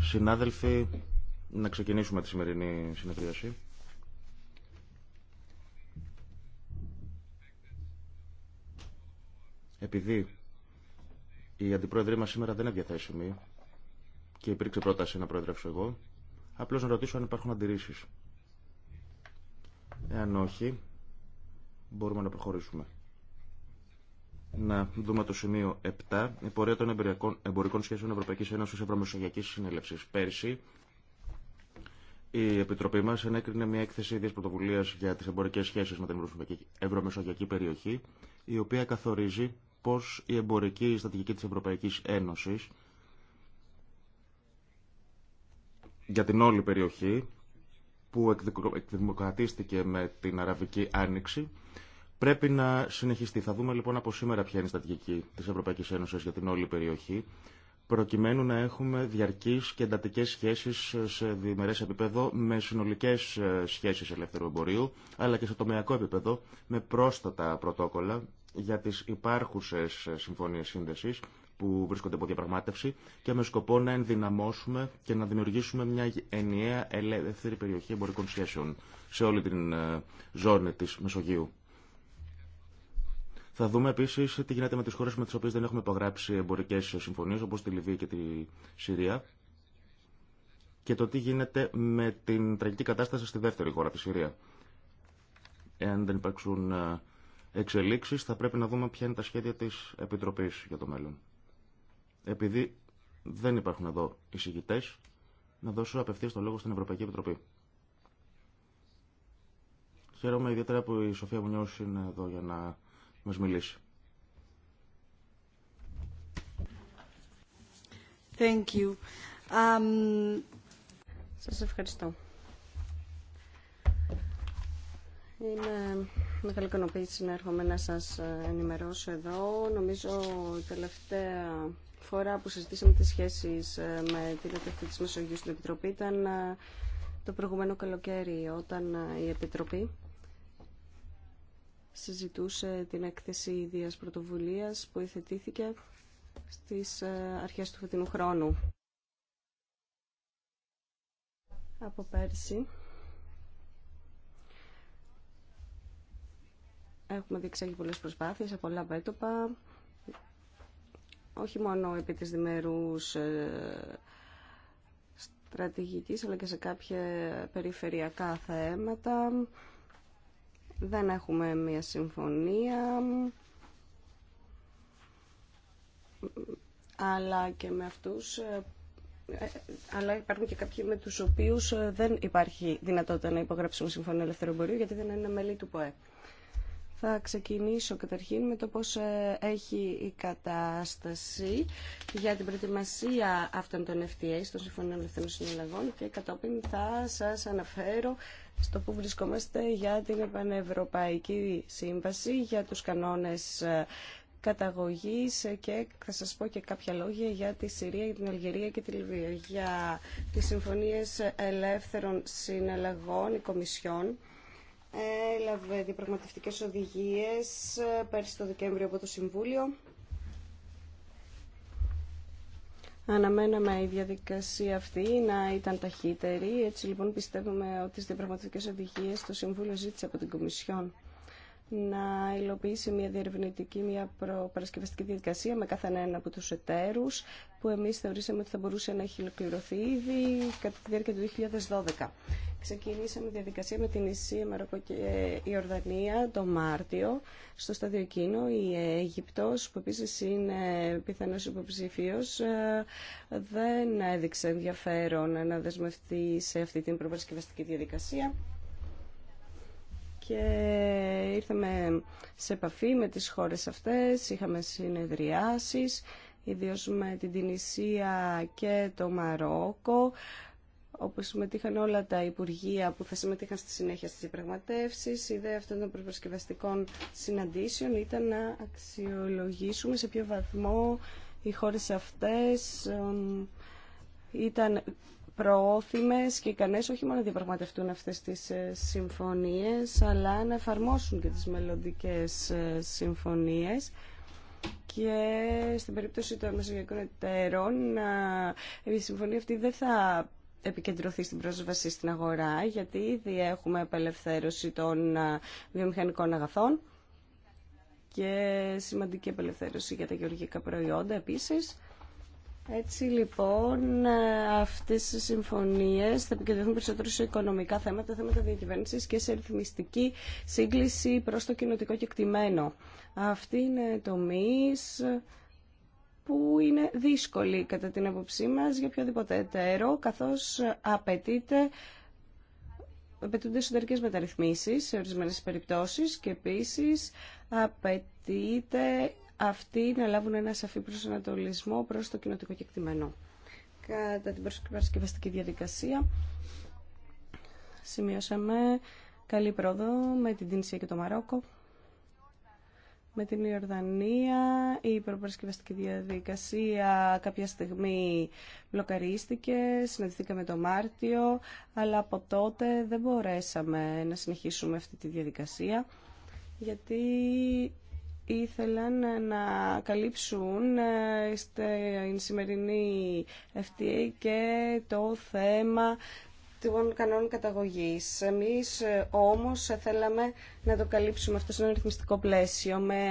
Συνάδελφοι, να ξεκινήσουμε τη σημερινή συνεδρίαση. Επειδή η αντιπρόεδρή μας σήμερα δεν είναι διαθέσιμη και υπήρξε πρόταση να προεδρεύσω εγώ, απλώς να ρωτήσω αν υπάρχουν αντιρρήσεις. Εάν όχι, μπορούμε να προχωρήσουμε να δούμε το σημείο 7, η πορεία των εμπορικών σχέσεων Ευρωπαϊκής Ένωσης Ευρωμεσογειακής Συνέλευση. Πέρσι, η Επιτροπή μα ενέκρινε μια έκθεση ίδια πρωτοβουλία για τι εμπορικέ σχέσει με την Ευρωμεσογειακή περιοχή, η οποία καθορίζει πω η εμπορική στρατηγική τη Ευρωπαϊκή Ένωση, για την όλη περιοχή που εκδημοκρατίστηκε με την Αραβική Άνοιξη πρέπει να συνεχιστεί. Θα δούμε λοιπόν από σήμερα ποια είναι η στατική τη Ευρωπαϊκή Ένωση για την όλη περιοχή προκειμένου να έχουμε διαρκείς και εντατικέ σχέσει σε διμερέ επίπεδο με συνολικέ ε, σχέσει ελεύθερου εμπορίου, αλλά και σε τομεακό επίπεδο με πρόσθετα πρωτόκολλα για τι υπάρχουσε ε, συμφωνίε σύνδεση που βρίσκονται από διαπραγμάτευση και με σκοπό να ενδυναμώσουμε και να δημιουργήσουμε μια ενιαία ελεύθερη περιοχή εμπορικών σχέσεων σε όλη την ε, ζώνη της Μεσογείου. Θα δούμε επίση τι γίνεται με τι χώρε με τι οποίε δεν έχουμε υπογράψει εμπορικέ συμφωνίε, όπω τη Λιβύη και τη Συρία. Και το τι γίνεται με την τραγική κατάσταση στη δεύτερη χώρα, τη Συρία. Εάν δεν υπάρξουν ε, εξελίξει, θα πρέπει να δούμε ποια είναι τα σχέδια τη επιτροπή για το μέλλον. Επειδή δεν υπάρχουν εδώ εισηγητές, να δώσω απευθεία το λόγο στην Ευρωπαϊκή Επιτροπή. Χαίρομαι ιδιαίτερα που η Σοφία Μουνιώση είναι εδώ για να μας μιλήσει. Thank you. Um, σας ευχαριστώ. Είναι μεγάλη ικανοποίηση να έρχομαι να σας ε, ενημερώσω εδώ. Νομίζω η τελευταία φορά που συζητήσαμε τις σχέσεις ε, με τη Λατευτή της Μεσογείου στην Επιτροπή ήταν ε, το προηγούμενο καλοκαίρι όταν η Επιτροπή συζητούσε την έκθεση ιδίας πρωτοβουλίας που υθετήθηκε στις ε, αρχές του φετινού χρόνου. Από πέρσι έχουμε διεξάγει πολλές προσπάθειες σε πολλά μέτωπα, όχι μόνο επί της διμερούς ε, στρατηγικής, αλλά και σε κάποια περιφερειακά θέματα. Δεν έχουμε μία συμφωνία, αλλά και με αυτούς ε, ε, αλλά υπάρχουν και κάποιοι με τους οποίους ε, δεν υπάρχει δυνατότητα να υπογράψουμε συμφωνία ελευθεροπορίου γιατί δεν είναι μέλη του ΠΟΕ. Θα ξεκινήσω καταρχήν με το πώς ε, έχει η κατάσταση για την προετοιμασία αυτών των FTA, των Συμφωνίων Ελευθερών Συναλλαγών και κατόπιν θα σας αναφέρω στο που βρισκόμαστε για την Πανευρωπαϊκή Σύμβαση, για τους κανόνες ε, καταγωγής και θα σας πω και κάποια λόγια για τη Συρία, την Αλγερία και τη Λιβύη, για τις συμφωνίες ελεύθερων συναλλαγών, οι Κομισιόν έλαβε διαπραγματευτικές οδηγίες ε, πέρσι το Δεκέμβριο από το Συμβούλιο. Αναμέναμε η διαδικασία αυτή να ήταν ταχύτερη. Έτσι λοιπόν πιστεύουμε ότι στις διαπραγματευτικές οδηγίες το Συμβούλιο ζήτησε από την Κομισιόν να υλοποιήσει μια διερευνητική, μια προπαρασκευαστική διαδικασία με κάθε ένα από τους εταίρους που εμείς θεωρήσαμε ότι θα μπορούσε να έχει ολοκληρωθεί ήδη κατά τη διάρκεια του 2012. Ξεκινήσαμε διαδικασία με την Ισία, Μαροκό και ε, η Ορδανία το Μάρτιο. Στο στάδιο εκείνο η Αίγυπτος, που επίσης είναι πιθανός υποψηφίο, ε, δεν έδειξε ενδιαφέρον να δεσμευτεί σε αυτή την προπαρασκευαστική διαδικασία και ήρθαμε σε επαφή με τις χώρες αυτές, είχαμε συνεδριάσεις, ιδίως με την Τινησία και το Μαρόκο, όπου συμμετείχαν όλα τα Υπουργεία που θα συμμετείχαν στη συνέχεια στις διαπραγματεύσεις. Η ιδέα αυτών των προσκευαστικών συναντήσεων ήταν να αξιολογήσουμε σε ποιο βαθμό οι χώρες αυτές ε, ήταν προώθημες και ικανές όχι μόνο να διαπραγματευτούν αυτές τις ε, συμφωνίες αλλά να εφαρμόσουν και τις μελλοντικέ ε, συμφωνίες και στην περίπτωση των μεσογειακών εταίρων η συμφωνία αυτή δεν θα επικεντρωθεί στην πρόσβαση στην αγορά γιατί ήδη έχουμε απελευθέρωση των ε, βιομηχανικών αγαθών και σημαντική απελευθέρωση για τα γεωργικά προϊόντα επίσης έτσι λοιπόν αυτές οι συμφωνίες θα επικεντρωθούν περισσότερο σε οικονομικά θέματα, θέματα διακυβέρνησης και σε ρυθμιστική σύγκληση προς το κοινοτικό κεκτημένο. Αυτή είναι τομείς που είναι δύσκολη κατά την άποψή μας για οποιοδήποτε εταίρο, καθώς απαιτείται απαιτούνται εσωτερικές μεταρρυθμίσεις σε ορισμένες περιπτώσεις και επίσης απαιτείται αυτοί να λάβουν ένα σαφή προσανατολισμό προ το κοινοτικό κεκτημένο. Κατά την παρασκευαστική διαδικασία σημειώσαμε καλή πρόοδο με την Τινσία και το Μαρόκο. Με την Ιορδανία η προπαρασκευαστική διαδικασία κάποια στιγμή μπλοκαρίστηκε, συναντηθήκαμε το Μάρτιο, αλλά από τότε δεν μπορέσαμε να συνεχίσουμε αυτή τη διαδικασία, γιατί ήθελαν να καλύψουν ε, στην σημερινή FTA και το θέμα των κανόνων καταγωγής. Εμείς ε, όμως θέλαμε να το καλύψουμε αυτό σε ένα ρυθμιστικό πλαίσιο. Με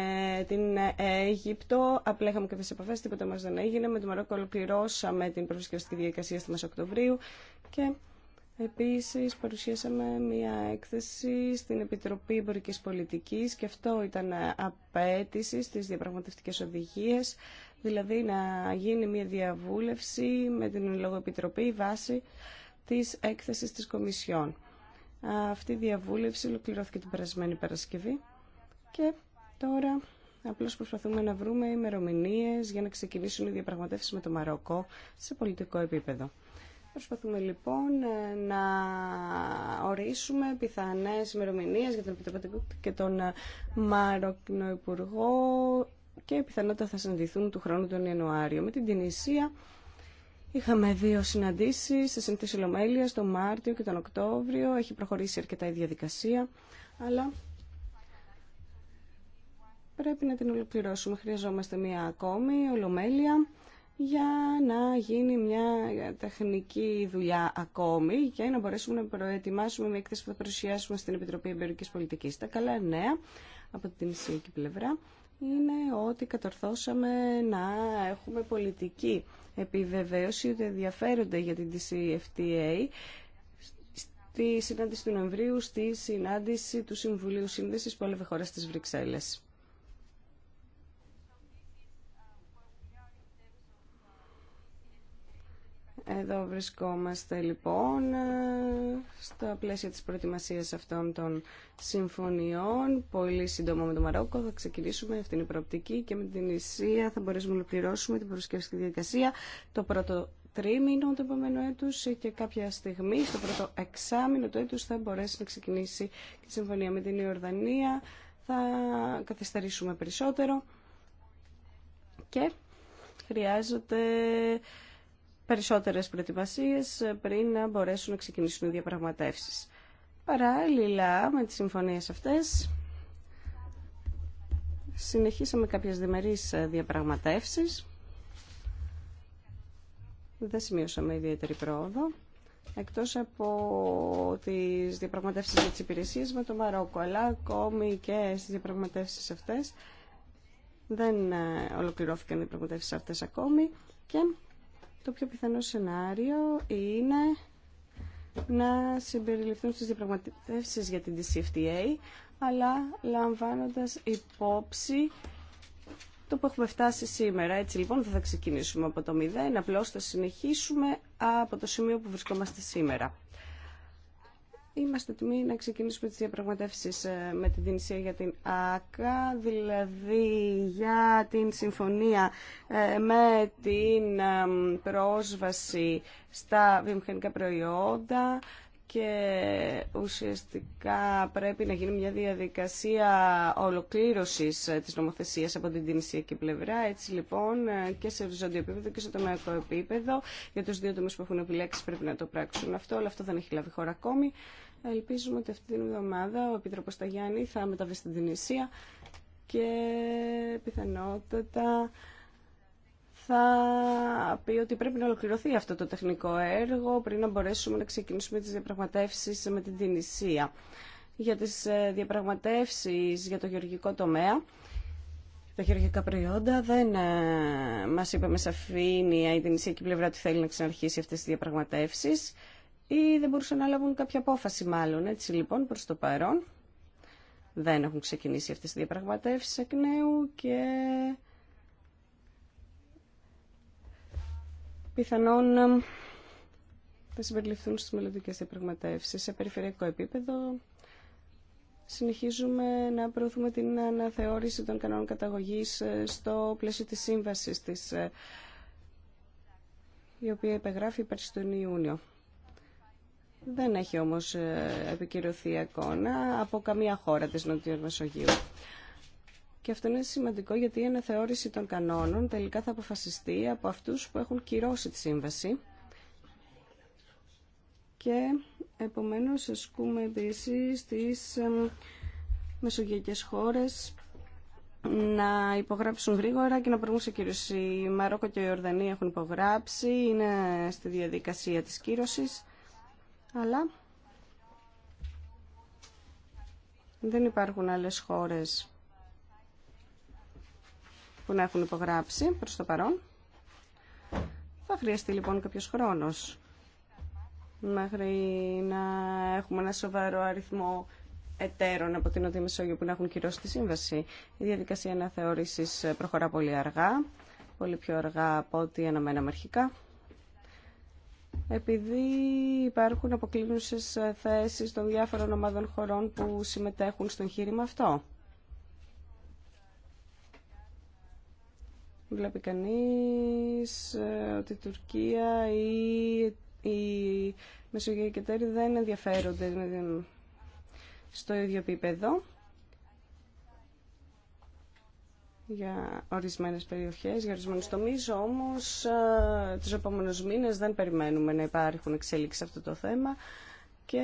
την Αίγυπτο απλά είχαμε κάποιες επαφές, τίποτα μας δεν έγινε. Με το Μαρόκο ολοκληρώσαμε την προσκευαστική διαδικασία στη Οκτωβρίου. και Επίσης παρουσιάσαμε μια έκθεση στην Επιτροπή Εμπορικής Πολιτικής και αυτό ήταν απέτηση στις διαπραγματευτικές οδηγίες, δηλαδή να γίνει μια διαβούλευση με την Επιτροπή βάση της έκθεσης της Κομισιόν. Αυτή η διαβούλευση ολοκληρώθηκε την περασμένη Παρασκευή και τώρα απλώς προσπαθούμε να βρούμε ημερομηνίε για να ξεκινήσουν οι διαπραγματεύσεις με το Μαρόκο σε πολιτικό επίπεδο. Προσπαθούμε λοιπόν ε, να ορίσουμε πιθανές ημερομηνίε για τον Επιτροπή και τον ε, Μαροκινό Υπουργό και πιθανότητα θα συναντηθούν του χρόνου τον Ιανουάριο. Με την Τινησία είχαμε δύο συναντήσεις σε συνθήση Ολομέλεια τον Μάρτιο και τον Οκτώβριο. Έχει προχωρήσει αρκετά η διαδικασία, αλλά πρέπει να την ολοκληρώσουμε. Χρειαζόμαστε μία ακόμη Ολομέλεια για να γίνει μια τεχνική δουλειά ακόμη και να μπορέσουμε να προετοιμάσουμε μια έκθεση που θα παρουσιάσουμε στην Επιτροπή Εμπειρικής Πολιτικής. Τα καλά νέα από την ισιακή πλευρά είναι ότι κατορθώσαμε να έχουμε πολιτική επιβεβαίωση ότι ενδιαφέρονται για την DCFTA στη συνάντηση του Νοεμβρίου, στη συνάντηση του Συμβουλίου Σύνδεσης που έλαβε χώρα στις Βρυξέλλες. Εδώ βρισκόμαστε λοιπόν ε, στα πλαίσια της προετοιμασίας αυτών των συμφωνιών. Πολύ σύντομα με το Μαρόκο θα ξεκινήσουμε αυτήν την προοπτική και με την Ισία θα μπορέσουμε να ολοκληρώσουμε την προσκευαστική διαδικασία το πρώτο τρίμηνο του επόμενου έτους και κάποια στιγμή στο πρώτο εξάμηνο του έτους θα μπορέσει να ξεκινήσει η συμφωνία με την Ιορδανία. Θα καθυστερήσουμε περισσότερο και χρειάζονται περισσότερες προετοιμασίες ε, πριν να μπορέσουν να ξεκινήσουν οι διαπραγματεύσεις. Παράλληλα με τις συμφωνίες αυτές συνεχίσαμε κάποιες διμερείς ε, διαπραγματεύσεις. Δεν σημείωσαμε ιδιαίτερη πρόοδο εκτός από τις διαπραγματεύσεις για τις υπηρεσίες με το Μαρόκο, αλλά ακόμη και στις διαπραγματεύσεις αυτές δεν ε, ολοκληρώθηκαν οι διαπραγματεύσεις αυτές ακόμη και το πιο πιθανό σενάριο είναι να συμπεριληφθούν στις διαπραγματεύσεις για την DCFTA, αλλά λαμβάνοντας υπόψη το που έχουμε φτάσει σήμερα. Έτσι λοιπόν δεν θα ξεκινήσουμε από το μηδέν, απλώς θα συνεχίσουμε από το σημείο που βρισκόμαστε σήμερα. Είμαστε ετοιμοί να ξεκινήσουμε τις διαπραγματεύσεις ε, με την Τινησία για την ΑΚΑ, δηλαδή για την συμφωνία ε, με την ε, πρόσβαση στα βιομηχανικά προϊόντα και ουσιαστικά πρέπει να γίνει μια διαδικασία ολοκλήρωσης της νομοθεσίας από την και πλευρά. Έτσι λοιπόν και σε οριζόντιο επίπεδο και σε τομεακό επίπεδο για τους δύο τομείς που έχουν επιλέξει πρέπει να το πράξουν αυτό, αλλά αυτό δεν έχει λάβει χώρα ακόμη. Ελπίζουμε ότι αυτή την εβδομάδα ο Επίτροπο Ταγιάννη θα μεταβεί στην Τινησία και πιθανότατα θα πει ότι πρέπει να ολοκληρωθεί αυτό το τεχνικό έργο πριν να μπορέσουμε να ξεκινήσουμε τις διαπραγματεύσεις με την Τινησία. Για τις ε, διαπραγματεύσεις για το γεωργικό τομέα, τα γεωργικά προϊόντα δεν ε, μας είπε με σαφήνεια η Τινησία και η πλευρά ότι θέλει να ξαναρχίσει αυτές τις διαπραγματεύσεις ή δεν μπορούσαν να λάβουν κάποια απόφαση μάλλον. Έτσι λοιπόν προς το παρόν δεν έχουν ξεκινήσει αυτές οι διαπραγματεύσεις εκ νέου και πιθανόν θα συμπεριληφθούν στις μελλοντικές διαπραγματεύσεις. Σε περιφερειακό επίπεδο συνεχίζουμε να προωθούμε την αναθεώρηση των κανόνων καταγωγής ε, στο πλαίσιο της σύμβασης της ε, η οποία υπεγράφει πέρσι τον Ιούνιο. Δεν έχει όμως ε, επικυρωθεί ακόμα από καμία χώρα της Νοτιού Μεσογείου. Και αυτό είναι σημαντικό γιατί η αναθεώρηση των κανόνων τελικά θα αποφασιστεί από αυτούς που έχουν κυρώσει τη σύμβαση. Και επομένως ασκούμε επίση στις ε, μεσογειακές χώρες να υπογράψουν γρήγορα και να προηγούν σε κύρωση. Η Μαρόκο και η Ορδανία έχουν υπογράψει, είναι στη διαδικασία της κύρωσης αλλά δεν υπάρχουν άλλες χώρες που να έχουν υπογράψει προς το παρόν. Θα χρειαστεί λοιπόν κάποιος χρόνος μέχρι να έχουμε ένα σοβαρό αριθμό εταίρων από την Νότια που να έχουν κυρώσει τη σύμβαση. Η διαδικασία αναθεώρησης προχωρά πολύ αργά, πολύ πιο αργά από ό,τι αναμέναμε αρχικά επειδή υπάρχουν αποκλίνουσες θέσεις των διάφορων ομάδων χωρών που συμμετέχουν στον χείρημα αυτό. Βλέπει κανείς ε, ότι η Τουρκία ή οι μεσογειακοί δεν ενδιαφέρονται στο ίδιο επίπεδο. για ορισμένες περιοχές, για ορισμένους τομείς, όμως ε, τους επόμενους μήνες δεν περιμένουμε να υπάρχουν εξέλιξεις σε αυτό το θέμα και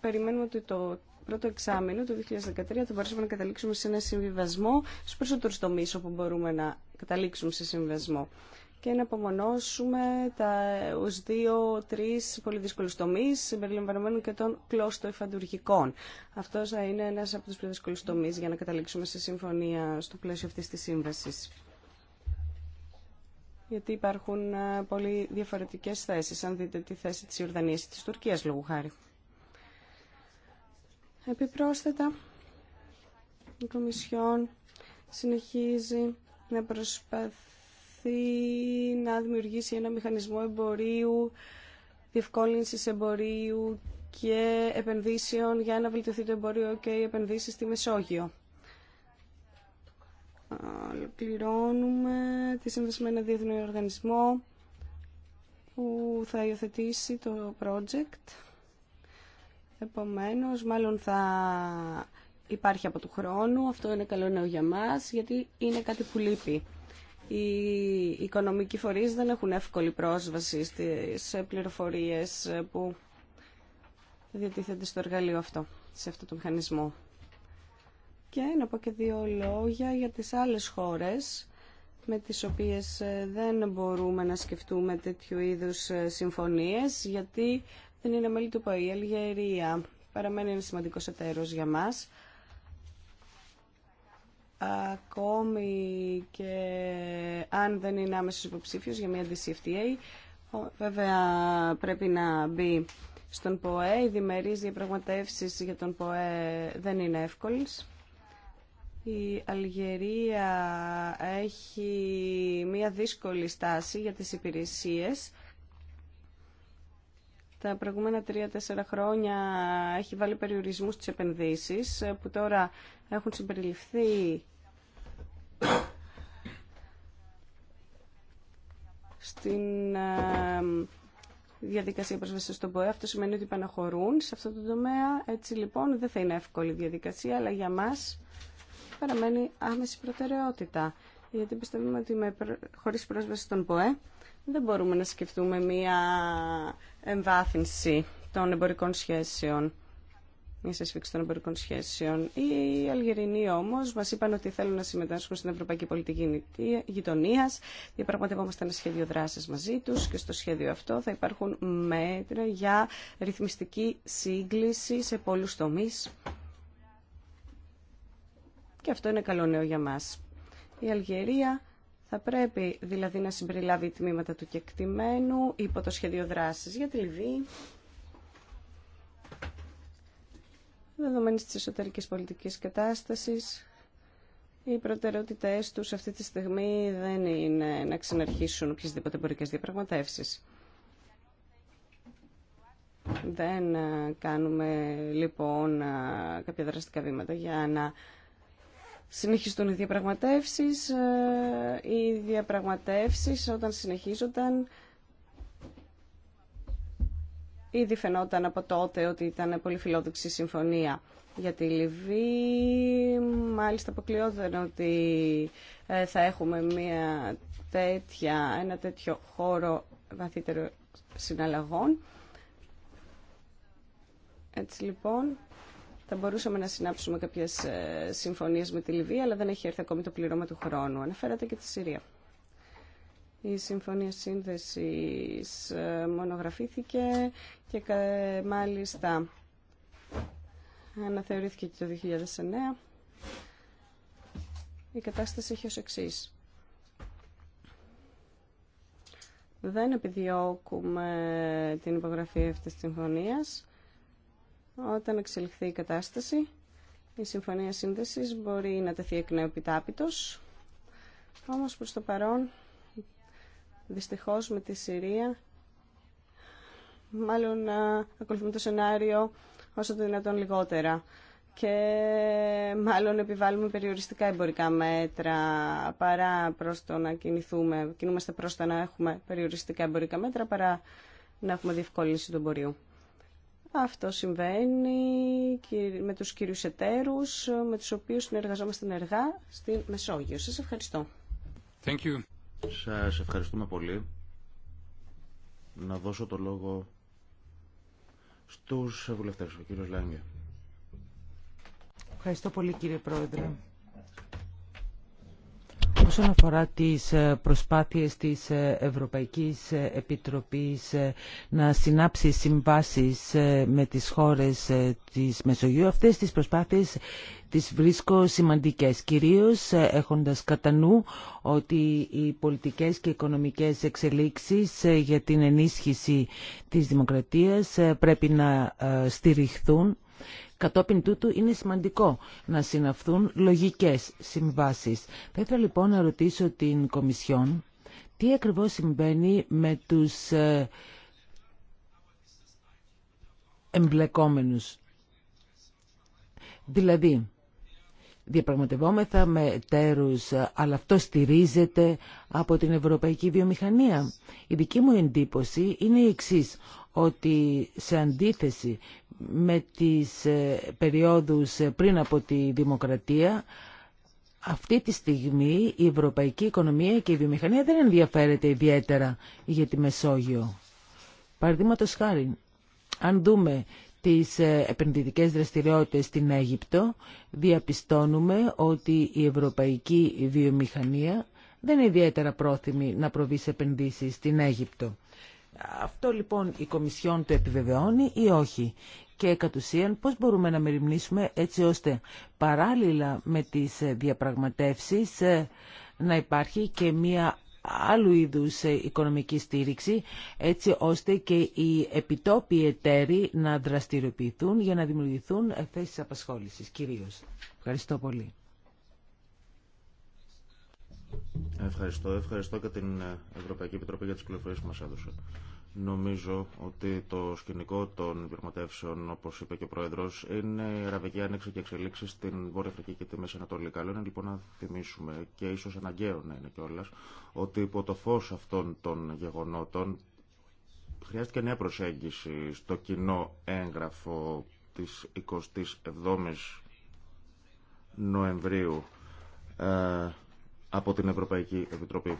περιμένουμε ότι το πρώτο εξάμεινο του 2013 θα μπορέσουμε να καταλήξουμε σε ένα συμβιβασμό στους περισσότερους τομείς όπου μπορούμε να καταλήξουμε σε συμβιβασμό και να απομονώσουμε του δύο-τρει πολύ δύσκολου τομεί, συμπεριλαμβανομένου και των πλώστο-εφαντουργικών. Αυτό θα είναι ένα από του πιο δύσκολου τομεί για να καταλήξουμε σε συμφωνία στο πλαίσιο αυτή τη σύμβασης. Γιατί υπάρχουν ε, πολύ διαφορετικέ θέσει, αν δείτε τη θέση τη Ιορδανία ή τη Τουρκία, λόγου χάρη. Επιπρόσθετα, η Κομισιόν συνεχίζει να προσπαθεί να δημιουργήσει ένα μηχανισμό εμπορίου, διευκόλυνσης εμπορίου και επενδύσεων για να βελτιωθεί το εμπορίο και οι επενδύσεις στη Μεσόγειο. Ολοκληρώνουμε τη σύνδεση με ένα διεθνή οργανισμό που θα υιοθετήσει το project. Επομένως, μάλλον θα υπάρχει από του χρόνου. Αυτό είναι καλό νέο για μας, γιατί είναι κάτι που λείπει οι οικονομικοί φορείς δεν έχουν εύκολη πρόσβαση στις πληροφορίες που διατίθεται στο εργαλείο αυτό, σε αυτό το μηχανισμό. Και να πω και δύο λόγια για τις άλλες χώρες με τις οποίες ε, δεν μπορούμε να σκεφτούμε τέτοιου είδους ε, συμφωνίες, γιατί δεν είναι μέλη του ΠΟΗ. Η Αλγερία παραμένει ένα σημαντικός εταίρος για μας ακόμη και αν δεν είναι άμεσο υποψήφιο για μια DCFTA, βέβαια πρέπει να μπει στον ΠΟΕ. Οι διμερείς διαπραγματεύσεις για τον ΠΟΕ δεν είναι εύκολες. Η Αλγερία έχει μια δύσκολη στάση για τις υπηρεσίες τα προηγούμενα τρία-τέσσερα χρόνια έχει βάλει περιορισμούς στις επενδύσεις που τώρα έχουν συμπεριληφθεί στην διαδικασία πρόσβαση στον ΠΟΕ. Αυτό σημαίνει ότι παναχωρούν σε αυτό το τομέα. Έτσι λοιπόν δεν θα είναι εύκολη η διαδικασία, αλλά για μας παραμένει άμεση προτεραιότητα. Γιατί πιστεύουμε ότι με, χωρίς πρόσβαση στον ΠΟΕ δεν μπορούμε να σκεφτούμε μία εμβάθυνση των εμπορικών σχέσεων μια συσφίξη των εμπορικών σχέσεων. Οι Αλγερινοί όμω μα είπαν ότι θέλουν να συμμετάσχουν στην Ευρωπαϊκή Πολιτική Γειτονία. Διαπραγματευόμαστε ένα σχέδιο δράση μαζί του και στο σχέδιο αυτό θα υπάρχουν μέτρα για ρυθμιστική σύγκληση σε πολλού τομεί. Και αυτό είναι καλό νέο για μα. Η Αλγερία θα πρέπει δηλαδή να συμπεριλάβει τμήματα του κεκτημένου υπό το σχέδιο δράσης για τη Λιβύη. της εσωτερικής πολιτικής κατάστασης, οι προτεραιότητές τους αυτή τη στιγμή δεν είναι να ξαναρχίσουν οποιασδήποτε εμπορικές διαπραγματεύσεις. Δεν ε, κάνουμε λοιπόν ε, κάποια δραστικά βήματα για να συνεχιστούν οι διαπραγματεύσεις. Ε, οι διαπραγματεύσεις όταν συνεχίζονταν ήδη φαινόταν από τότε ότι ήταν πολύ φιλόδοξη συμφωνία για τη Λιβύη. Μάλιστα αποκλειόταν ότι ε, θα έχουμε μια τέτοια, ένα τέτοιο χώρο βαθύτερο συναλλαγών. Έτσι λοιπόν, θα μπορούσαμε να συνάψουμε κάποιε συμφωνίε με τη Λιβύη, αλλά δεν έχει έρθει ακόμη το πληρώμα του χρόνου. Αναφέρατε και τη Συρία. Η συμφωνία σύνδεση ε, μονογραφήθηκε και ε, μάλιστα αναθεωρήθηκε και το 2009. Η κατάσταση έχει ω εξή. Δεν επιδιώκουμε την υπογραφή αυτής της συμφωνίας όταν εξελιχθεί η κατάσταση, η συμφωνία σύνδεσης μπορεί να τεθεί εκ νέου επιτάπητος. Όμως προς το παρόν, δυστυχώς με τη Συρία, μάλλον ακολουθούμε το σενάριο όσο το δυνατόν λιγότερα και μάλλον επιβάλλουμε περιοριστικά εμπορικά μέτρα παρά προς το να κινηθούμε, κινούμαστε προς το να έχουμε περιοριστικά εμπορικά μέτρα παρά να έχουμε διευκόλυνση του εμπορίου. Αυτό συμβαίνει με τους κύριους εταίρους, με τους οποίους συνεργαζόμαστε ενεργά στη Μεσόγειο. Σας ευχαριστώ. Thank you. Σας ευχαριστούμε πολύ. Να δώσω το λόγο στους βουλευτές, ο κύριος Ευχαριστώ πολύ κύριε Πρόεδρε όσον αφορά τις ε, προσπάθειες της ε, Ευρωπαϊκής ε, Επιτροπής να συνάψει συμβάσεις με τις χώρες της Μεσογείου, αυτές τις προσπάθειες τις βρίσκω σημαντικές, κυρίως έχοντας κατά νου ότι οι πολιτικές και οικονομικές εξελίξεις για την ενίσχυση της δημοκρατίας πρέπει να στηριχθούν Κατόπιν τούτου είναι σημαντικό να συναυθούν λογικές συμβάσεις. Θα ήθελα λοιπόν να ρωτήσω την Κομισιόν τι ακριβώς συμβαίνει με τους ε, εμπλεκόμενους. Δηλαδή, διαπραγματευόμεθα με τέρους, αλλά αυτό στηρίζεται από την ευρωπαϊκή βιομηχανία. Η δική μου εντύπωση είναι η εξής, ότι σε αντίθεση με τις ε, περιόδους ε, πριν από τη δημοκρατία, αυτή τη στιγμή η ευρωπαϊκή οικονομία και η βιομηχανία δεν ενδιαφέρεται ιδιαίτερα για τη Μεσόγειο. Παραδείγματο χάρη, αν δούμε τις ε, επενδυτικές δραστηριότητες στην Αίγυπτο, διαπιστώνουμε ότι η ευρωπαϊκή βιομηχανία δεν είναι ιδιαίτερα πρόθυμη να προβεί σε επενδύσεις στην Αίγυπτο. Αυτό λοιπόν η Κομισιόν το επιβεβαιώνει ή όχι. Και κατ' ουσίαν πώς μπορούμε να μεριμνήσουμε έτσι ώστε παράλληλα με τις ε, διαπραγματεύσεις ε, να υπάρχει και μία άλλου είδους ε, οικονομική στήριξη έτσι ώστε και οι επιτόπιοι εταίροι να δραστηριοποιηθούν για να δημιουργηθούν ε, θέσεις απασχόλησης κυρίως. Ευχαριστώ πολύ. Ευχαριστώ. Ευχαριστώ και την ε, Ευρωπαϊκή Επιτροπή για τις πληροφορίες που μας έδωσε. Νομίζω ότι το σκηνικό των δημοτεύσεων όπω είπε και ο Πρόεδρο, είναι η Αραβική Άνοιξη και εξελίξει στην Βόρεια Αφρική και τη Μέση Ανατολή. Καλό είναι λοιπόν να θυμίσουμε, και ίσω αναγκαίο να είναι κιόλα, ότι υπό το φω αυτών των γεγονότων χρειάστηκε νέα προσέγγιση στο κοινό έγγραφο τη 27η Νοεμβρίου ε, από την Ευρωπαϊκή Επιτροπή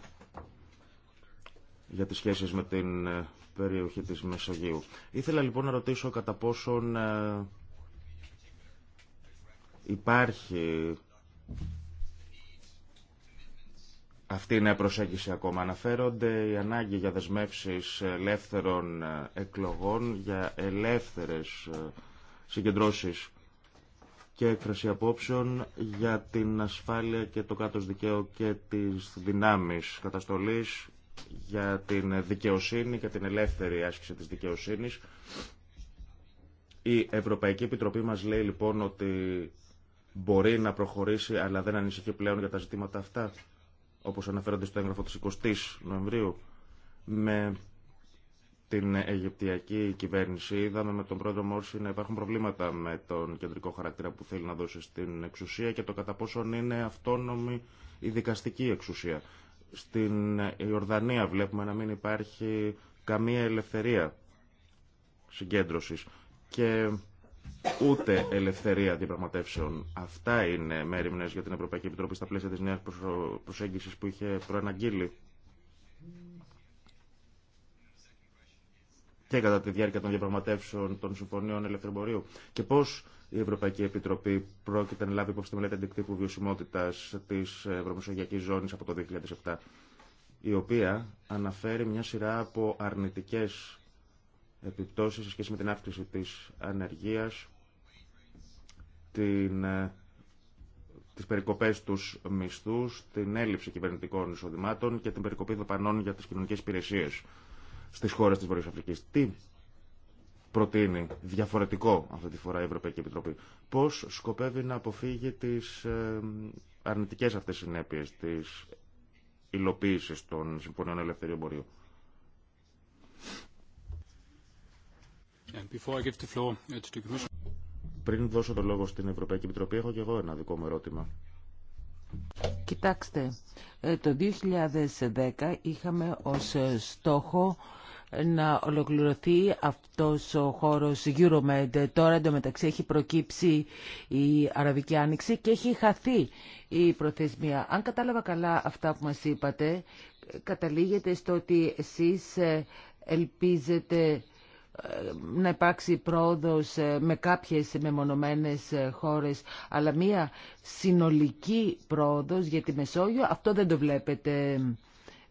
για τις σχέσεις με την ε, περιοχή της Μεσογείου. Ήθελα λοιπόν να ρωτήσω κατά πόσον ε, υπάρχει αυτή η νέα προσέγγιση ακόμα. Αναφέρονται οι ανάγκη για δεσμεύσεις ελεύθερων ε, εκλογών, για ελεύθερες συγκεντρώσεις και έκφραση απόψεων για την ασφάλεια και το κάτω δικαίου και τις δυνάμεις καταστολής για την δικαιοσύνη και την ελεύθερη άσκηση της δικαιοσύνης. Η Ευρωπαϊκή Επιτροπή μας λέει λοιπόν ότι μπορεί να προχωρήσει αλλά δεν ανησυχεί πλέον για τα ζητήματα αυτά όπως αναφέρονται στο έγγραφο της 20ης Νοεμβρίου με την Αιγυπτιακή κυβέρνηση. Είδαμε με τον πρόεδρο Μόρση να υπάρχουν προβλήματα με τον κεντρικό χαρακτήρα που θέλει να δώσει στην εξουσία και το κατά πόσον είναι αυτόνομη η δικαστική εξουσία. Στην Ιορδανία βλέπουμε να μην υπάρχει καμία ελευθερία συγκέντρωσης και ούτε ελευθερία διαπραγματεύσεων. Αυτά είναι μέρημνες για την Ευρωπαϊκή Επιτροπή στα πλαίσια της νέας προσέγγισης που είχε προαναγγείλει. και κατά τη διάρκεια των διαπραγματεύσεων των συμφωνίων ελευθερμπορίου και πώς η Ευρωπαϊκή Επιτροπή πρόκειται να λάβει υπόψη τη μελέτη αντικτύπου βιωσιμότητα τη Ευρωμεσογειακή Ζώνη από το 2007, η οποία αναφέρει μια σειρά από αρνητικέ επιπτώσει σε σχέση με την αύξηση τη ανεργία, την ε, τις περικοπές τους μισθούς, την έλλειψη κυβερνητικών εισοδημάτων και την περικοπή δαπανών για τις κοινωνικές υπηρεσίες στις χώρες της Βορειοαφρικής. Τι προτείνει διαφορετικό αυτή τη φορά η Ευρωπαϊκή Επιτροπή. Πώς σκοπεύει να αποφύγει τις ε, αρνητικές αυτές συνέπειες της υλοποίησης των Συμφωνιών Ελευθερίου Εμπορίου. Uh, Πριν δώσω το λόγο στην Ευρωπαϊκή Επιτροπή, έχω και εγώ ένα δικό μου ερώτημα. Κοιτάξτε, ε, το 2010 είχαμε ως ε, στόχο να ολοκληρωθεί αυτός ο χώρος Euromed. Τώρα εντωμεταξύ έχει προκύψει η Αραβική Άνοιξη και έχει χαθεί η προθεσμία. Αν κατάλαβα καλά αυτά που μας είπατε, καταλήγετε στο ότι εσείς ε, ελπίζετε ε, να υπάρξει πρόοδος ε, με κάποιες μεμονωμένες χώρες, αλλά μία συνολική πρόοδος για τη Μεσόγειο, αυτό δεν το βλέπετε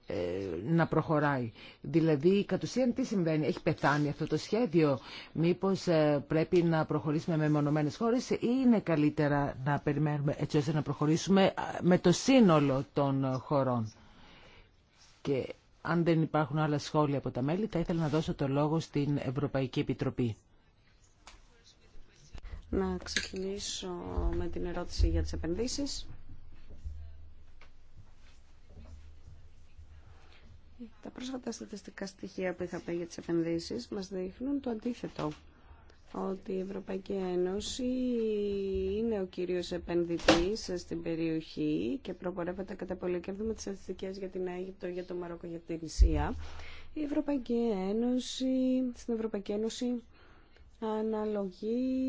ε, να προχωράει. Δηλαδή, κατ' ουσίαν τι συμβαίνει, έχει πεθάνει αυτό το σχέδιο, μήπως ε, πρέπει να προχωρήσουμε με μονομένες χώρες ή είναι καλύτερα να περιμένουμε έτσι ώστε να προχωρήσουμε ε, με το σύνολο των χωρών. Και αν δεν υπάρχουν άλλα σχόλια από τα μέλη, θα ήθελα να δώσω το λόγο στην Ευρωπαϊκή Επιτροπή. Να ξεκινήσω με την ερώτηση για τις επενδύσεις. Τα πρόσφατα στατιστικά στοιχεία που είχα πει για τις επενδύσεις μας δείχνουν το αντίθετο ότι η Ευρωπαϊκή Ένωση είναι ο κύριος επενδυτής στην περιοχή και προπορεύεται κατά πολύ και δούμε τις στατιστικές για την Αίγυπτο, για το Μαρόκο, για την Ισία. Η Ευρωπαϊκή Ένωση, στην Ευρωπαϊκή Ένωση αναλογεί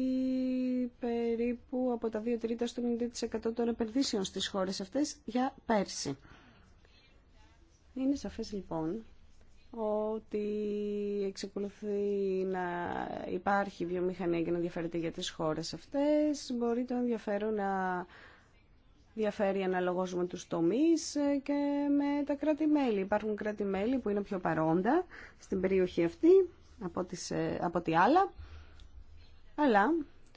περίπου από τα 2 τρίτα στο 90% των επενδύσεων στις χώρες αυτές για πέρσι. Είναι σαφές λοιπόν ότι εξακολουθεί να υπάρχει βιομηχανία και να ενδιαφέρεται για τις χώρες αυτές. Μπορεί το ενδιαφέρον να διαφέρει αναλογώς με τους τομείς και με τα κράτη-μέλη. Υπάρχουν κράτη-μέλη που είναι πιο παρόντα στην περιοχή αυτή από, τις, ε, από τη άλλα. Αλλά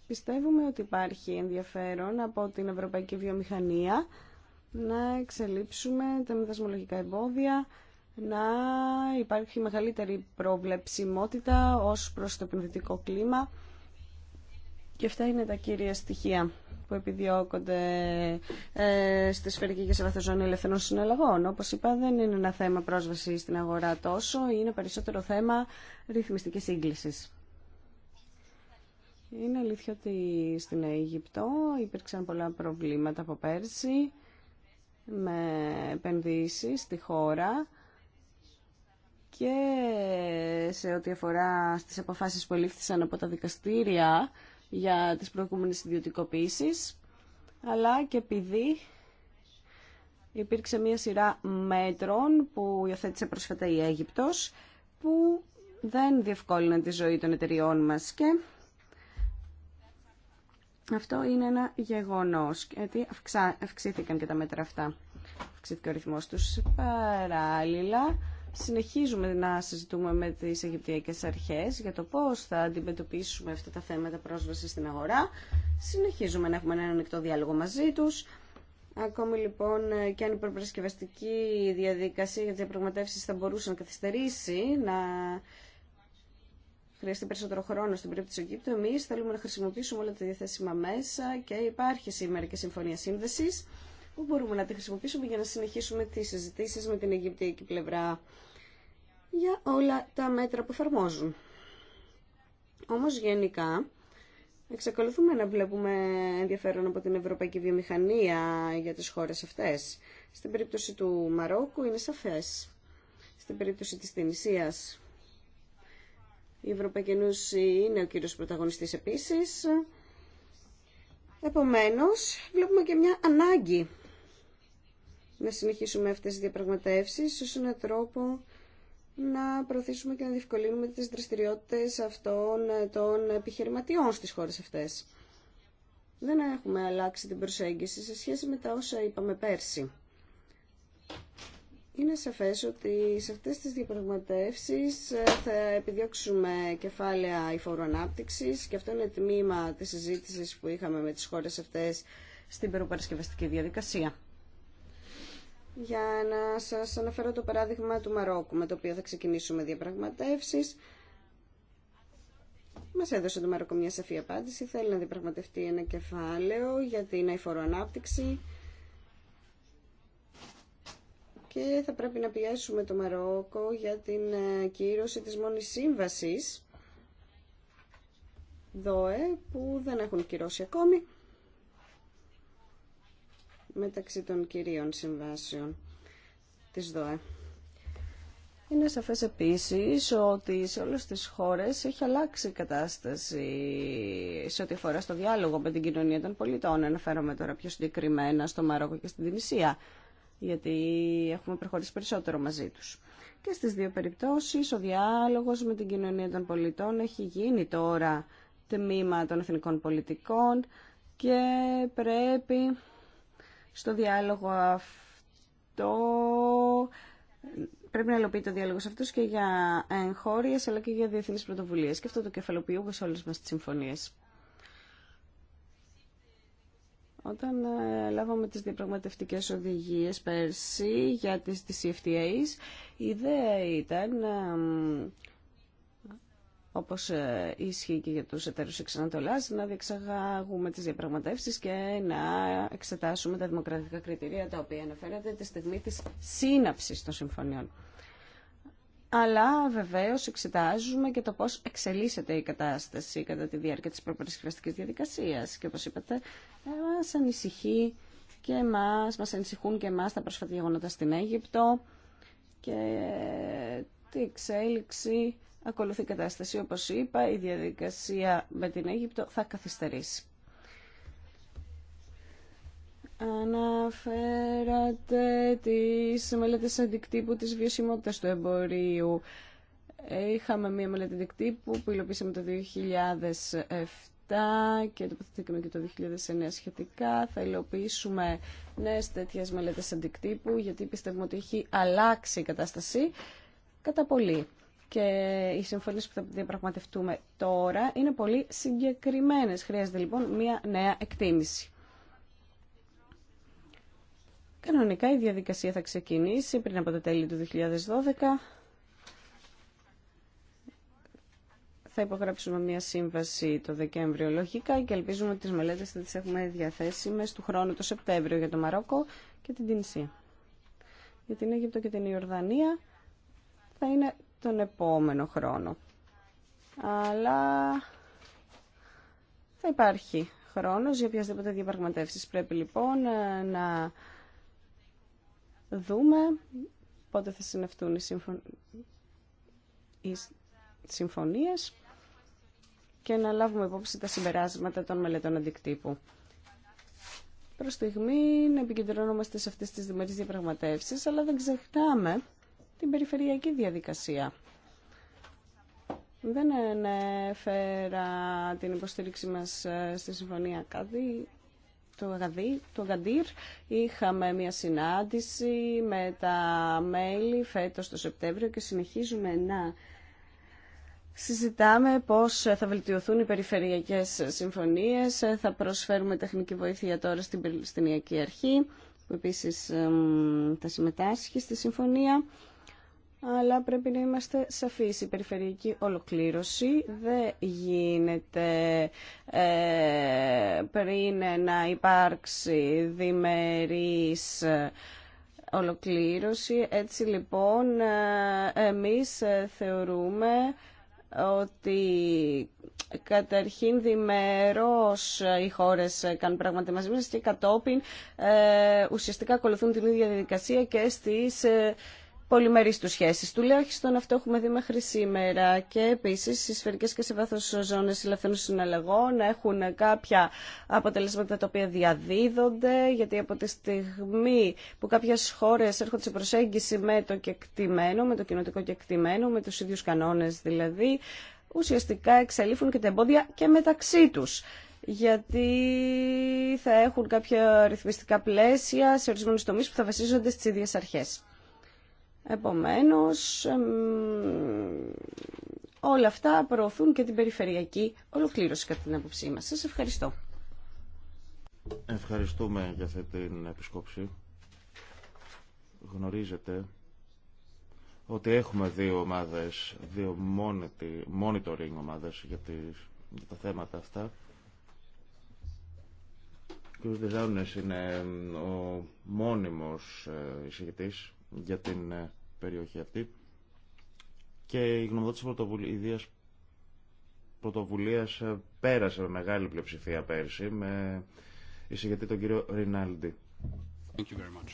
πιστεύουμε ότι υπάρχει ενδιαφέρον από την ευρωπαϊκή βιομηχανία να εξελίψουμε τα μετασμολογικά εμπόδια, να υπάρχει μεγαλύτερη προβλεψιμότητα ως προς το επενδυτικό κλίμα. Και αυτά είναι τα κύρια στοιχεία που επιδιώκονται ε, στη σφαιρική και σε βαθοζώνη ελευθερών συναλλαγών. Όπως είπα, δεν είναι ένα θέμα πρόσβαση στην αγορά τόσο, είναι περισσότερο θέμα ρυθμιστικής σύγκλησης. Είναι αλήθεια ότι στην Αίγυπτο υπήρξαν πολλά προβλήματα από πέρσι με επενδύσεις στη χώρα και σε ό,τι αφορά στις αποφάσεις που ελήφθησαν από τα δικαστήρια για τις προηγούμενες ιδιωτικοποίησεις, αλλά και επειδή υπήρξε μια σειρά μέτρων που υιοθέτησε πρόσφατα η Αίγυπτος, που δεν διευκόλυναν τη ζωή των εταιριών μας και αυτό είναι ένα γεγονός, γιατί αυξήθηκαν και τα μέτρα αυτά. Αυξήθηκε ο ρυθμός τους παράλληλα. Συνεχίζουμε να συζητούμε με τις Αιγυπτιακές Αρχές για το πώς θα αντιμετωπίσουμε αυτά τα θέματα πρόσβαση στην αγορά. Συνεχίζουμε να έχουμε έναν ανοιχτό διάλογο μαζί τους. Ακόμη λοιπόν και αν η προπαρασκευαστική διαδικασία για τι διαπραγματεύσει θα μπορούσε να καθυστερήσει, να χρειαστεί περισσότερο χρόνο στην περίπτωση του Αιγύπτου. Εμεί θέλουμε να χρησιμοποιήσουμε όλα τα διαθέσιμα μέσα και υπάρχει σήμερα και συμφωνία σύνδεση που μπορούμε να τη χρησιμοποιήσουμε για να συνεχίσουμε τι συζητήσει με την Αιγυπτιακή πλευρά για όλα τα μέτρα που εφαρμόζουν. Όμως γενικά εξακολουθούμε να βλέπουμε ενδιαφέρον από την ευρωπαϊκή βιομηχανία για τις χώρες αυτές. Στην περίπτωση του Μαρόκου είναι σαφές. Στην περίπτωση της Τινησίας η Ευρωπαϊκή Ένωση είναι ο κύριος πρωταγωνιστής επίσης. Επομένως, βλέπουμε και μια ανάγκη να συνεχίσουμε αυτές τις διαπραγματεύσεις ως έναν τρόπο να προωθήσουμε και να διευκολύνουμε τις δραστηριότητες αυτών των επιχειρηματιών στις χώρες αυτές. Δεν έχουμε αλλάξει την προσέγγιση σε σχέση με τα όσα είπαμε πέρσι. Είναι σαφές ότι σε αυτές τις διαπραγματεύσεις ε, θα επιδιώξουμε κεφάλαια υφοροανάπτυξης και αυτό είναι τμήμα της συζήτηση που είχαμε με τις χώρες αυτές στην περοπαρασκευαστική διαδικασία. Για να σας αναφέρω το παράδειγμα του Μαρόκου, με το οποίο θα ξεκινήσουμε διαπραγματεύσεις. Μα έδωσε το Μαρόκο μια σαφή απάντηση. Θέλει να διαπραγματευτεί ένα κεφάλαιο για την αηφοροανάπτυξη και θα πρέπει να πιέσουμε το Μαρόκο για την ε, κύρωση της μόνης σύμβασης ΔΟΕ που δεν έχουν κυρώσει ακόμη μεταξύ των κυρίων συμβάσεων της ΔΟΕ. Είναι σαφές επίσης ότι σε όλες τις χώρες έχει αλλάξει η κατάσταση σε ό,τι αφορά στο διάλογο με την κοινωνία των πολιτών. Αναφέρομαι τώρα πιο συγκεκριμένα στο Μαρόκο και στην Τινησία γιατί έχουμε προχωρήσει περισσότερο μαζί τους. Και στις δύο περιπτώσεις ο διάλογος με την κοινωνία των πολιτών έχει γίνει τώρα τμήμα των εθνικών πολιτικών και πρέπει στο διάλογο αυτό πρέπει να ελοποιείται ο διάλογος αυτός και για εγχώριες αλλά και για διεθνείς πρωτοβουλίες και αυτό το κεφαλοποιούμε σε όλες μας τις συμφωνίες. Όταν ε, λάβαμε τις διαπραγματευτικές οδηγίες πέρσι για τις CFTAs, η ιδέα ήταν, ε, όπως ισχύει ε, και για τους εταίρους εξανατολάς, να διεξαγάγουμε τις διαπραγματεύσεις και να εξετάσουμε τα δημοκρατικά κριτηρία τα οποία αναφέρατε τη στιγμή της σύναψης των συμφωνιών αλλά βεβαίως εξετάζουμε και το πώς εξελίσσεται η κατάσταση κατά τη διάρκεια της προπερισχρηστικής διαδικασίας. Και όπως είπατε, ε, μας ανησυχεί και εμάς, μας ανησυχούν και εμάς τα πρόσφατα γεγονότα στην Αίγυπτο και ε, τη εξέλιξη ακολουθεί κατάσταση. Όπως είπα, η διαδικασία με την Αίγυπτο θα καθυστερήσει. Αναφέρατε τις μελέτες αντικτύπου της βιωσιμότητας του εμπορίου. Ε, είχαμε μία μελέτη αντικτύπου που υλοποιήσαμε το 2007 και τοποθετήκαμε και το 2009 σχετικά. Θα υλοποιήσουμε νέες τέτοιες μελέτες αντικτύπου γιατί πιστεύουμε ότι έχει αλλάξει η κατάσταση κατά πολύ. Και οι συμφωνίε που θα διαπραγματευτούμε τώρα είναι πολύ συγκεκριμένε. Χρειάζεται λοιπόν μία νέα εκτίμηση. Κανονικά η διαδικασία θα ξεκινήσει πριν από τα τέλη του 2012. Θα υπογράψουμε μια σύμβαση το Δεκέμβριο λογικά και ελπίζουμε ότι τις μελέτες θα τις έχουμε διαθέσιμες του χρόνου το Σεπτέμβριο για το Μαρόκο και την Τινησία. Για την Αίγυπτο και την Ιορδανία θα είναι τον επόμενο χρόνο. Αλλά θα υπάρχει χρόνος για οποιασδήποτε διαπραγματεύσεις. Πρέπει λοιπόν να δούμε πότε θα συναυτούν οι, συμφων... συμφωνίες και να λάβουμε υπόψη τα συμπεράσματα των μελετών αντικτύπου. Προς στιγμή να επικεντρωνόμαστε σε αυτές τις δημοτικές διαπραγματεύσεις, αλλά δεν ξεχνάμε την περιφερειακή διαδικασία. Δεν ανέφερα την υποστήριξη μας ε, στη Συμφωνία Κάδη το Γαντήρ είχαμε μια συνάντηση με τα μέλη φέτος το Σεπτέμβριο και συνεχίζουμε να Συζητάμε πώς θα βελτιωθούν οι περιφερειακές συμφωνίες, θα προσφέρουμε τεχνική βοήθεια τώρα στην Παλαιστινιακή Αρχή, που επίσης θα συμμετάσχει στη συμφωνία αλλά πρέπει να είμαστε σαφείς. Η περιφερειακή ολοκλήρωση δεν γίνεται ε, πριν να υπάρξει διμερής ε, ολοκλήρωση. Έτσι λοιπόν ε, εμείς ε, θεωρούμε ότι καταρχήν διμερώς οι χώρες κάνουν πράγματα μαζί μας και κατόπιν ε, ουσιαστικά ακολουθούν την ίδια διαδικασία και στις πολυμερεί του σχέσει. Τουλάχιστον αυτό έχουμε δει μέχρι σήμερα. Και επίση οι σφαιρικέ και σε βάθο ζώνε ελευθερών συναλλαγών έχουν κάποια αποτελέσματα τα οποία διαδίδονται, γιατί από τη στιγμή που κάποιε χώρε έρχονται σε προσέγγιση με το κεκτημένο, με το κοινοτικό κεκτημένο, με του ίδιου κανόνε δηλαδή, ουσιαστικά εξελίφουν και τα εμπόδια και μεταξύ τους γιατί θα έχουν κάποια ρυθμιστικά πλαίσια σε ορισμένους τομείς που θα βασίζονται στις ίδιες αρχές. Επομένως, όλα αυτά προωθούν και την περιφερειακή ολοκλήρωση κατά την άποψή μας. Σας ευχαριστώ. Ευχαριστούμε για αυτή την επισκόψη. Γνωρίζετε ότι έχουμε δύο ομάδες, δύο monitoring ομάδες για, τα θέματα αυτά. Ο κ. Δεζάουνες είναι ο μόνιμος ε, εισηγητής για την ε, περιοχή αυτή. Και η γνωμοδότηση πρωτοβουλίας, πρωτοβουλίας ε, πέρασε με μεγάλη πλειοψηφία πέρσι με εισηγητή τον κύριο Ρινάλντι. Thank you very much.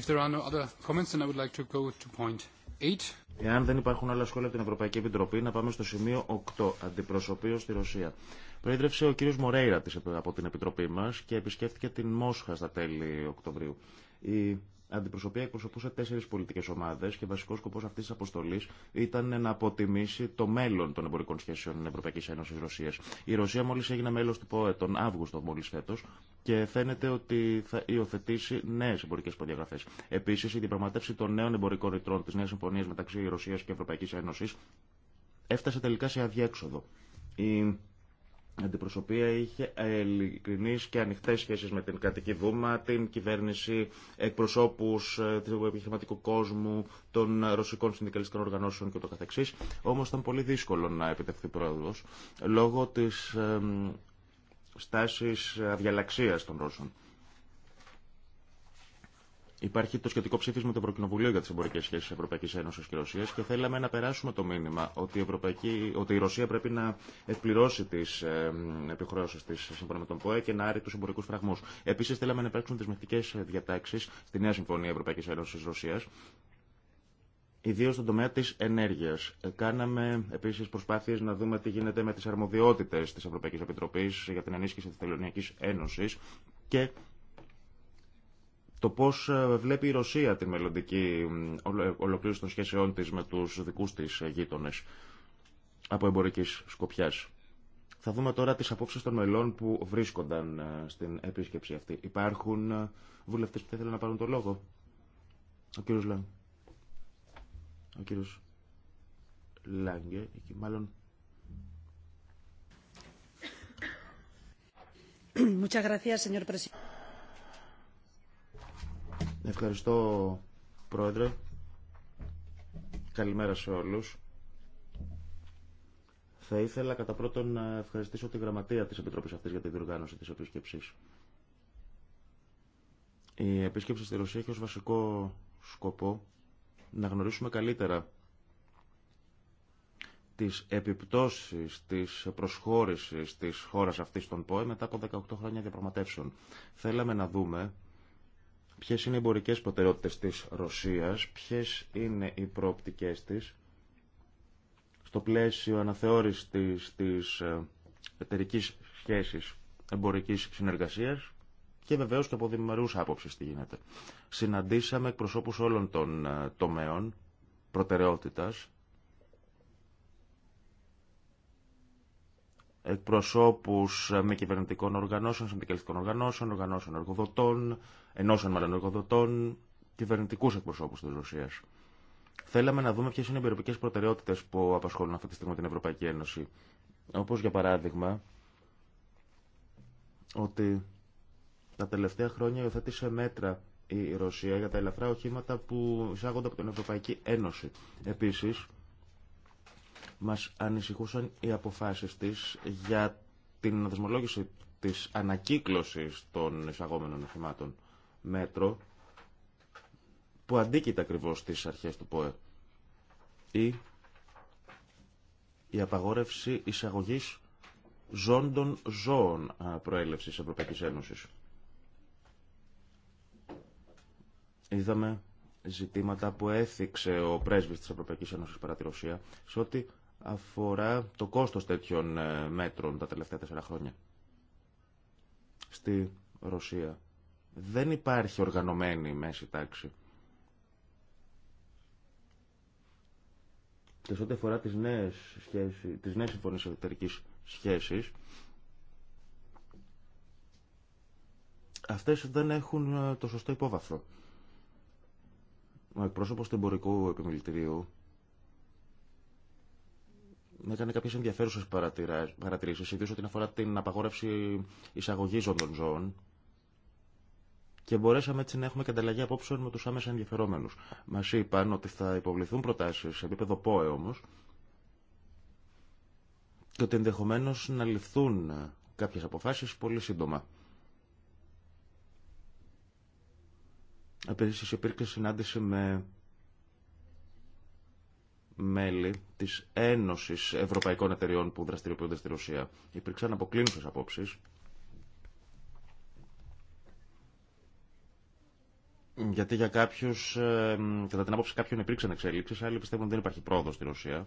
If there are no other comments, then I would like to go to point Εάν δεν υπάρχουν άλλα σχόλια από την Ευρωπαϊκή Επιτροπή, να πάμε στο σημείο 8, αντιπροσωπείο στη Ρωσία. Προέδρευσε ο κύριος Μορέιρα από την Επιτροπή μας και επισκέφθηκε την Μόσχα στα τέλη Οκτωβρίου. Η αντιπροσωπεία εκπροσωπούσε τέσσερι πολιτικές ομάδες και βασικό σκοπός αυτής τη αποστολή ήταν να αποτιμήσει το μέλλον των εμπορικών σχέσεων Ευρωπαϊκή Ένωση Ένωσης-Ρωσίας. Η Ρωσία μόλις έγινε μέλος του ΠΟΕ τον Αύγουστο μόλι φέτος και φαίνεται ότι θα υιοθετήσει νέε εμπορικέ προδιαγραφέ. Επίση, η διαπραγματεύση των νέων εμπορικών ρητρών τη Νέα Συμφωνία μεταξύ Ρωσία και Ευρωπαϊκή Ένωση έφτασε τελικά σε αδιέξοδο. Η αντιπροσωπεία είχε ειλικρινεί και ανοιχτέ σχέσει με την κρατική δούμα, την κυβέρνηση, εκπροσώπους ε, του επιχειρηματικού κόσμου, των ρωσικών συνδικαλιστικών οργανώσεων κ.ο.κ. Όμω ήταν πολύ δύσκολο να επιτευχθεί πρόοδο λόγω τη στάσης αδιαλαξία των Ρώσων. Υπάρχει το σχετικό ψήφισμα του Ευρωκοινοβουλίου για τι εμπορικέ σχέσει Ευρωπαϊκή Ένωση και Ρωσία και θέλαμε να περάσουμε το μήνυμα ότι η, Ευρωπαϊκή, ότι η Ρωσία πρέπει να εκπληρώσει τι ε, επιχρεώσει τη σύμφωνα με τον ΠΟΕ και να άρει του εμπορικού φραγμού. Επίση, θέλαμε να υπάρξουν δεσμευτικέ διατάξει στη νέα συμφωνία Ευρωπαϊκή Ένωση Ρωσία ιδίω στον τομέα τη ενέργεια ε, Κάναμε επίση προσπάθειε να δούμε τι γίνεται με τι αρμοδιότητε τη Ευρωπαϊκή Επιτροπής για την ενίσχυση τη Τελωνιακή Ένωση και το πώς ε, βλέπει η Ρωσία τη μελλοντική ε, ολοκλήρωση των σχέσεών της με τους δικούς της ε, γείτονες από εμπορικής σκοπιάς. Θα δούμε τώρα τις απόψεις των μελών που βρίσκονταν στην επίσκεψη αυτή. Υπάρχουν βουλευτές που θα ήθελαν να πάρουν το λόγο. Ο κύριος Λάγκ. Ο Λάγκε, μάλλον... Muchas gracias, señor presidente. Ευχαριστώ, Πρόεδρε. Καλημέρα σε όλους. Θα ήθελα κατά πρώτον να ευχαριστήσω τη γραμματεία της Επιτροπής αυτής για την διοργάνωση της επίσκεψης. Η επίσκεψη στη Ρωσία έχει ως βασικό σκοπό να γνωρίσουμε καλύτερα τις επιπτώσεις της προσχώρησης της χώρας αυτής των ΠΟΕ μετά από 18 χρόνια διαπραγματεύσεων. Θέλαμε να δούμε ποιες είναι οι εμπορικές προτεραιότητες της Ρωσίας, ποιες είναι οι προοπτικές της στο πλαίσιο αναθεώρησης της, της ε, εταιρικής σχέσης εμπορικής συνεργασίας και βεβαίως και από δημιουργούς άποψης τι γίνεται. Συναντήσαμε εκπροσώπους όλων των ε, τομέων προτεραιότητας εκπροσώπους με κυβερνητικών οργανώσεων, συνδικαλιστικών οργανώσεων, οργανώσεων εργοδοτών, ενώσεων μάλλον εργοδοτών, κυβερνητικού εκπροσώπους της Ρωσίας. Θέλαμε να δούμε ποιε είναι οι περιοπικέ προτεραιότητε που απασχολούν αυτή τη στιγμή την Ευρωπαϊκή Ένωση. Όπω για παράδειγμα, ότι τα τελευταία χρόνια υιοθέτησε μέτρα η Ρωσία για τα ελαφρά οχήματα που εισάγονται από την Ευρωπαϊκή Ένωση. Επίση, μας ανησυχούσαν οι αποφάσεις της για την δεσμολόγηση της ανακύκλωσης των εισαγόμενων οχημάτων μέτρο που αντίκειται ακριβώ στις αρχές του ΠΟΕ ή η απαγόρευση εισαγωγής ζώντων ζώων προέλευσης Ευρωπαϊκής Ένωσης. Είδαμε ζητήματα που έθιξε ο πρέσβης της Ευρωπαϊκής Ένωσης παρά τη Ρωσία σε ό,τι αφορά το κόστος τέτοιων ε, μέτρων τα τελευταία τέσσερα χρόνια. Στη Ρωσία δεν υπάρχει οργανωμένη μέση τάξη. Και σε ό,τι αφορά τις νέες, σχέσεις, τις νέες συμφωνίες εταιρικής σχέσης, αυτές δεν έχουν ε, το σωστό υπόβαθρο. Ο εκπρόσωπος του εμπορικού επιμελητηρίου έκανε κάποιε ενδιαφέρουσε παρατηρήσεις, ιδίω ό,τι αφορά την απαγόρευση εισαγωγής των ζώων και μπορέσαμε έτσι να έχουμε καταλλαγή απόψεων με τους άμεσα ενδιαφερόμενους. Μας είπαν ότι θα υποβληθούν προτάσει σε επίπεδο ΠΟΕ όμως και ότι ενδεχομένω να ληφθούν κάποιες αποφάσει πολύ σύντομα. Επίση υπήρξε συνάντηση με μέλη της Ένωσης Ευρωπαϊκών Εταιριών που δραστηριοποιούνται στη Ρωσία. Υπήρξαν αποκλίνουσες απόψεις. Γιατί για κάποιου. Ε, κατά την άποψη κάποιων υπήρξαν εξέλιξεις, άλλοι πιστεύουν ότι δεν υπάρχει πρόοδο στη Ρωσία.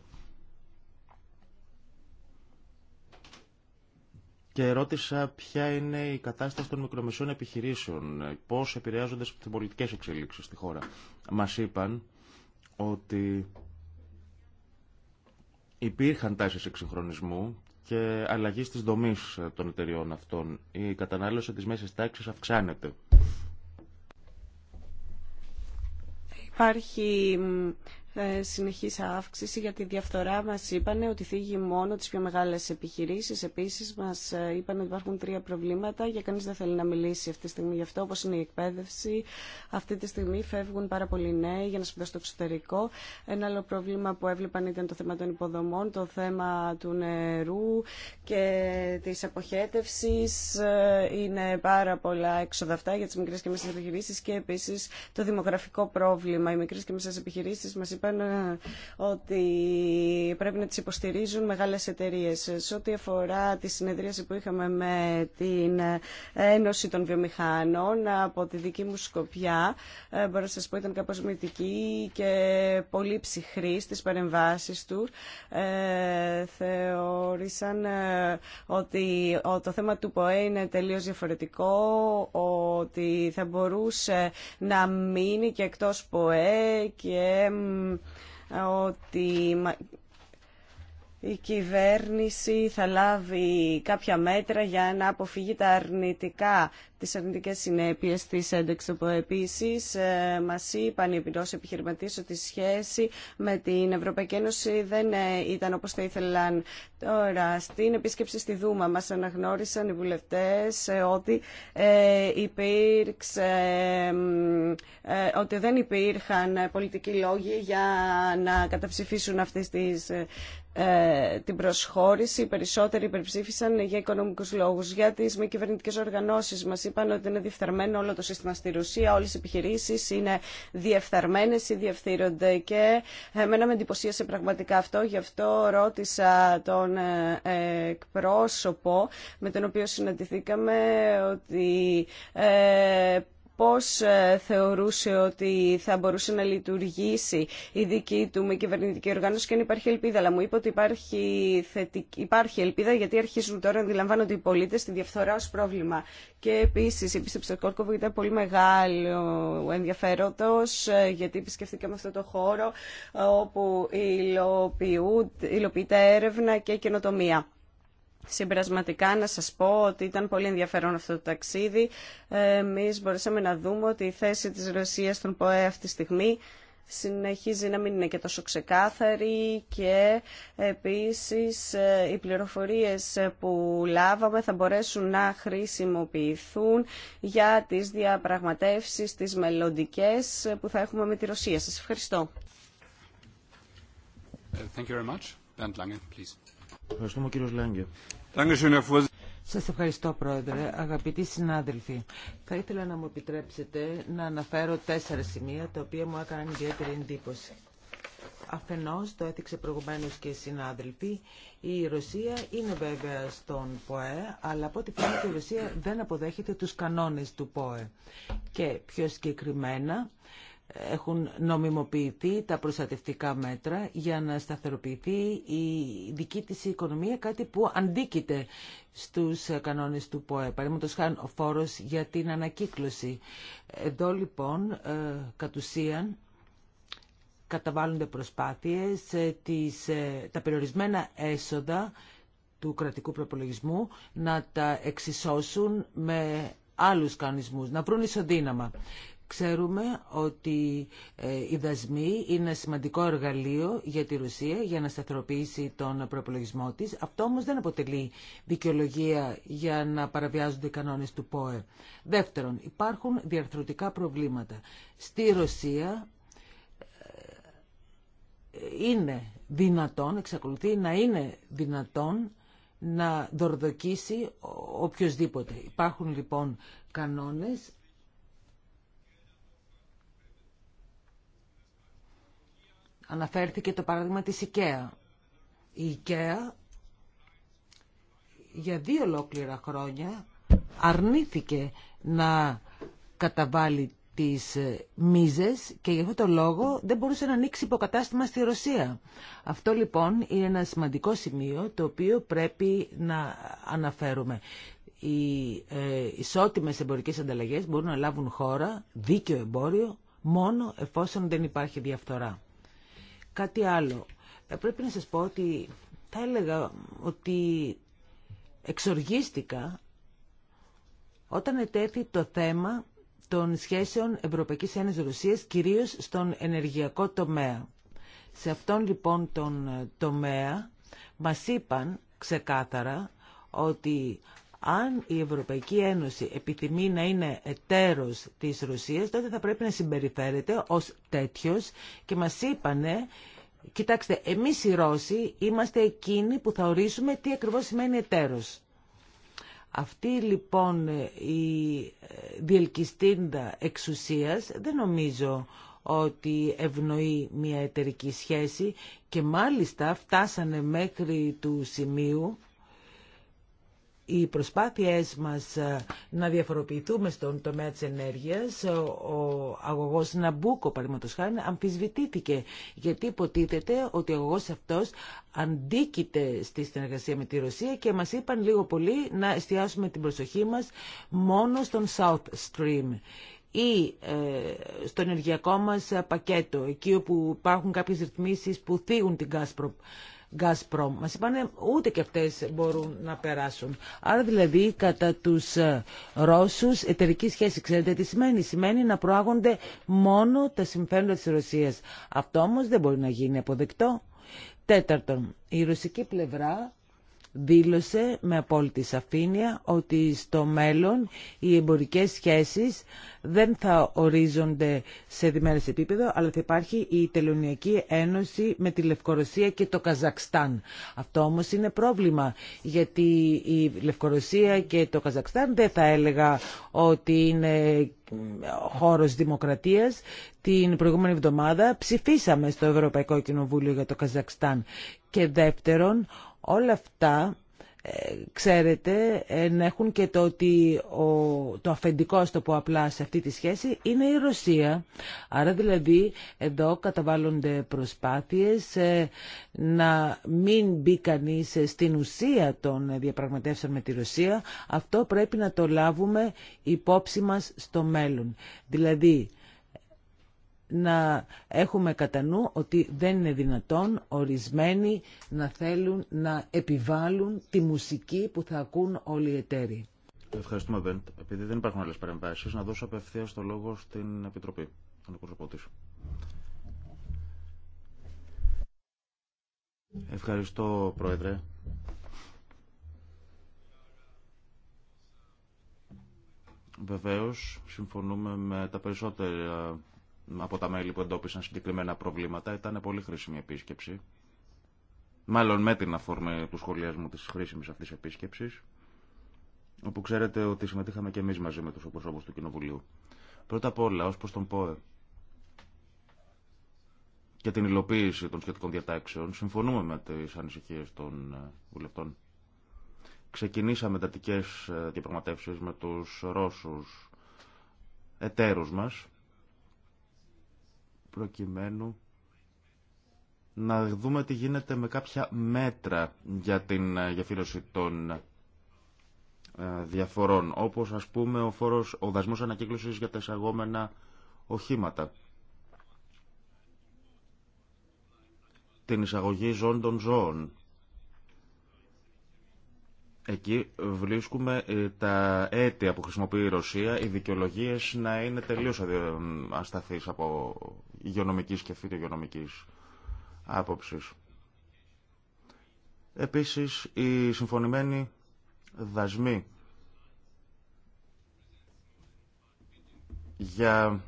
και ρώτησα ποια είναι η κατάσταση των μικρομεσαίων επιχειρήσεων, πώς επηρεάζονται στις πολιτικές εξελίξεις στη χώρα. Μας είπαν ότι υπήρχαν τάσεις εξυγχρονισμού και αλλαγή της δομής των εταιριών αυτών. Η κατανάλωση της μέσης τάξης αυξάνεται. Υπάρχει ε, συνεχής αύξηση για τη διαφθορά μας είπανε ότι θίγει μόνο τις πιο μεγάλες επιχειρήσεις. Επίσης μας ε, είπαν ότι υπάρχουν τρία προβλήματα για κανείς δεν θέλει να μιλήσει αυτή τη στιγμή γι' αυτό όπως είναι η εκπαίδευση. Αυτή τη στιγμή φεύγουν πάρα πολλοί νέοι για να σπουδάσουν στο εξωτερικό. Ένα άλλο πρόβλημα που έβλεπαν ήταν το θέμα των υποδομών, το θέμα του νερού και της αποχέτευσης. Ε, είναι πάρα πολλά έξοδα αυτά για τις μικρές και μεσές επιχειρήσεις και επίσης το δημογραφικό πρόβλημα. Οι μικρές και μεσές επιχειρήσεις μας είπαν ε, ότι πρέπει να τις υποστηρίζουν μεγάλες εταιρείες. Σε ό,τι αφορά τη συνεδρίαση που είχαμε με την ε, Ένωση των Βιομηχάνων από τη δική μου σκοπιά, ε, μπορώ να σας πω ήταν κάπως μυθική και πολύ ψυχρή στις παρεμβάσεις του. Θεώρησαν ότι το θέμα του ΠΟΕ είναι τελείως διαφορετικό, ότι θα μπορούσε να μείνει και εκτός ΠΟΕ και ότι η κυβέρνηση θα λάβει κάποια μέτρα για να αποφύγει τα αρνητικά, τις αρνητικές συνέπειες της ένταξης. Επίσης, ε, μας είπαν οι επιρρώσεις επιχειρηματίες ότι η σχέση με την Ευρωπαϊκή Ένωση δεν ε, ήταν όπως θα ήθελαν τώρα. Στην επίσκεψη στη Δούμα μας αναγνώρισαν οι βουλευτές ε, ότι, υπήρξε, ότι δεν υπήρχαν πολιτικοί λόγοι για να καταψηφίσουν αυτές τις ε, την προσχώρηση, οι περισσότεροι υπερψήφισαν για οικονομικούς λόγους. Για τι μη κυβερνητικές οργανώσεις μας είπαν ότι είναι διεφθαρμένο όλο το σύστημα στη Ρουσία, όλες οι επιχειρήσεις είναι διεφθαρμένε ή διευθύνονται και εμένα με εντυπωσίασε πραγματικά αυτό, γι' αυτό ρώτησα τον ε, εκπρόσωπο με τον οποίο συναντηθήκαμε ότι ε, πώς ε, θεωρούσε ότι θα μπορούσε να λειτουργήσει η δική του με κυβερνητική οργάνωση και αν υπάρχει ελπίδα. Αλλά μου είπε ότι υπάρχει, υπάρχει ελπίδα γιατί αρχίζουν τώρα να αντιλαμβάνονται οι πολίτες τη διαφθορά ως πρόβλημα. Και επίσης η επίσκεψη στο ήταν πολύ μεγάλο ενδιαφέροντος ε, γιατί επισκεφθήκαμε αυτό το χώρο ε, όπου υλοποιείται έρευνα και καινοτομία. Συμπερασματικά να σας πω ότι ήταν πολύ ενδιαφέρον αυτό το ταξίδι. Εμείς μπορούσαμε να δούμε ότι η θέση της Ρωσίας στον ΠΟΕ αυτή τη στιγμή συνεχίζει να μην είναι και τόσο ξεκάθαρη και επίσης ε, οι πληροφορίες που λάβαμε θα μπορέσουν να χρησιμοποιηθούν για τις διαπραγματεύσεις, τις μελλοντικέ που θα έχουμε με τη Ρωσία. Σας ευχαριστώ. Thank you very much. Σα Σας ευχαριστώ πρόεδρε. Αγαπητοί συνάδελφοι, θα ήθελα να μου επιτρέψετε να αναφέρω τέσσερα σημεία τα οποία μου έκαναν ιδιαίτερη εντύπωση. Αφενός, το έδειξε προηγουμένω και οι συνάδελφοι, η Ρωσία είναι βέβαια στον ΠΟΕ, αλλά από ό,τι φαίνεται η Ρωσία δεν αποδέχεται του κανόνε του ΠΟΕ. Και πιο συγκεκριμένα, έχουν νομιμοποιηθεί τα προστατευτικά μέτρα για να σταθεροποιηθεί η δική της οικονομία, κάτι που αντίκειται στους κανόνες του ΠΟΕ. Παραδείγματος χάνει ο φόρος για την ανακύκλωση. Εδώ λοιπόν ε, κατ' ουσίαν καταβάλλονται προσπάθειες, ε, ε, τα περιορισμένα έσοδα του κρατικού προπολογισμού να τα εξισώσουν με άλλους κανονισμούς, να βρουν ισοδύναμα. Ξέρουμε ότι ε, οι δασμοί είναι σημαντικό εργαλείο για τη Ρωσία για να σταθεροποιήσει τον προπολογισμό της. Αυτό όμως δεν αποτελεί δικαιολογία για να παραβιάζονται οι κανόνες του ΠΟΕ. Δεύτερον, υπάρχουν διαρθρωτικά προβλήματα. Στη Ρωσία ε, είναι δυνατόν, εξακολουθεί να είναι δυνατόν να δορδοκίσει οποιοδήποτε. Υπάρχουν λοιπόν κανόνες Αναφέρθηκε το παράδειγμα της IKEA. Η IKEA για δύο ολόκληρα χρόνια αρνήθηκε να καταβάλει τις ε, μίζες και γι' αυτόν τον λόγο δεν μπορούσε να ανοίξει υποκατάστημα στη Ρωσία. Αυτό λοιπόν είναι ένα σημαντικό σημείο το οποίο πρέπει να αναφέρουμε. Οι ε, ισότιμες εμπορικές ανταλλαγές μπορούν να λάβουν χώρα, δίκαιο εμπόριο, μόνο εφόσον δεν υπάρχει διαφθορά. Κάτι άλλο. Ε, πρέπει να σας πω ότι θα έλεγα ότι εξοργίστηκα όταν ετέθη το θέμα των σχέσεων Ευρωπαϊκής Ένωσης Ρωσίας, κυρίως στον ενεργειακό τομέα. Σε αυτόν λοιπόν τον τομέα μας είπαν ξεκάθαρα ότι αν η Ευρωπαϊκή Ένωση επιθυμεί να είναι εταίρος της Ρωσίας, τότε θα πρέπει να συμπεριφέρεται ως τέτοιος και μας είπανε Κοιτάξτε, εμείς οι Ρώσοι είμαστε εκείνοι που θα ορίσουμε τι ακριβώς σημαίνει εταίρος. Αυτή λοιπόν η ε, διελκυστίνδα εξουσίας δεν νομίζω ότι ευνοεί μια εταιρική σχέση και μάλιστα φτάσανε μέχρι του σημείου οι προσπάθειές μας ε, να διαφοροποιηθούμε στον τομέα της ενέργειας, ε, ο αγωγός Ναμπούκο, παραδείγματος χάρη, αμφισβητήθηκε, γιατί υποτίθεται ότι ο αγωγός αυτός αντίκειται στη συνεργασία με τη Ρωσία και μας είπαν λίγο πολύ να εστιάσουμε την προσοχή μας μόνο στον South Stream ή ε, στο ενεργειακό μας πακέτο, εκεί όπου υπάρχουν κάποιες ρυθμίσεις που θίγουν την Gazprom. Gazprom. Μας είπανε ούτε και αυτές μπορούν να περάσουν. Άρα δηλαδή κατά τους ε, Ρώσους εταιρική σχέση. Ξέρετε τι σημαίνει. Σημαίνει να προάγονται μόνο τα συμφέροντα της Ρωσίας. Αυτό όμως δεν μπορεί να γίνει αποδεκτό. Τέταρτον, η ρωσική πλευρά δήλωσε με απόλυτη σαφήνεια ότι στο μέλλον οι εμπορικές σχέσεις δεν θα ορίζονται σε διμέρες επίπεδο, αλλά θα υπάρχει η Τελωνιακή Ένωση με τη Λευκορωσία και το Καζακστάν. Αυτό όμως είναι πρόβλημα, γιατί η Λευκορωσία και το Καζακστάν δεν θα έλεγα ότι είναι χώρος δημοκρατίας. Την προηγούμενη εβδομάδα ψηφίσαμε στο Ευρωπαϊκό Κοινοβούλιο για το Καζακστάν. Και δεύτερον, Όλα αυτά ε, ξέρετε ε, έχουν και το ότι το αφεντικό στο που απλά σε αυτή τη σχέση είναι η Ρωσία. Άρα δηλαδή εδώ καταβάλλονται προσπάθειες ε, να μην μπει κανεί στην ουσία των διαπραγματεύσεων με τη Ρωσία. Αυτό πρέπει να το λάβουμε υπόψη μας στο μέλλον. Δηλαδή να έχουμε κατά νου ότι δεν είναι δυνατόν ορισμένοι να θέλουν να επιβάλλουν τη μουσική που θα ακούν όλοι οι εταίροι. Ευχαριστούμε, Μπέντ. Επειδή δεν υπάρχουν άλλε παρεμβάσει, να δώσω απευθεία το λόγο στην Επιτροπή, τον εκπροσωπό Ευχαριστώ, Πρόεδρε. Βεβαίως, συμφωνούμε με τα περισσότερα από τα μέλη που εντόπισαν συγκεκριμένα προβλήματα. Ήταν πολύ χρήσιμη επίσκεψη. Μάλλον με την αφορμή του σχολιασμού τη χρήσιμη αυτή επίσκεψη, όπου ξέρετε ότι συμμετείχαμε και εμεί μαζί με του εκπροσώπου του Κοινοβουλίου. Πρώτα απ' όλα, ω προ τον ΠΟΕ και την υλοποίηση των σχετικών διατάξεων, συμφωνούμε με τι ανησυχίε των ε, βουλευτών. Ξεκινήσαμε εντατικέ ε, διαπραγματεύσει με του Ρώσου εταίρου μας, προκειμένου να δούμε τι γίνεται με κάποια μέτρα για την ε, γεφύρωση των ε, διαφορών, όπως ας πούμε ο, φόρος, ο δασμός ανακύκλωσης για τα εισαγόμενα οχήματα. Την εισαγωγή ζών των ζώων. Εκεί βρίσκουμε ε, τα αίτια που χρησιμοποιεί η Ρωσία, οι δικαιολογίε να είναι τελείω ασταθεί από υγειονομική και φυτογειονομική άποψη. Επίση, οι συμφωνημένοι δασμοί για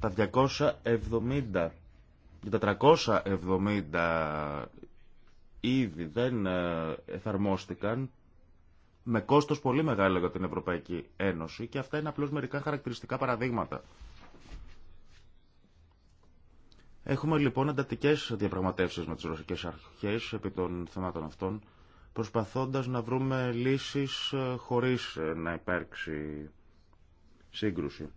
τα 270 για τα 370 ήδη δεν ε, εφαρμόστηκαν με κόστος πολύ μεγάλο για την Ευρωπαϊκή Ένωση και αυτά είναι απλώς μερικά χαρακτηριστικά παραδείγματα. Έχουμε λοιπόν εντατικέ διαπραγματεύσεις με τις ρωσικές αρχές επί των θεμάτων αυτών, προσπαθώντας να βρούμε λύσεις ε, χωρίς ε, να υπάρξει σύγκρουση.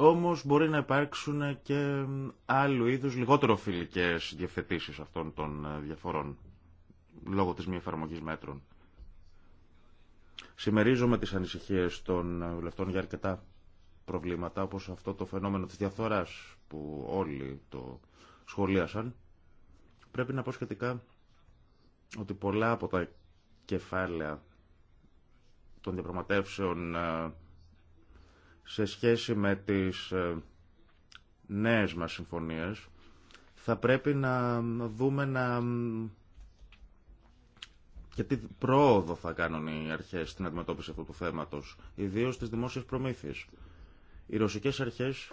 Όμως μπορεί να υπάρξουν και άλλου είδους λιγότερο φιλικές διευθετήσεις αυτών των ε, διαφορών λόγω της μη εφαρμογή μέτρων. Συμμερίζομαι τις ανησυχίες των ε, βουλευτών για αρκετά προβλήματα όπως αυτό το φαινόμενο της διαφθοράς που όλοι το σχολίασαν. Πρέπει να πω σχετικά ότι πολλά από τα κεφάλαια των διαπραγματεύσεων ε, σε σχέση με τις ε, νέες μας συμφωνίες θα πρέπει να δούμε να... και τι πρόοδο θα κάνουν οι αρχές στην αντιμετώπιση αυτού του θέματος, ιδίως στις δημόσιες προμήθειες. Οι ρωσικές αρχές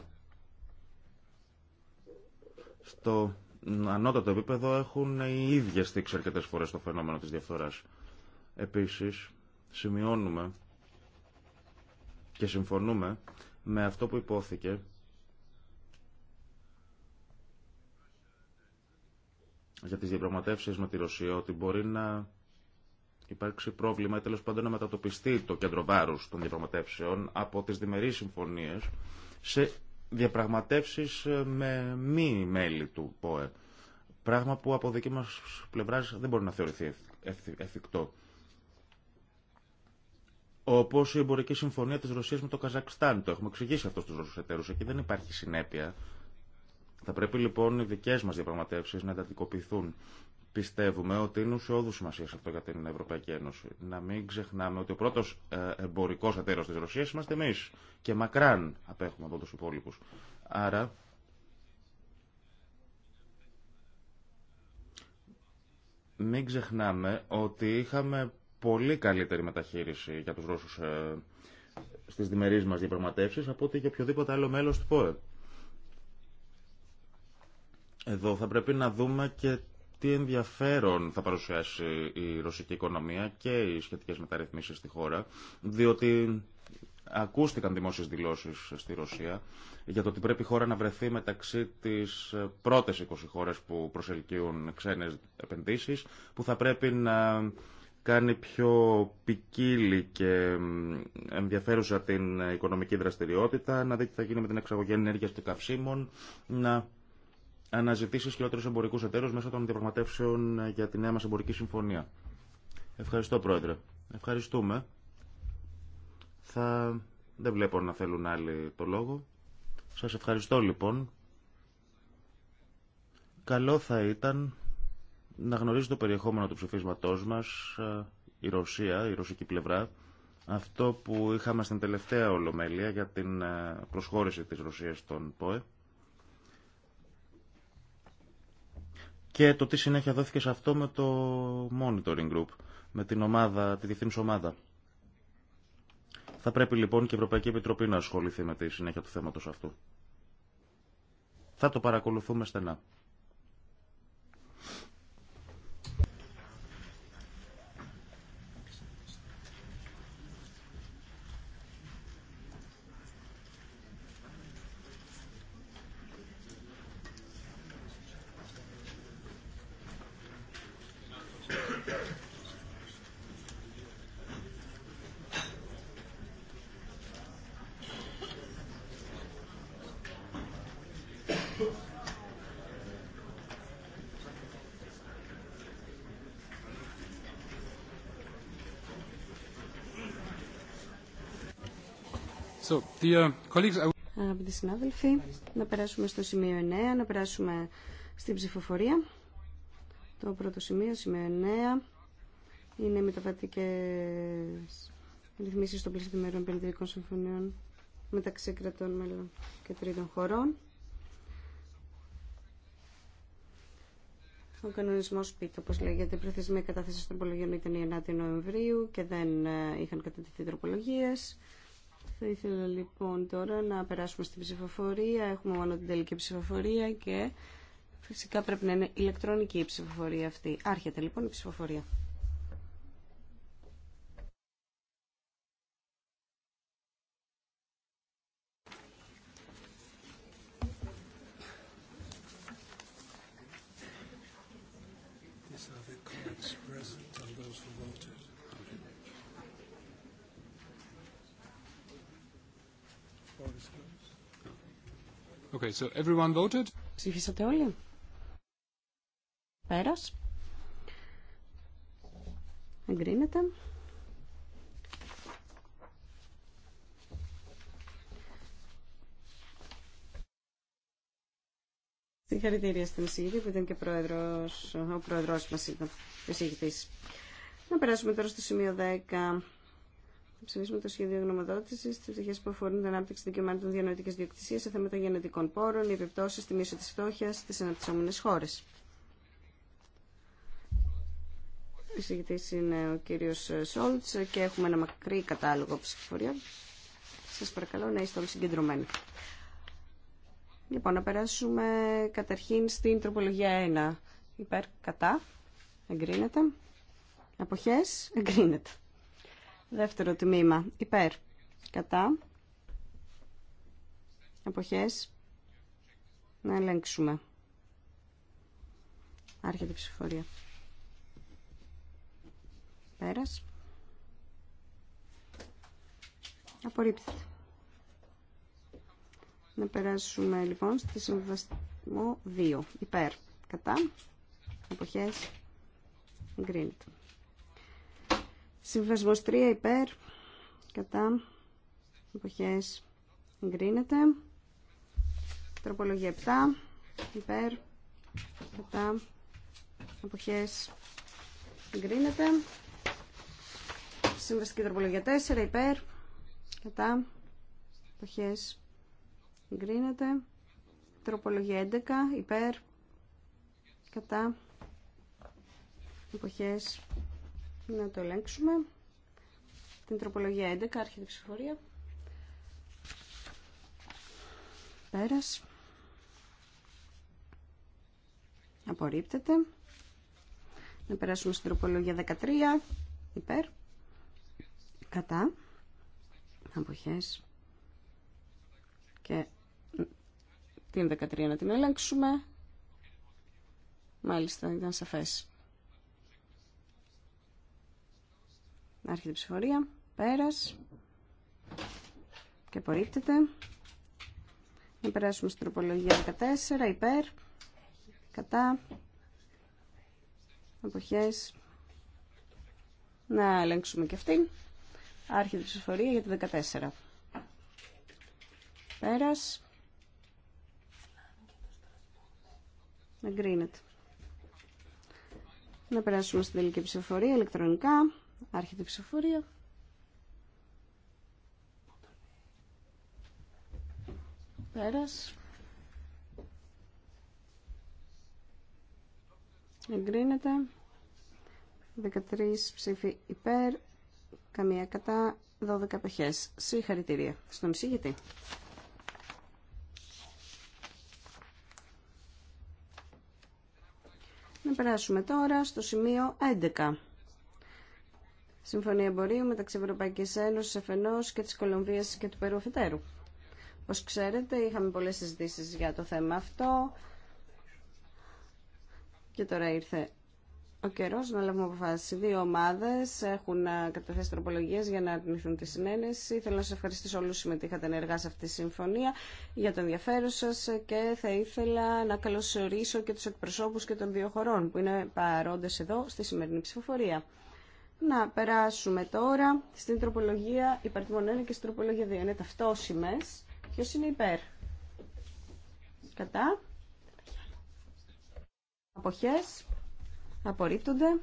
στο ανώτατο επίπεδο έχουν οι ίδιες στήξει αρκετές φορές το φαινόμενο της διαφθοράς. Επίσης, σημειώνουμε και συμφωνούμε με αυτό που υπόθηκε για τις διαπραγματεύσεις με τη Ρωσία ότι μπορεί να υπάρξει πρόβλημα ή τέλος πάντων να μετατοπιστεί το κέντρο βάρους των διαπραγματεύσεων από τις διμερείς συμφωνίες σε διαπραγματεύσεις με μη μέλη του ΠΟΕ. Πράγμα που από δική μας πλευράς δεν μπορεί να θεωρηθεί εφικτό. Όπω η εμπορική συμφωνία τη Ρωσία με το Καζακστάν. Το έχουμε εξηγήσει αυτό στου Ρώσου εταίρου. Εκεί δεν υπάρχει συνέπεια. Θα πρέπει λοιπόν οι δικέ μα διαπραγματεύσει να εντατικοποιηθούν. Πιστεύουμε ότι είναι ουσιώδου σημασία αυτό για την Ευρωπαϊκή Ένωση. Να μην ξεχνάμε ότι ο πρώτο ε, εμπορικό εταίρο τη Ρωσία είμαστε εμεί. Και μακράν απέχουμε από του υπόλοιπου. Άρα. Μην ξεχνάμε ότι είχαμε πολύ καλύτερη μεταχείριση για τους Ρώσους ε, στις διμερείς μας διαπραγματεύσεις από ότι για οποιοδήποτε άλλο μέλος του ΠΟΕ. Εδώ θα πρέπει να δούμε και τι ενδιαφέρον θα παρουσιάσει η ρωσική οικονομία και οι σχετικές μεταρρυθμίσεις στη χώρα, διότι ακούστηκαν δημόσιες δηλώσεις στη Ρωσία για το ότι πρέπει η χώρα να βρεθεί μεταξύ τις πρώτες 20 χώρες που προσελκύουν ξένες επενδύσεις, που θα πρέπει να κάνει πιο ποικίλη και ενδιαφέρουσα την οικονομική δραστηριότητα, να δει τι θα γίνει με την εξαγωγή ενέργειας και καυσίμων, να αναζητήσει ισχυρότερου εμπορικού εταίρου μέσα των διαπραγματεύσεων για τη νέα μα εμπορική συμφωνία. Ευχαριστώ, Πρόεδρε. Ευχαριστούμε. Θα... Δεν βλέπω να θέλουν άλλοι το λόγο. Σας ευχαριστώ, λοιπόν. Καλό θα ήταν να γνωρίζει το περιεχόμενο του ψηφίσματό μας ε, η Ρωσία, η ρωσική πλευρά. Αυτό που είχαμε στην τελευταία ολομέλεια για την ε, προσχώρηση της Ρωσίας στον ΠΟΕ. Και το τι συνέχεια δόθηκε σε αυτό με το monitoring group, με την ομάδα, τη διευθύνης ομάδα. Θα πρέπει λοιπόν και η Ευρωπαϊκή Επιτροπή να ασχοληθεί με τη συνέχεια του θέματος αυτού. Θα το παρακολουθούμε στενά. Αγαπητοί συνάδελφοι, να περάσουμε στο σημείο 9, να περάσουμε στην ψηφοφορία. Το πρώτο σημείο, σημείο 9, είναι μεταβατικές ρυθμίσεις των πλαισιδημερών επενδυτικών συμφωνιών μεταξύ κρατών μέλων και τρίτων χωρών. Ο κανονισμό ΠΙΤ, όπω λέγεται, προθεσμία κατάθεση των υπολογιών ήταν η 9η Νοεμβρίου και δεν ε, είχαν κατατεθεί τροπολογίε. Θα ήθελα λοιπόν τώρα να περάσουμε στην ψηφοφορία. Έχουμε μόνο την τελική ψηφοφορία και φυσικά πρέπει να είναι ηλεκτρονική η ψηφοφορία αυτή. Άρχεται λοιπόν η ψηφοφορία. So Ψήφισατε όλοι. Πέρας. Εγκρίνεται. Συγχαρητήρια στην εισηγητή που ήταν και πρόεδρος, ο πρόεδρός μας ήταν ο εισηγητής. Να περάσουμε τώρα στο σημείο 10 ψηφίσουμε το σχέδιο γνωμοδότηση στι πτυχέ που αφορούν την ανάπτυξη δικαιωμάτων διανοητική διοκτησία σε θέματα γενετικών πόρων, οι επιπτώσει στη μίσο τη φτώχεια στι αναπτυσσόμενε χώρε. Ο Εισηγητή είναι ο κύριο Σόλτ και έχουμε ένα μακρύ κατάλογο ψηφοφοριών. Σα παρακαλώ να είστε όλοι συγκεντρωμένοι. Λοιπόν, να περάσουμε καταρχήν στην τροπολογία 1. Υπέρ, κατά, εγκρίνεται. Αποχές, εγκρίνεται. Δεύτερο τμήμα. Υπέρ. Κατά. Εποχές. Να ελέγξουμε. Άρχεται η ψηφορία. Πέρας. Απορρίπτεται. Να περάσουμε λοιπόν στη συμβασμό 2. Υπέρ. Κατά. Εποχές. Εγκρίνεται. Συμβασμό 3 υπέρ, κατά, εποχές εγκρίνεται. Τροπολογία 7 υπέρ, κατά, εποχές εγκρίνεται. Συμβαστική τροπολογία 4 υπέρ, κατά, εποχές εγκρίνεται. Τροπολογία 11 υπέρ, κατά, εποχές να το ελέγξουμε. Την τροπολογία 11, άρχεται ψηφορία. Πέρας. Απορρίπτεται. Να περάσουμε στην τροπολογία 13, υπέρ. Κατά. Αποχές. Και την 13 να την ελέγξουμε. Μάλιστα, ήταν σαφές. Άρχεται η ψηφορία. Πέρας. Και απορρίπτεται. Να περάσουμε στην τροπολογία 14. Υπέρ. Κατά. Αποχές. Να ελέγξουμε και αυτή. Άρχεται η ψηφορία για το 14. Πέρας. Εγκρίνεται. Να περάσουμε στην τελική ψηφοφορία ηλεκτρονικά. Άρχεται η ψηφοφορία. Πέρας. Εγκρίνεται. 13 ψήφοι υπέρ, καμία κατά, 12 αποχές. Συγχαρητήρια στον εισηγητή. Να περάσουμε τώρα στο σημείο 11. Συμφωνία Εμπορίου μεταξύ Ευρωπαϊκή Ένωση, Εφενό και τη Κολομβίας και του Περού αφετέρου. Όπω ξέρετε, είχαμε πολλέ συζητήσει για το θέμα αυτό και τώρα ήρθε ο καιρό να λάβουμε αποφάσει. Δύο ομάδε έχουν ε, καταθέσει τροπολογίε για να αρνηθούν τη συνένεση. Θέλω να σα ευχαριστήσω όλου που συμμετείχατε ενεργά σε αυτή τη συμφωνία για το ενδιαφέρον σα και θα ήθελα να καλωσορίσω και του εκπροσώπου και των δύο χωρών που είναι παρόντε εδώ στη σημερινή ψηφοφορία. Να περάσουμε τώρα στην τροπολογία υπαρτιμών 1 και στην τροπολογία 2. Είναι ταυτόσιμες. Ποιο είναι υπέρ. Κατά. Αποχές. Απορρίπτονται.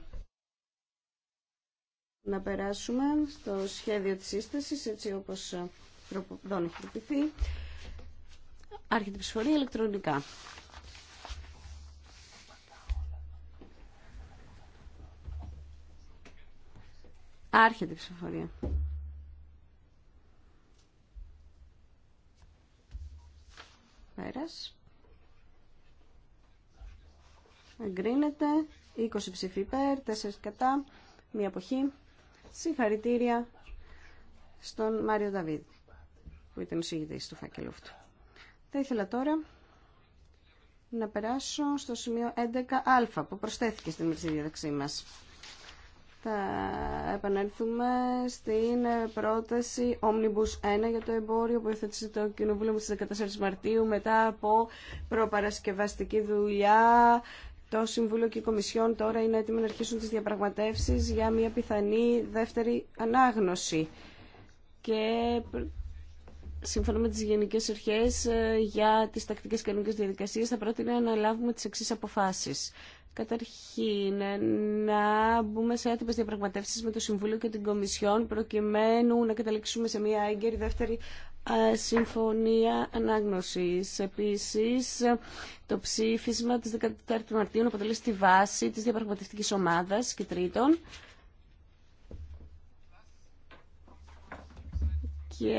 Να περάσουμε στο σχέδιο της σύστασης, έτσι όπως δεν έχει τροποποιηθεί. Άρχεται η ψηφορία ηλεκτρονικά. Άρχεται η ψηφοφορία. Πέρας. Εγκρίνεται. 20 ψηφί υπέρ, 4 κατά, μία αποχή. Συγχαρητήρια στον Μάριο Δαβίδ που ήταν ο του φάκελου αυτού. Θα ήθελα τώρα να περάσω στο σημείο 11α που προσθέθηκε στην μερική διάταξή μας θα επανέλθουμε στην πρόταση Omnibus 1 για το εμπόριο που υιοθέτησε το Κοινοβούλιο στις 14 Μαρτίου μετά από προπαρασκευαστική δουλειά. Το Συμβούλιο και η Κομισιόν τώρα είναι έτοιμοι να αρχίσουν τις διαπραγματεύσεις για μια πιθανή δεύτερη ανάγνωση. Και σύμφωνα με τις γενικές αρχές ε, για τις τακτικές κανονικές διαδικασίες θα πρότεινα να λάβουμε τις εξής αποφάσεις. Καταρχήν, να μπούμε σε άτυπες διαπραγματεύσει με το Συμβούλιο και την Κομισιόν προκειμένου να καταλήξουμε σε μια έγκαιρη δεύτερη συμφωνία ανάγνωση. Επίσης, το ψήφισμα της 14 Μαρτίου αποτελεί στη βάση της διαπραγματευτικής ομάδας και τρίτων. Και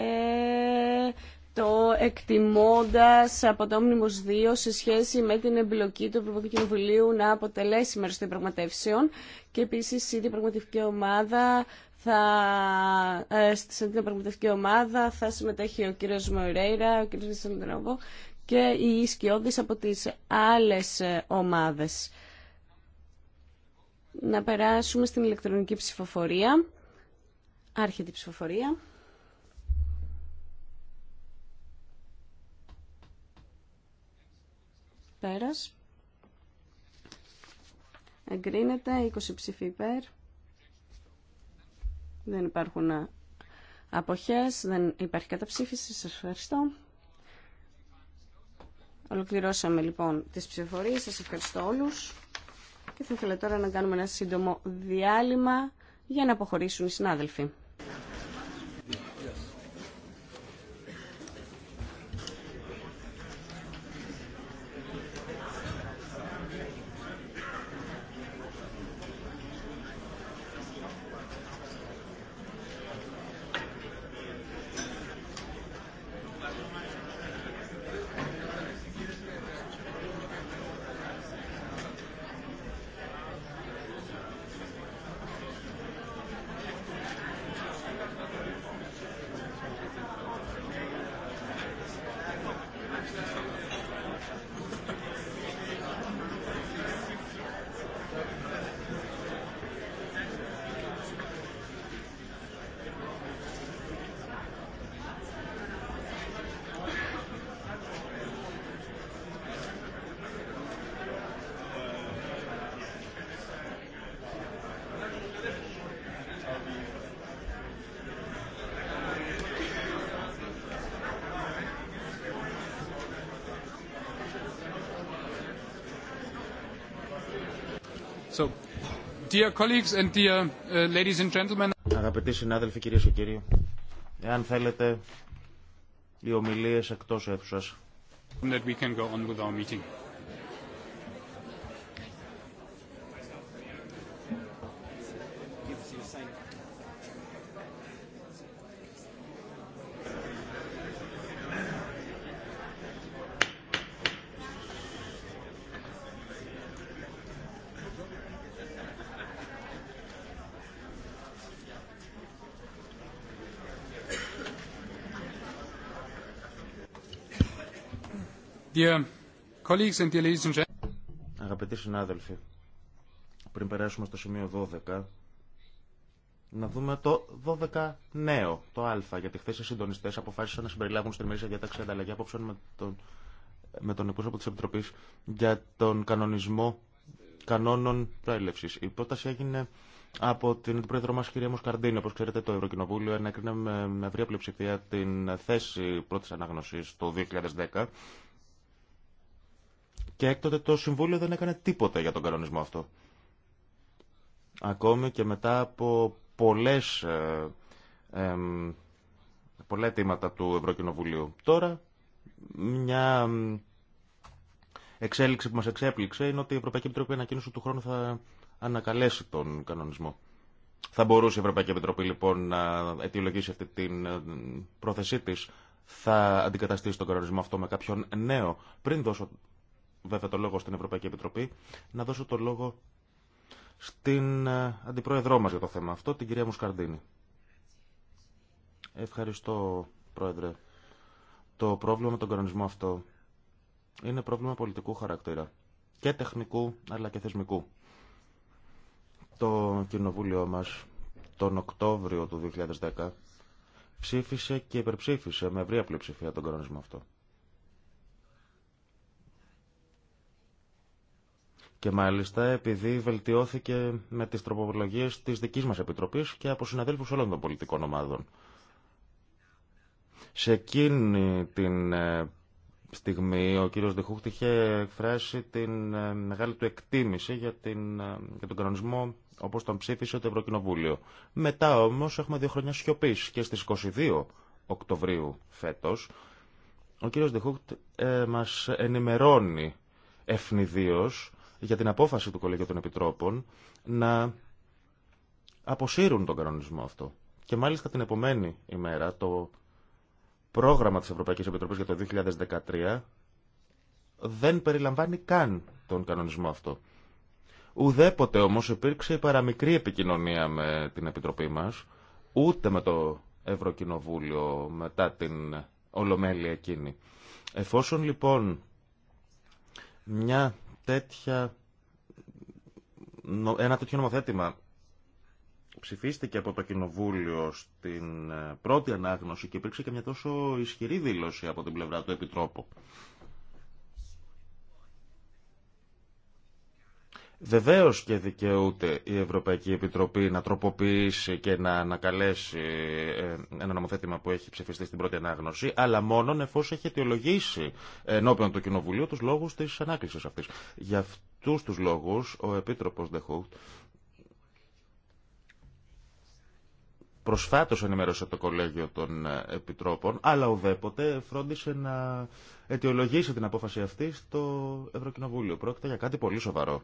το εκτιμώντας από το Omnibus 2 σε σχέση με την εμπλοκή του Ευρωπαϊκού Κοινοβουλίου να αποτελέσει μέρος των διαπραγματεύσεων και επίσης η διαπραγματευτική ομάδα θα, ε, στην διαπραγματευτική ομάδα θα συμμετέχει ο κύριος Μοηρέιρα, ο κύριος Βησαντρόβο και οι ισκιώδεις από τις άλλες ομάδες. Να περάσουμε στην ηλεκτρονική ψηφοφορία. Άρχεται η ψηφοφορία. Πέρας. Εγκρίνεται 20 ψήφοι υπέρ. Δεν υπάρχουν ε, αποχές, δεν υπάρχει καταψήφιση. Σας ευχαριστώ. Ολοκληρώσαμε λοιπόν τις ψηφοφορίες Σας ευχαριστώ όλους. Και θα ήθελα τώρα να κάνουμε ένα σύντομο διάλειμμα για να αποχωρήσουν οι συνάδελφοι. Dear colleagues and dear uh, ladies and gentlemen. Αγαπητοί συνάδελφοι, κυρίε και κύριοι, εάν θέλετε οι ομιλίε εκτό αίθουσα. Αγαπητοί συνάδελφοι, πριν περάσουμε στο σημείο 12, να δούμε το 12 νέο, το Α, γιατί χθε οι συντονιστέ αποφάσισαν να συμπεριλάβουν στην ημερήσια διατάξη ανταλλαγή απόψεων με τον, με τον εκπρόσωπο τη Επιτροπή για τον κανονισμό κανόνων προέλευση. Η πρόταση έγινε από την πρόεδρο μα, κυρία Μοσκαρντίνη. Όπω ξέρετε, το Ευρωκοινοβούλιο ενέκρινε με ευρία πλειοψηφία την θέση πρώτη αναγνωσή το 2010 και έκτοτε το Συμβούλιο δεν έκανε τίποτα για τον κανονισμό αυτό. Ακόμη και μετά από πολλές, ε, ε, πολλά αιτήματα του Ευρωκοινοβουλίου. Τώρα, μια εξέλιξη που μας εξέπληξε είναι ότι η Ευρωπαϊκή Επιτροπή ανακοίνωσε του χρόνου θα ανακαλέσει τον κανονισμό. Θα μπορούσε η Ευρωπαϊκή Επιτροπή λοιπόν να αιτιολογήσει αυτή την ε, πρόθεσή της θα αντικαταστήσει τον κανονισμό αυτό με κάποιον νέο. Πριν δώσω βέβαια το λόγο στην Ευρωπαϊκή Επιτροπή, να δώσω το λόγο στην ε, αντιπρόεδρό μας για το θέμα αυτό, την κυρία Μουσκαρντίνη. Ευχαριστώ, Πρόεδρε. Το πρόβλημα με τον κανονισμό αυτό είναι πρόβλημα πολιτικού χαρακτήρα και τεχνικού αλλά και θεσμικού. Το κοινοβούλιο μας τον Οκτώβριο του 2010 ψήφισε και υπερψήφισε με ευρία πλειοψηφία τον κανονισμό αυτό. Και μάλιστα επειδή βελτιώθηκε με τις τροπολογίες της δικής μας Επιτροπής και από συναδέλφους όλων των πολιτικών ομάδων. Σε εκείνη την ε, στιγμή ο κύριος Δεχούχτη είχε εκφράσει την ε, μεγάλη του εκτίμηση για, την, ε, για τον κανονισμό όπως τον ψήφισε το Ευρωκοινοβούλιο. Μετά όμως έχουμε δύο χρόνια σιωπή και στις 22 Οκτωβρίου φέτος ο κύριος Δεχούχτ ε, μας ενημερώνει ευνηδίως για την απόφαση του Κολεγίου των Επιτρόπων να αποσύρουν τον κανονισμό αυτό. Και μάλιστα την επομένη ημέρα το πρόγραμμα της Ευρωπαϊκής Επιτροπής για το 2013 δεν περιλαμβάνει καν τον κανονισμό αυτό. Ουδέποτε όμως υπήρξε παραμικρή επικοινωνία με την Επιτροπή μας, ούτε με το Ευρωκοινοβούλιο μετά την Ολομέλεια εκείνη. Εφόσον λοιπόν μια τέτοια, ένα τέτοιο νομοθέτημα ψηφίστηκε από το Κοινοβούλιο στην ε, πρώτη ανάγνωση και υπήρξε και μια τόσο ισχυρή δήλωση από την πλευρά του Επιτρόπου Βεβαίω και δικαιούται η Ευρωπαϊκή Επιτροπή να τροποποιήσει και να ανακαλέσει ε, ένα νομοθέτημα που έχει ψηφιστεί στην πρώτη ανάγνωση, αλλά μόνον εφόσον έχει αιτιολογήσει ενώπιον του Κοινοβουλίου του λόγου τη ανάκληση αυτή. Για αυτού του λόγου, ο Επίτροπο Δεχούχτ προσφάτως ενημέρωσε το Κολέγιο των ε, Επιτρόπων, αλλά ουδέποτε φρόντισε να αιτιολογήσει την απόφαση αυτή στο Ευρωκοινοβούλιο. Πρόκειται για κάτι πολύ σοβαρό.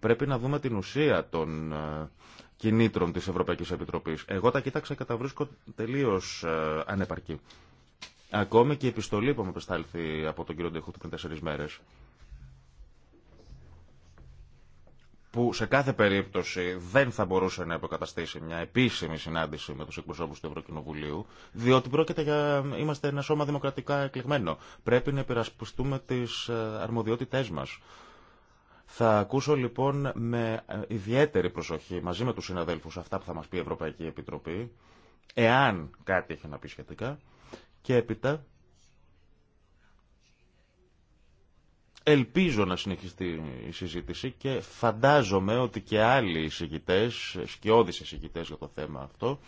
Πρέπει να δούμε την ουσία των ε, κινήτρων της Ευρωπαϊκής Επιτροπής. Εγώ τα κοίταξα και τα βρίσκω τελείως ε, ανεπαρκή. Ακόμη και η επιστολή που μου απεστάλθη από τον κύριο Ντεχούτ πριν τέσσερι μέρες που σε κάθε περίπτωση δεν θα μπορούσε να υποκαταστήσει μια επίσημη συνάντηση με τους εκπροσώπους του Ευρωκοινοβουλίου, διότι πρόκειται για... είμαστε ένα σώμα δημοκρατικά εκλεγμένο. Πρέπει να υπερασπιστούμε τις ε, αρμοδιότητές μας. Θα ακούσω λοιπόν με ε, ιδιαίτερη προσοχή μαζί με τους συναδέλφους αυτά που θα μας πει η Ευρωπαϊκή Επιτροπή, εάν κάτι έχει να πει σχετικά, και έπειτα Ελπίζω να συνεχιστεί η συζήτηση και φαντάζομαι ότι και άλλοι εισηγητέ, σκιώδεις εισηγητέ για το θέμα αυτό,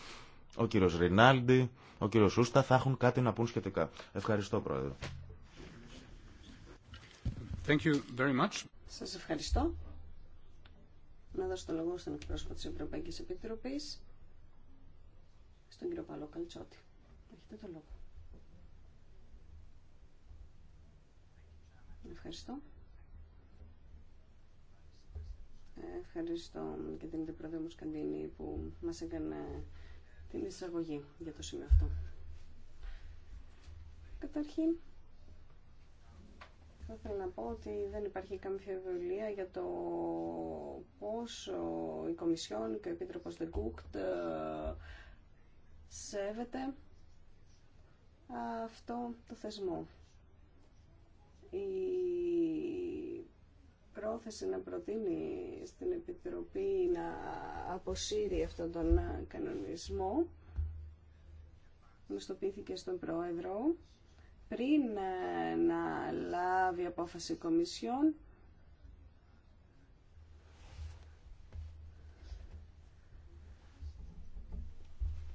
ο κύριος Ρινάλντι, ο κύριος Σούστα θα έχουν κάτι να πούν σχετικά. Ευχαριστώ Πρόεδρε. Thank Σας ευχαριστώ. Να δώσω το λόγο στον εκπρόσωπο της Ευρωπαϊκή Επιτροπής, στον κύριο Παλό Καλτσότη. Έχετε το λόγο. Ευχαριστώ. Ευχαριστώ και την Αντιπρόεδρο Μουσκαντίνη που μας έκανε την εισαγωγή για το σημείο αυτό. Καταρχήν, θα ήθελα να πω ότι δεν υπάρχει καμία βιβλία για το πώς η Κομισιόν και ο Επίτροπος Δεγκούκτ σέβεται αυτό το θεσμό η πρόθεση να προτείνει στην Επιτροπή να αποσύρει αυτόν τον κανονισμό γνωστοποιήθηκε στον Πρόεδρο πριν ε, να λάβει απόφαση Κομισιόν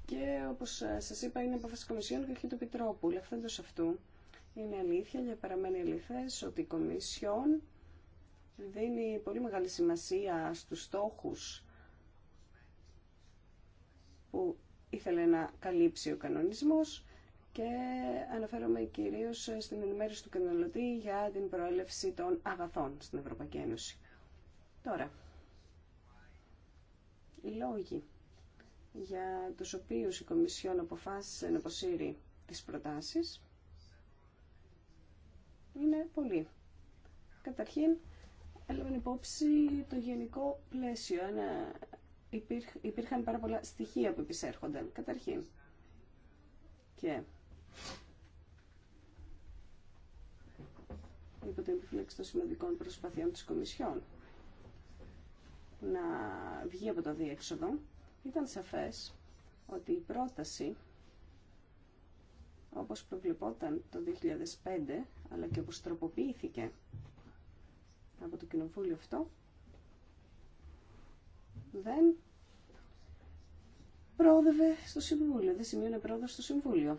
και όπως ε, σας είπα είναι απόφαση Κομισιόν και όχι του Επιτρόπου, λεφθέντος αυτού. Είναι αλήθεια και παραμένει αληθές ότι η Κομισιόν δίνει πολύ μεγάλη σημασία στους στόχους που ήθελε να καλύψει ο κανονισμός και αναφέρομαι κυρίως στην ενημέρωση του καταναλωτή για την προέλευση των αγαθών στην Ευρωπαϊκή Ένωση. Τώρα, οι λόγοι για τους οποίους η Κομισιόν αποφάσισε να αποσύρει τις προτάσεις είναι πολύ. Καταρχήν, έλαβαν υπόψη το γενικό πλαίσιο. Ένα, υπήρχαν πάρα πολλά στοιχεία που επισέρχονταν. Καταρχήν. Και υπό την επιφύλαξη των σημαντικών προσπαθειών της Κομισιόν να βγει από το διέξοδο, ήταν σαφές ότι η πρόταση όπως προβλεπόταν το 2005, αλλά και όπως τροποποιήθηκε από το κοινοβούλιο αυτό, δεν πρόοδευε στο Συμβούλιο, δεν σημείωνε πρόοδο στο Συμβούλιο.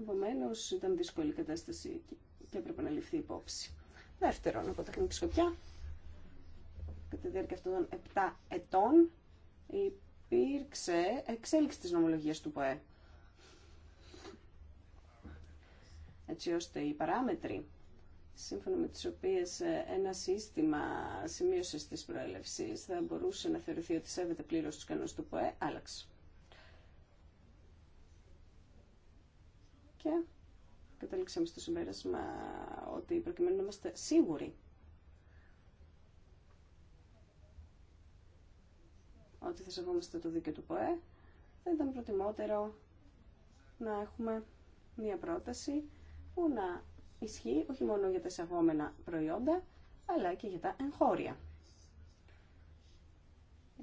Επομένω, ήταν δύσκολη η κατάσταση και έπρεπε να ληφθεί υπόψη. Δεύτερον, από τεχνική σκοπιά, κατά τη διάρκεια αυτών των 7 ετών, υπήρξε εξέλιξη της νομολογίας του ΠΟΕ. έτσι ώστε οι παράμετροι σύμφωνα με τις οποίες ε, ένα σύστημα σημειώση της προέλευσης θα μπορούσε να θεωρηθεί ότι σέβεται πλήρως του κανόνες του ΠΟΕ, άλλαξε. Και καταλήξαμε στο συμπέρασμα ότι προκειμένου να είμαστε σίγουροι ότι θα σεβόμαστε το δίκαιο του ΠΟΕ, θα ήταν προτιμότερο να έχουμε μία πρόταση που να ισχύει όχι μόνο για τα εισαγόμενα προϊόντα, αλλά και για τα εγχώρια.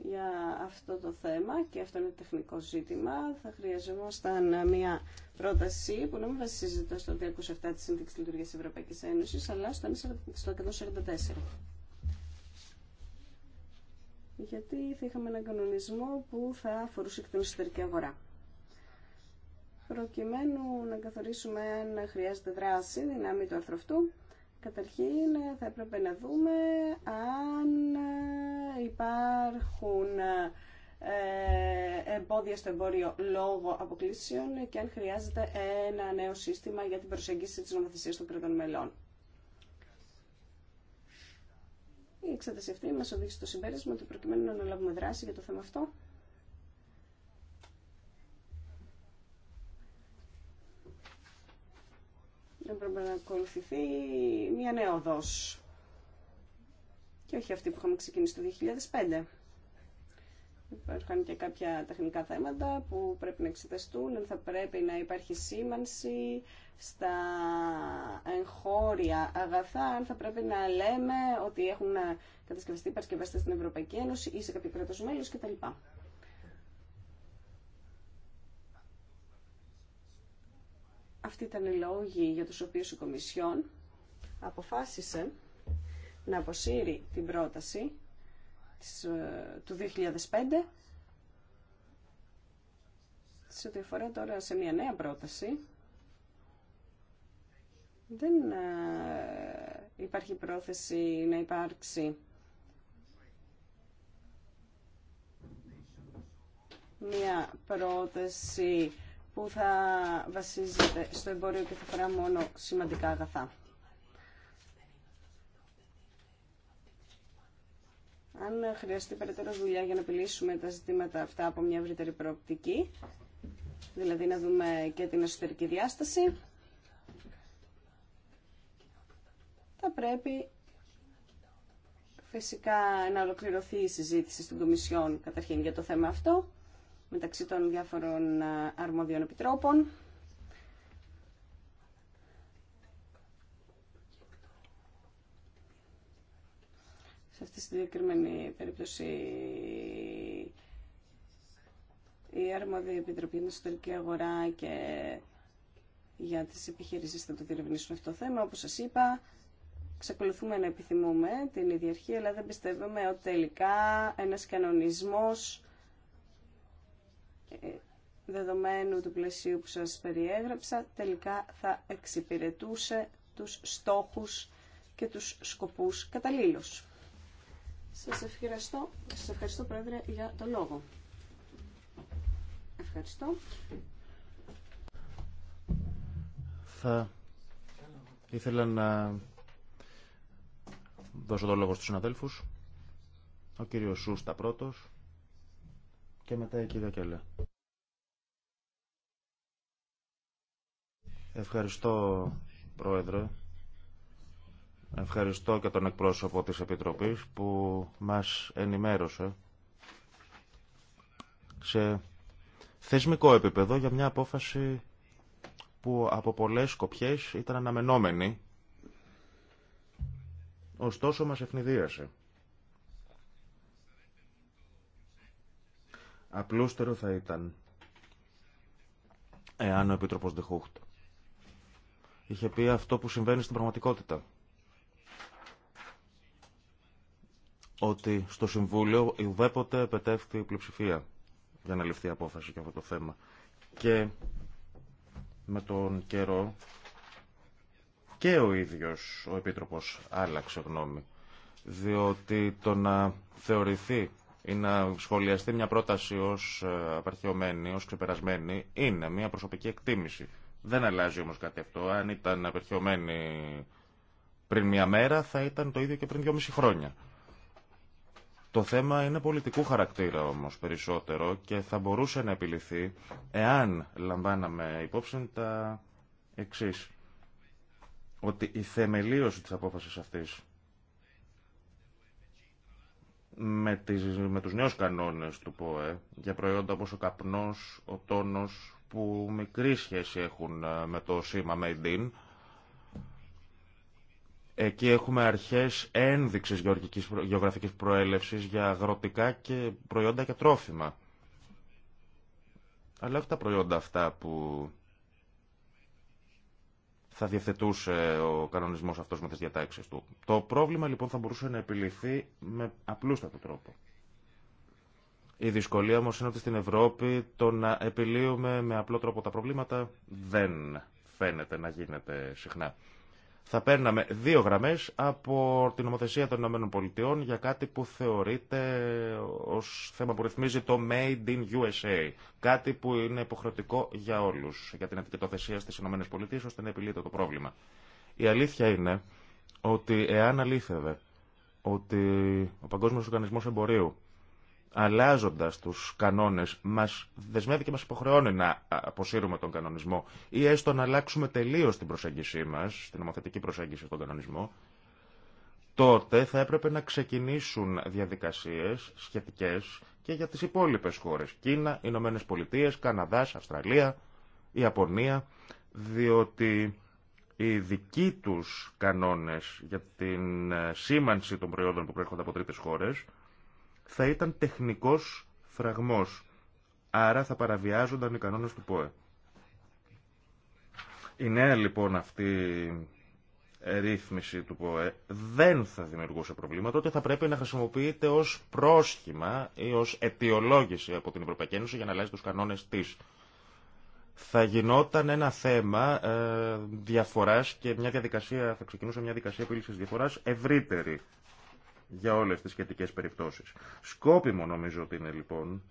Για αυτό το θέμα, και αυτό είναι τεχνικό ζήτημα, θα χρειαζόμασταν μια πρόταση που να μην βασίζεται στο 207 της Σύνδεξης Λειτουργίας τη Ευρωπαϊκής Ένωσης, αλλά στο 144. Γιατί θα είχαμε έναν κανονισμό που θα αφορούσε και την εσωτερική αγορά προκειμένου να καθορίσουμε αν χρειάζεται δράση δυνάμει του άρθρου Καταρχήν θα έπρεπε να δούμε αν υπάρχουν ε, εμπόδια στο εμπόριο λόγω αποκλήσεων και αν χρειάζεται ένα νέο σύστημα για την προσέγγιση της νομοθεσίας των κρατών μελών. Η εξέταση αυτή μας οδήγησε στο συμπέρασμα ότι προκειμένου να αναλάβουμε δράση για το θέμα αυτό, πρέπει να ακολουθηθεί μια νέα οδός και όχι αυτή που είχαμε ξεκινήσει το 2005. Υπάρχουν και κάποια τεχνικά θέματα που πρέπει να εξεταστούν, θα πρέπει να υπάρχει σήμανση στα εγχώρια αγαθά, αν θα πρέπει να λέμε ότι έχουν κατασκευαστεί παρασκευαστές στην Ευρωπαϊκή Ένωση ή σε κάποιο κράτος μέλος κτλ. Αυτοί ήταν οι λόγοι για τους οποίους η Κομισιόν αποφάσισε να αποσύρει την πρόταση ε, του 2005 σε ό,τι αφορά τώρα σε μια νέα πρόταση δεν ε, υπάρχει πρόθεση να υπάρξει μια πρόταση που θα βασίζεται στο εμπόριο και θα φορά μόνο σημαντικά αγαθά. Αν χρειαστεί περαιτέρω δουλειά για να επιλύσουμε τα ζητήματα αυτά από μια ευρύτερη προοπτική, δηλαδή να δούμε και την εσωτερική διάσταση, θα πρέπει φυσικά να ολοκληρωθεί η συζήτηση στην Κομισιόν καταρχήν για το θέμα αυτό μεταξύ των διάφορων ε, αρμόδιων επιτρόπων. Σε αυτή τη συγκεκριμένη περίπτωση η αρμόδια επιτροπή για την εσωτερική αγορά και για τις επιχειρήσεις θα το διερευνήσουν αυτό το θέμα. Όπως σας είπα, ξεκολουθούμε να επιθυμούμε την ίδια αρχή, αλλά δεν πιστεύουμε ότι τελικά ένας κανονισμός δεδομένου του πλαισίου που σας περιέγραψα, τελικά θα εξυπηρετούσε τους στόχους και τους σκοπούς καταλήλως. Σας ευχαριστώ, σας ευχαριστώ Πρόεδρε για το λόγο. Ευχαριστώ. Θα ήθελα να δώσω το λόγο στους συναδέλφους. Ο κύριος Σούστα πρώτος και μετά η κυρία Κέλλα. Ευχαριστώ, Πρόεδρε. Ευχαριστώ και τον εκπρόσωπο της Επιτροπής που μας ενημέρωσε σε θεσμικό επίπεδο για μια απόφαση που από πολλές σκοπιές ήταν αναμενόμενη, ωστόσο μας ευνηδίασε. Απλούστερο θα ήταν εάν ο Επίτροπος Δεχούχτ είχε πει αυτό που συμβαίνει στην πραγματικότητα. Ότι στο Συμβούλιο ουδέποτε επετεύχθη η πλειοψηφία για να ληφθεί απόφαση για αυτό το θέμα. Και με τον καιρό και ο ίδιος ο Επίτροπος άλλαξε γνώμη. Διότι το να θεωρηθεί ή να σχολιαστεί μια πρόταση ως ε, απερχιωμένη, ως ξεπερασμένη, είναι μια προσωπική εκτίμηση. Δεν αλλάζει όμως κάτι αυτό. Αν ήταν απερχιωμένη πριν μια μέρα θα ήταν το ίδιο και πριν μισή χρόνια. Το θέμα είναι πολιτικού χαρακτήρα όμως περισσότερο και θα μπορούσε να επιληθεί εάν λαμβάναμε υπόψη τα εξή. Ότι η θεμελίωση της απόφασης αυτής με, με τους νέους κανόνες του ΠΟΕ για προϊόντα όπως ο καπνός, ο τόνος που μικρή σχέση έχουν ε, με το σήμα Made in. Εκεί έχουμε αρχές ένδειξης γεωγραφικής προέλευσης για αγροτικά και προϊόντα και τρόφιμα. Αλλά όχι τα προϊόντα αυτά που θα διευθετούσε ο κανονισμός αυτός με τις διατάξεις του. Το πρόβλημα λοιπόν θα μπορούσε να επιληθεί με απλούστατο τρόπο. Η δυσκολία όμως είναι ότι στην Ευρώπη το να επιλύουμε με απλό τρόπο τα προβλήματα δεν φαίνεται να γίνεται συχνά θα παίρναμε δύο γραμμές από την νομοθεσία των ΗΠΑ για κάτι που θεωρείται ως θέμα που ρυθμίζει το Made in USA. Κάτι που είναι υποχρεωτικό για όλους, για την αντικειτοθεσία στις ΗΠΑ, ώστε να επιλύεται το πρόβλημα. Η αλήθεια είναι ότι εάν αλήθευε ότι ο Παγκόσμιος Οργανισμός Εμπορίου Αλλάζοντα του κανόνες μας δεσμεύει και μας υποχρεώνει να αποσύρουμε τον κανονισμό ή έστω να αλλάξουμε τελείως την προσέγγιση μας, την νομοθετική προσέγγιση στον κανονισμό, τότε θα έπρεπε να ξεκινήσουν διαδικασίες σχετικέ και για τις υπόλοιπες χώρες. Κίνα, Ηνωμένε Πολιτείε, Καναδάς, Αυστραλία, Ιαπωνία, διότι οι δικοί τους κανόνες για την ε, σήμανση των προϊόντων που προέρχονται από τρίτες χώρες θα ήταν τεχνικός φραγμός. Άρα θα παραβιάζονταν οι κανόνες του ΠΟΕ. Η νέα λοιπόν αυτή ρύθμιση του ΠΟΕ δεν θα δημιουργούσε προβλήματα, τότε θα πρέπει να χρησιμοποιείται ως πρόσχημα ή ως αιτιολόγηση από την Ευρωπαϊκή Ένωση για να αλλάζει τους κανόνες της. Θα γινόταν ένα θέμα ε, διαφοράς και μια διαδικασία, θα ξεκινούσε μια διαδικασία επίλυσης διαφοράς ευρύτερη για όλες τις σχετικέ περιπτώσεις. Σκόπιμο νομίζω ότι είναι λοιπόν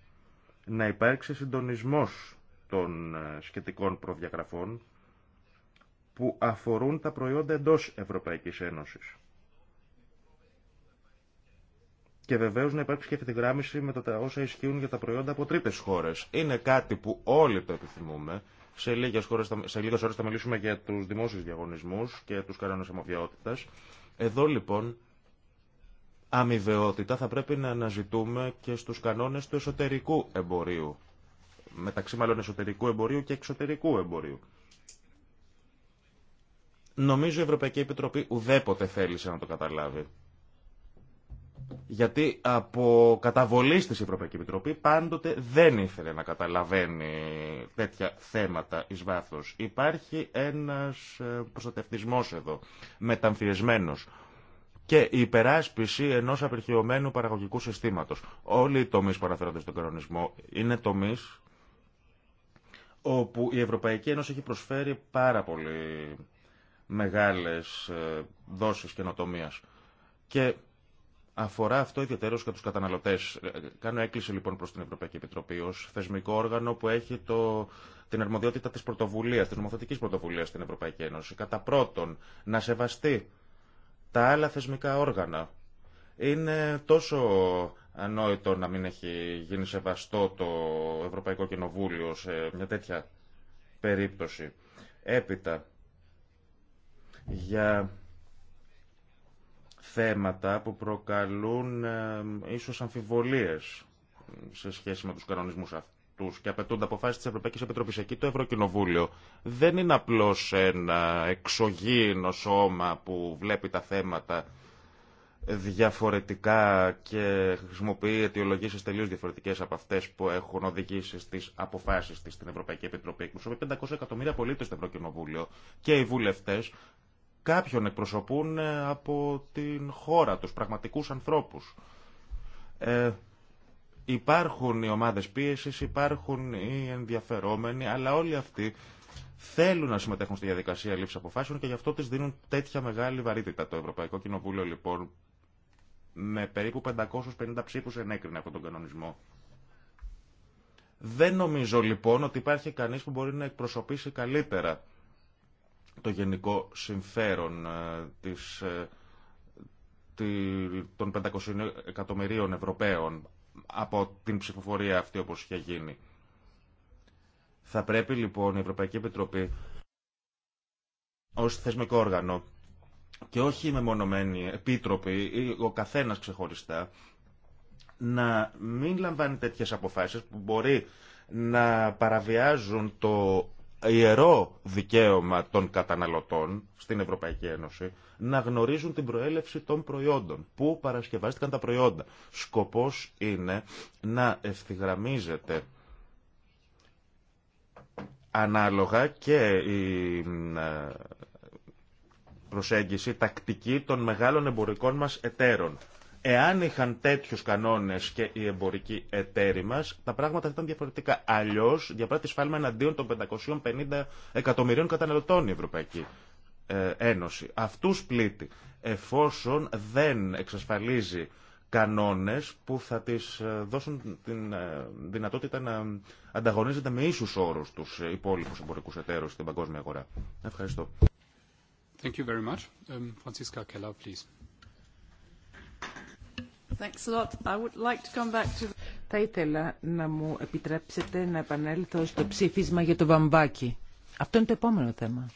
να υπάρξει συντονισμός των ε, σχετικών προδιαγραφών που αφορούν τα προϊόντα εντός Ευρωπαϊκής Ένωσης. Και βεβαίω να υπάρξει και ευθυγράμμιση με τα όσα ισχύουν για τα προϊόντα από τρίτε χώρες. Είναι κάτι που όλοι το επιθυμούμε. Σε λίγες ώρες θα μιλήσουμε για τους δημόσιου διαγωνισμού και τους κανόνε αμοιβαιότητα. Εδώ λοιπόν αμοιβαιότητα θα πρέπει να αναζητούμε και στους κανόνες του εσωτερικού εμπορίου. Μεταξύ μάλλον εσωτερικού εμπορίου και εξωτερικού εμπορίου. Νομίζω η Ευρωπαϊκή Επιτροπή ουδέποτε θέλησε να το καταλάβει. Γιατί από καταβολή της Ευρωπαϊκή Επιτροπή πάντοτε δεν ήθελε να καταλαβαίνει τέτοια θέματα εις βάθος. Υπάρχει ένας ε, προστατευτισμός εδώ, μεταμφιεσμένος, και η υπεράσπιση ενό απερχαιωμένου παραγωγικού συστήματο. Όλοι οι τομεί που αναφέρονται στον κανονισμό είναι τομεί όπου η Ευρωπαϊκή Ένωση έχει προσφέρει πάρα πολύ μεγάλε δόσει καινοτομία. Και αφορά αυτό ιδιαίτερω και του καταναλωτέ. Ε, κάνω έκκληση λοιπόν προ την Ευρωπαϊκή Επιτροπή ω θεσμικό όργανο που έχει το, την αρμοδιότητα τη πρωτοβουλία, τη νομοθετικής πρωτοβουλία στην Ευρωπαϊκή Ένωση. Κατά πρώτον, να σεβαστεί τα άλλα θεσμικά όργανα. Είναι τόσο ανόητο να μην έχει γίνει σεβαστό το Ευρωπαϊκό Κοινοβούλιο σε μια τέτοια περίπτωση. Έπειτα, για θέματα που προκαλούν ε, ίσως αμφιβολίες σε σχέση με τους κανονισμούς αυτού και απαιτούνται αποφάσει τη Ευρωπαϊκή Επιτροπή. Εκεί το Ευρωκοινοβούλιο δεν είναι απλώ ένα εξωγήινο σώμα που βλέπει τα θέματα διαφορετικά και χρησιμοποιεί αιτιολογήσει τελείω διαφορετικέ από αυτέ που έχουν οδηγήσει στι αποφάσει τη στην Ευρωπαϊκή Επιτροπή. Εκπροσωπεί 500 εκατομμύρια πολίτε στο Ευρωκοινοβούλιο και οι βουλευτέ κάποιον εκπροσωπούν από την χώρα τους, πραγματικούς ανθρώπους. Ε, Υπάρχουν οι ομάδες πίεση, υπάρχουν οι ενδιαφερόμενοι, αλλά όλοι αυτοί θέλουν να συμμετέχουν στη διαδικασία λήψη αποφάσεων και γι' αυτό τη δίνουν τέτοια μεγάλη βαρύτητα. Το Ευρωπαϊκό Κοινοβούλιο λοιπόν με περίπου 550 ψήφους ενέκρινε αυτόν τον κανονισμό. Δεν νομίζω λοιπόν ότι υπάρχει κανείς που μπορεί να εκπροσωπήσει καλύτερα το γενικό συμφέρον ε, της, ε, των 500 εκατομμυρίων Ευρωπαίων από την ψηφοφορία αυτή όπως είχε γίνει. Θα πρέπει λοιπόν η Ευρωπαϊκή Επιτροπή ως θεσμικό όργανο και όχι με μεμονωμένη επίτροπη ή ο καθένας ξεχωριστά να μην λαμβάνει τέτοιες αποφάσεις που μπορεί να παραβιάζουν το ιερό δικαίωμα των καταναλωτών στην Ευρωπαϊκή Ένωση να γνωρίζουν την προέλευση των προϊόντων, πού παρασκευάστηκαν τα προϊόντα. Σκοπός είναι να ευθυγραμμίζεται ανάλογα και η ε, προσέγγιση τακτική των μεγάλων εμπορικών μας εταίρων. Εάν είχαν τέτοιου κανόνες και οι εμπορικοί εταίροι μας, τα πράγματα θα ήταν διαφορετικά. Αλλιώς διαπράττει σφάλμα εναντίον των 550 εκατομμυρίων καταναλωτών η Ευρωπαϊκή ε, Ένωση. Αυτού πλήττει εφόσον δεν εξασφαλίζει κανόνες που θα τις ε, δώσουν την ε, δυνατότητα να ανταγωνίζεται με ίσους όρους τους υπόλοιπους εμπορικούς εταίρους στην παγκόσμια αγορά. Ευχαριστώ. Thank you very much. Um, Keller, please. Θα ήθελα να μου επιτρέψετε να επανέλθω στο ψήφισμα για το βαμβάκι. Αυτό είναι το επόμενο θέμα.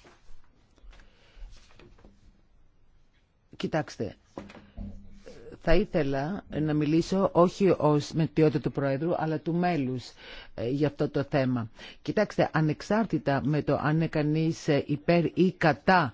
Κοιτάξτε, θα ήθελα να μιλήσω όχι ως ποιότητα του Πρόεδρου, αλλά του μέλους ε, για αυτό το θέμα. Κοιτάξτε, ανεξάρτητα με το αν είναι κανείς ε, υπέρ ή κατά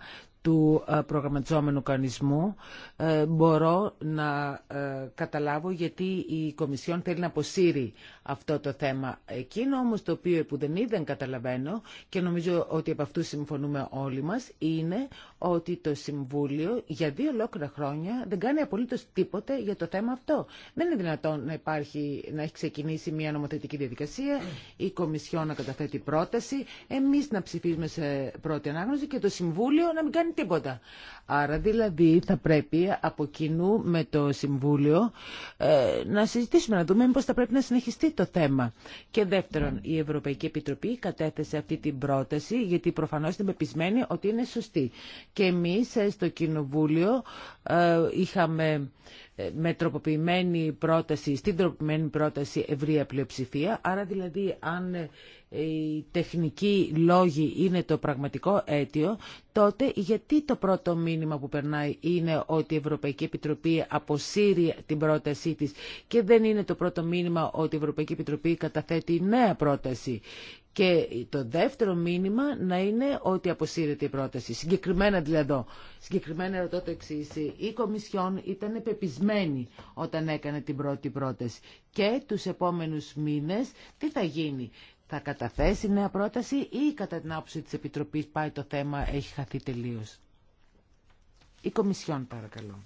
του ε, προγραμματιζόμενου κανονισμού ε, μπορώ να ε, καταλάβω γιατί η Κομισιόν θέλει να αποσύρει αυτό το θέμα. Εκείνο όμως το οποίο που δεν καταλαβαίνω και νομίζω ότι από αυτού συμφωνούμε όλοι μας είναι ότι το Συμβούλιο για δύο ολόκληρα χρόνια δεν κάνει απολύτως τίποτε για το θέμα αυτό. Δεν είναι δυνατόν να, υπάρχει, να έχει ξεκινήσει μια νομοθετική διαδικασία, η Κομισιόν να καταθέτει πρόταση, εμείς να ψηφίζουμε σε πρώτη ανάγνωση και το Συμβούλιο να μην κάνει τίποτα. Άρα δηλαδή θα πρέπει από κοινού με το Συμβούλιο ε, να συζητήσουμε, να δούμε πώς θα πρέπει να συνεχιστεί το θέμα. Και δεύτερον, η Ευρωπαϊκή Επιτροπή κατέθεσε αυτή την πρόταση γιατί προφανώς είναι πεπισμένη ότι είναι σωστή. Και εμείς ε, στο Κοινοβούλιο ε, είχαμε ε, με τροποποιημένη πρόταση, στην τροποποιημένη πρόταση ευρεία πλειοψηφία. Άρα δηλαδή αν ε, οι τεχνικοί λόγοι είναι το πραγματικό αίτιο, τότε γιατί το πρώτο μήνυμα που περνάει είναι ότι η Ευρωπαϊκή Επιτροπή αποσύρει την πρότασή της και δεν είναι το πρώτο μήνυμα ότι η Ευρωπαϊκή Επιτροπή καταθέτει νέα πρόταση. Και το δεύτερο μήνυμα να είναι ότι αποσύρεται η πρόταση. Συγκεκριμένα δηλαδή, συγκεκριμένα ρωτώ το εξή. Η Κομισιόν ήταν πεπισμένη όταν έκανε την πρώτη πρόταση. Και τους επόμενους μήνες τι θα γίνει. Θα καταθέσει νέα πρόταση ή κατά την άποψη της Επιτροπής πάει το θέμα, έχει χαθεί τελείως. Η Κομισιόν παρακαλώ.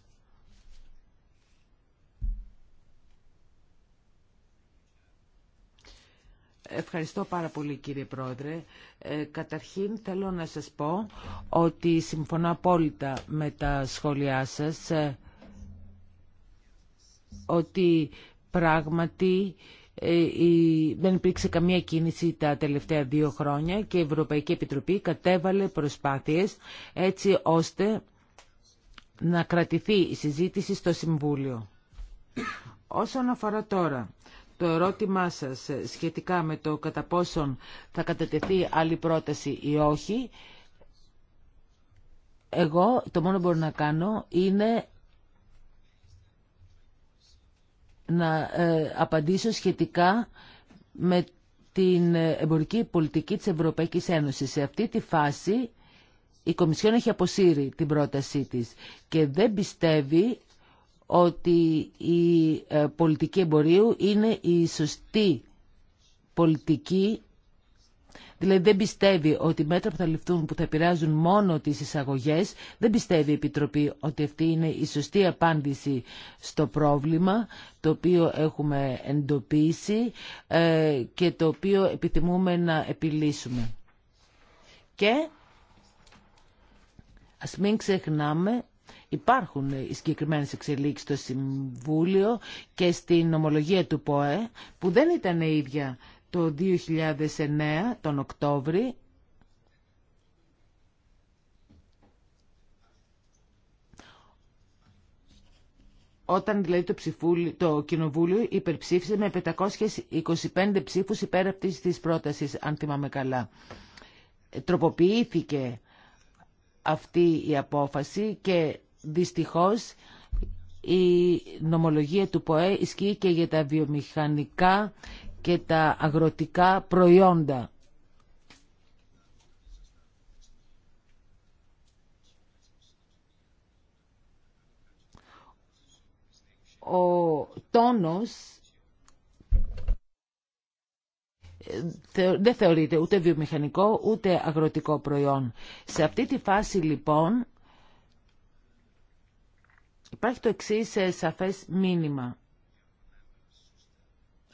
Ευχαριστώ πάρα πολύ κύριε Πρόεδρε. Ε, καταρχήν θέλω να σας πω ότι συμφωνώ απόλυτα με τα σχόλιά σας ε, ότι πράγματι ε, δεν υπήρξε καμία κίνηση τα τελευταία δύο χρόνια και η Ευρωπαϊκή Επιτροπή κατέβαλε προσπάθειες έτσι ώστε να κρατηθεί η συζήτηση στο Συμβούλιο. Όσον αφορά τώρα το ερώτημά σας σχετικά με το κατά πόσον θα κατατεθεί άλλη πρόταση ή όχι, εγώ το μόνο που μπορώ να κάνω είναι να ε, απαντήσω σχετικά με την εμπορική πολιτική της Ευρωπαϊκής Ένωσης. Σε αυτή τη φάση η Κομισιόν έχει αποσύρει την πρότασή της και δεν πιστεύει ότι η ε, πολιτική εμπορίου είναι η σωστή πολιτική Δηλαδή δεν πιστεύει ότι μέτρα που θα ληφθούν που θα επηρεάζουν μόνο τις εισαγωγές, δεν πιστεύει η Επιτροπή ότι αυτή είναι η σωστή απάντηση στο πρόβλημα το οποίο έχουμε εντοπίσει ε, και το οποίο επιθυμούμε να επιλύσουμε. Και ας μην ξεχνάμε υπάρχουν ε, οι συγκεκριμένε εξελίξεις στο Συμβούλιο και στην ομολογία του ΠΟΕ που δεν ήταν η ίδια το 2009 τον Οκτώβρη όταν δηλαδή το, το Κοινοβούλιο υπερψήφισε με 525 ψήφους υπέρ αυτής της πρότασης, αν θυμάμαι καλά. Ε, τροποποιήθηκε αυτή η απόφαση και Δυστυχώς η νομολογία του ΠΟΕ ισχύει και για τα βιομηχανικά και τα αγροτικά προϊόντα. Ο τόνος ε, δεν θεωρείται ούτε βιομηχανικό ούτε αγροτικό προϊόν. Σε αυτή τη φάση λοιπόν υπάρχει το εξής ε, σαφές μήνυμα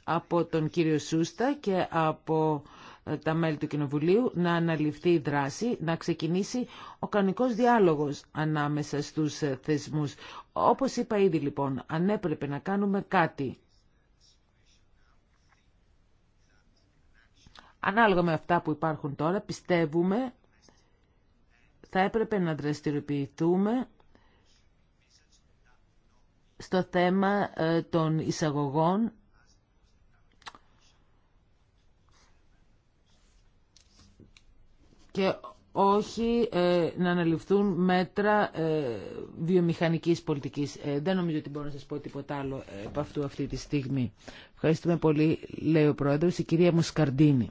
από τον κύριο Σούστα και από ε, τα μέλη του Κοινοβουλίου να αναλυφθεί η δράση, να ξεκινήσει ο κανονικός διάλογος ανάμεσα στους ε, θεσμούς. Όπως είπα ήδη λοιπόν, αν έπρεπε να κάνουμε κάτι ανάλογα με αυτά που υπάρχουν τώρα, πιστεύουμε θα έπρεπε να δραστηριοποιηθούμε στο θέμα ε, των εισαγωγών και όχι ε, να αναλυφθούν μέτρα ε, βιομηχανικής πολιτικής. Ε, δεν νομίζω ότι μπορώ να σας πω τίποτα άλλο από αυτού αυτή τη στιγμή. Ευχαριστούμε πολύ, λέει ο Πρόεδρος, η κυρία Μουσκαρντίνη.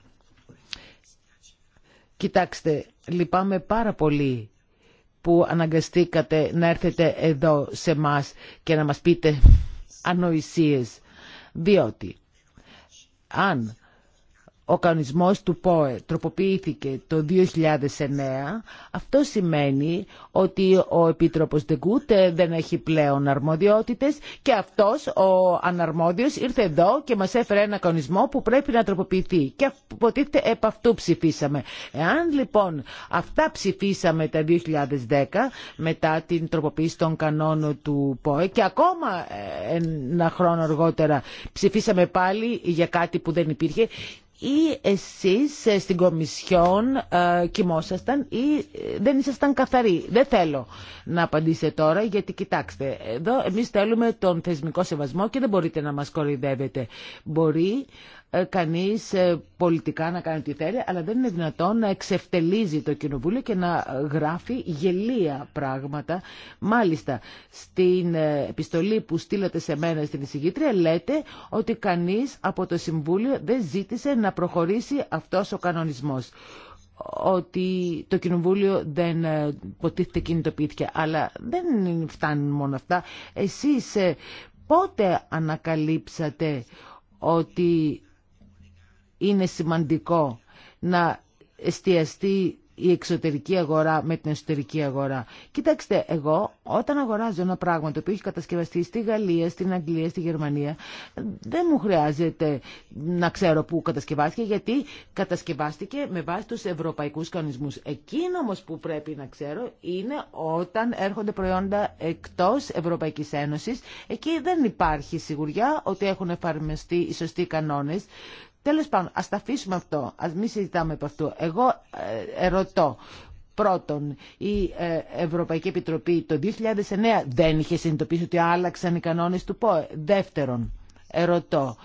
Κοιτάξτε, λυπάμαι πάρα πολύ που αναγκαστήκατε να έρθετε εδώ σε μας και να μας πείτε ανοησίες. Διότι αν ο κανονισμός του ΠΟΕ τροποποιήθηκε το 2009, αυτό σημαίνει ότι ο Επίτροπος Δεγκούτε δεν έχει πλέον αρμοδιότητες και αυτός ο αναρμόδιος ήρθε εδώ και μας έφερε ένα κανονισμό που πρέπει να τροποποιηθεί και ποτέ επ' αυτού ψηφίσαμε. Εάν λοιπόν αυτά ψηφίσαμε τα 2010 μετά την τροποποίηση των κανόνων του ΠΟΕ και ακόμα ε, ένα χρόνο αργότερα ψηφίσαμε πάλι για κάτι που δεν υπήρχε ή εσείς ε, στην Κομισιόν ε, κοιμόσασταν ή ε, δεν ήσασταν καθαροί. Δεν θέλω να απαντήσετε τώρα γιατί κοιτάξτε, εδώ εμείς θέλουμε τον θεσμικό σεβασμό και δεν μπορείτε να μας κοροϊδεύετε. Μπορεί ε, κανείς ε, πολιτικά να κάνει ό,τι θέλει, αλλά δεν είναι δυνατόν να εξευτελίζει το Κοινοβούλιο και να γράφει γελία πράγματα. Μάλιστα, στην ε, επιστολή που στείλατε σε μένα στην εισηγήτρια λέτε ότι κανείς από το Συμβούλιο δεν ζήτησε να προχωρήσει αυτός ο κανονισμός ότι το Κοινοβούλιο δεν ποτίθεται κινητοποιήθηκε. Αλλά δεν φτάνουν μόνο αυτά. Εσείς πότε ανακαλύψατε ότι είναι σημαντικό να εστιαστεί η εξωτερική αγορά με την εσωτερική αγορά. Κοιτάξτε, εγώ όταν αγοράζω ένα πράγμα το οποίο έχει κατασκευαστεί στη Γαλλία, στην Αγγλία, στη Γερμανία, δεν μου χρειάζεται να ξέρω πού κατασκευάστηκε, γιατί κατασκευάστηκε με βάση τους ευρωπαϊκούς κανονισμούς. Εκείνο όμως που κατασκευαστηκε γιατι κατασκευαστηκε με βαση τους ευρωπαικους κανονισμους εκεινο ομω που πρεπει να ξέρω είναι όταν έρχονται προϊόντα εκτός Ευρωπαϊκής Ένωσης. Εκεί δεν υπάρχει σιγουριά ότι έχουν εφαρμοστεί οι σωστοί κανόνες. Τέλος πάντων, ας τα αφήσουμε αυτό, ας μην συζητάμε από αυτό. Εγώ ε, ερωτώ, πρώτον, η ε, Ευρωπαϊκή Επιτροπή το 2009 δεν είχε συνειδητοποιήσει ότι άλλαξαν οι κανόνες του ΠΟΕ. Δεύτερον, ερωτώ,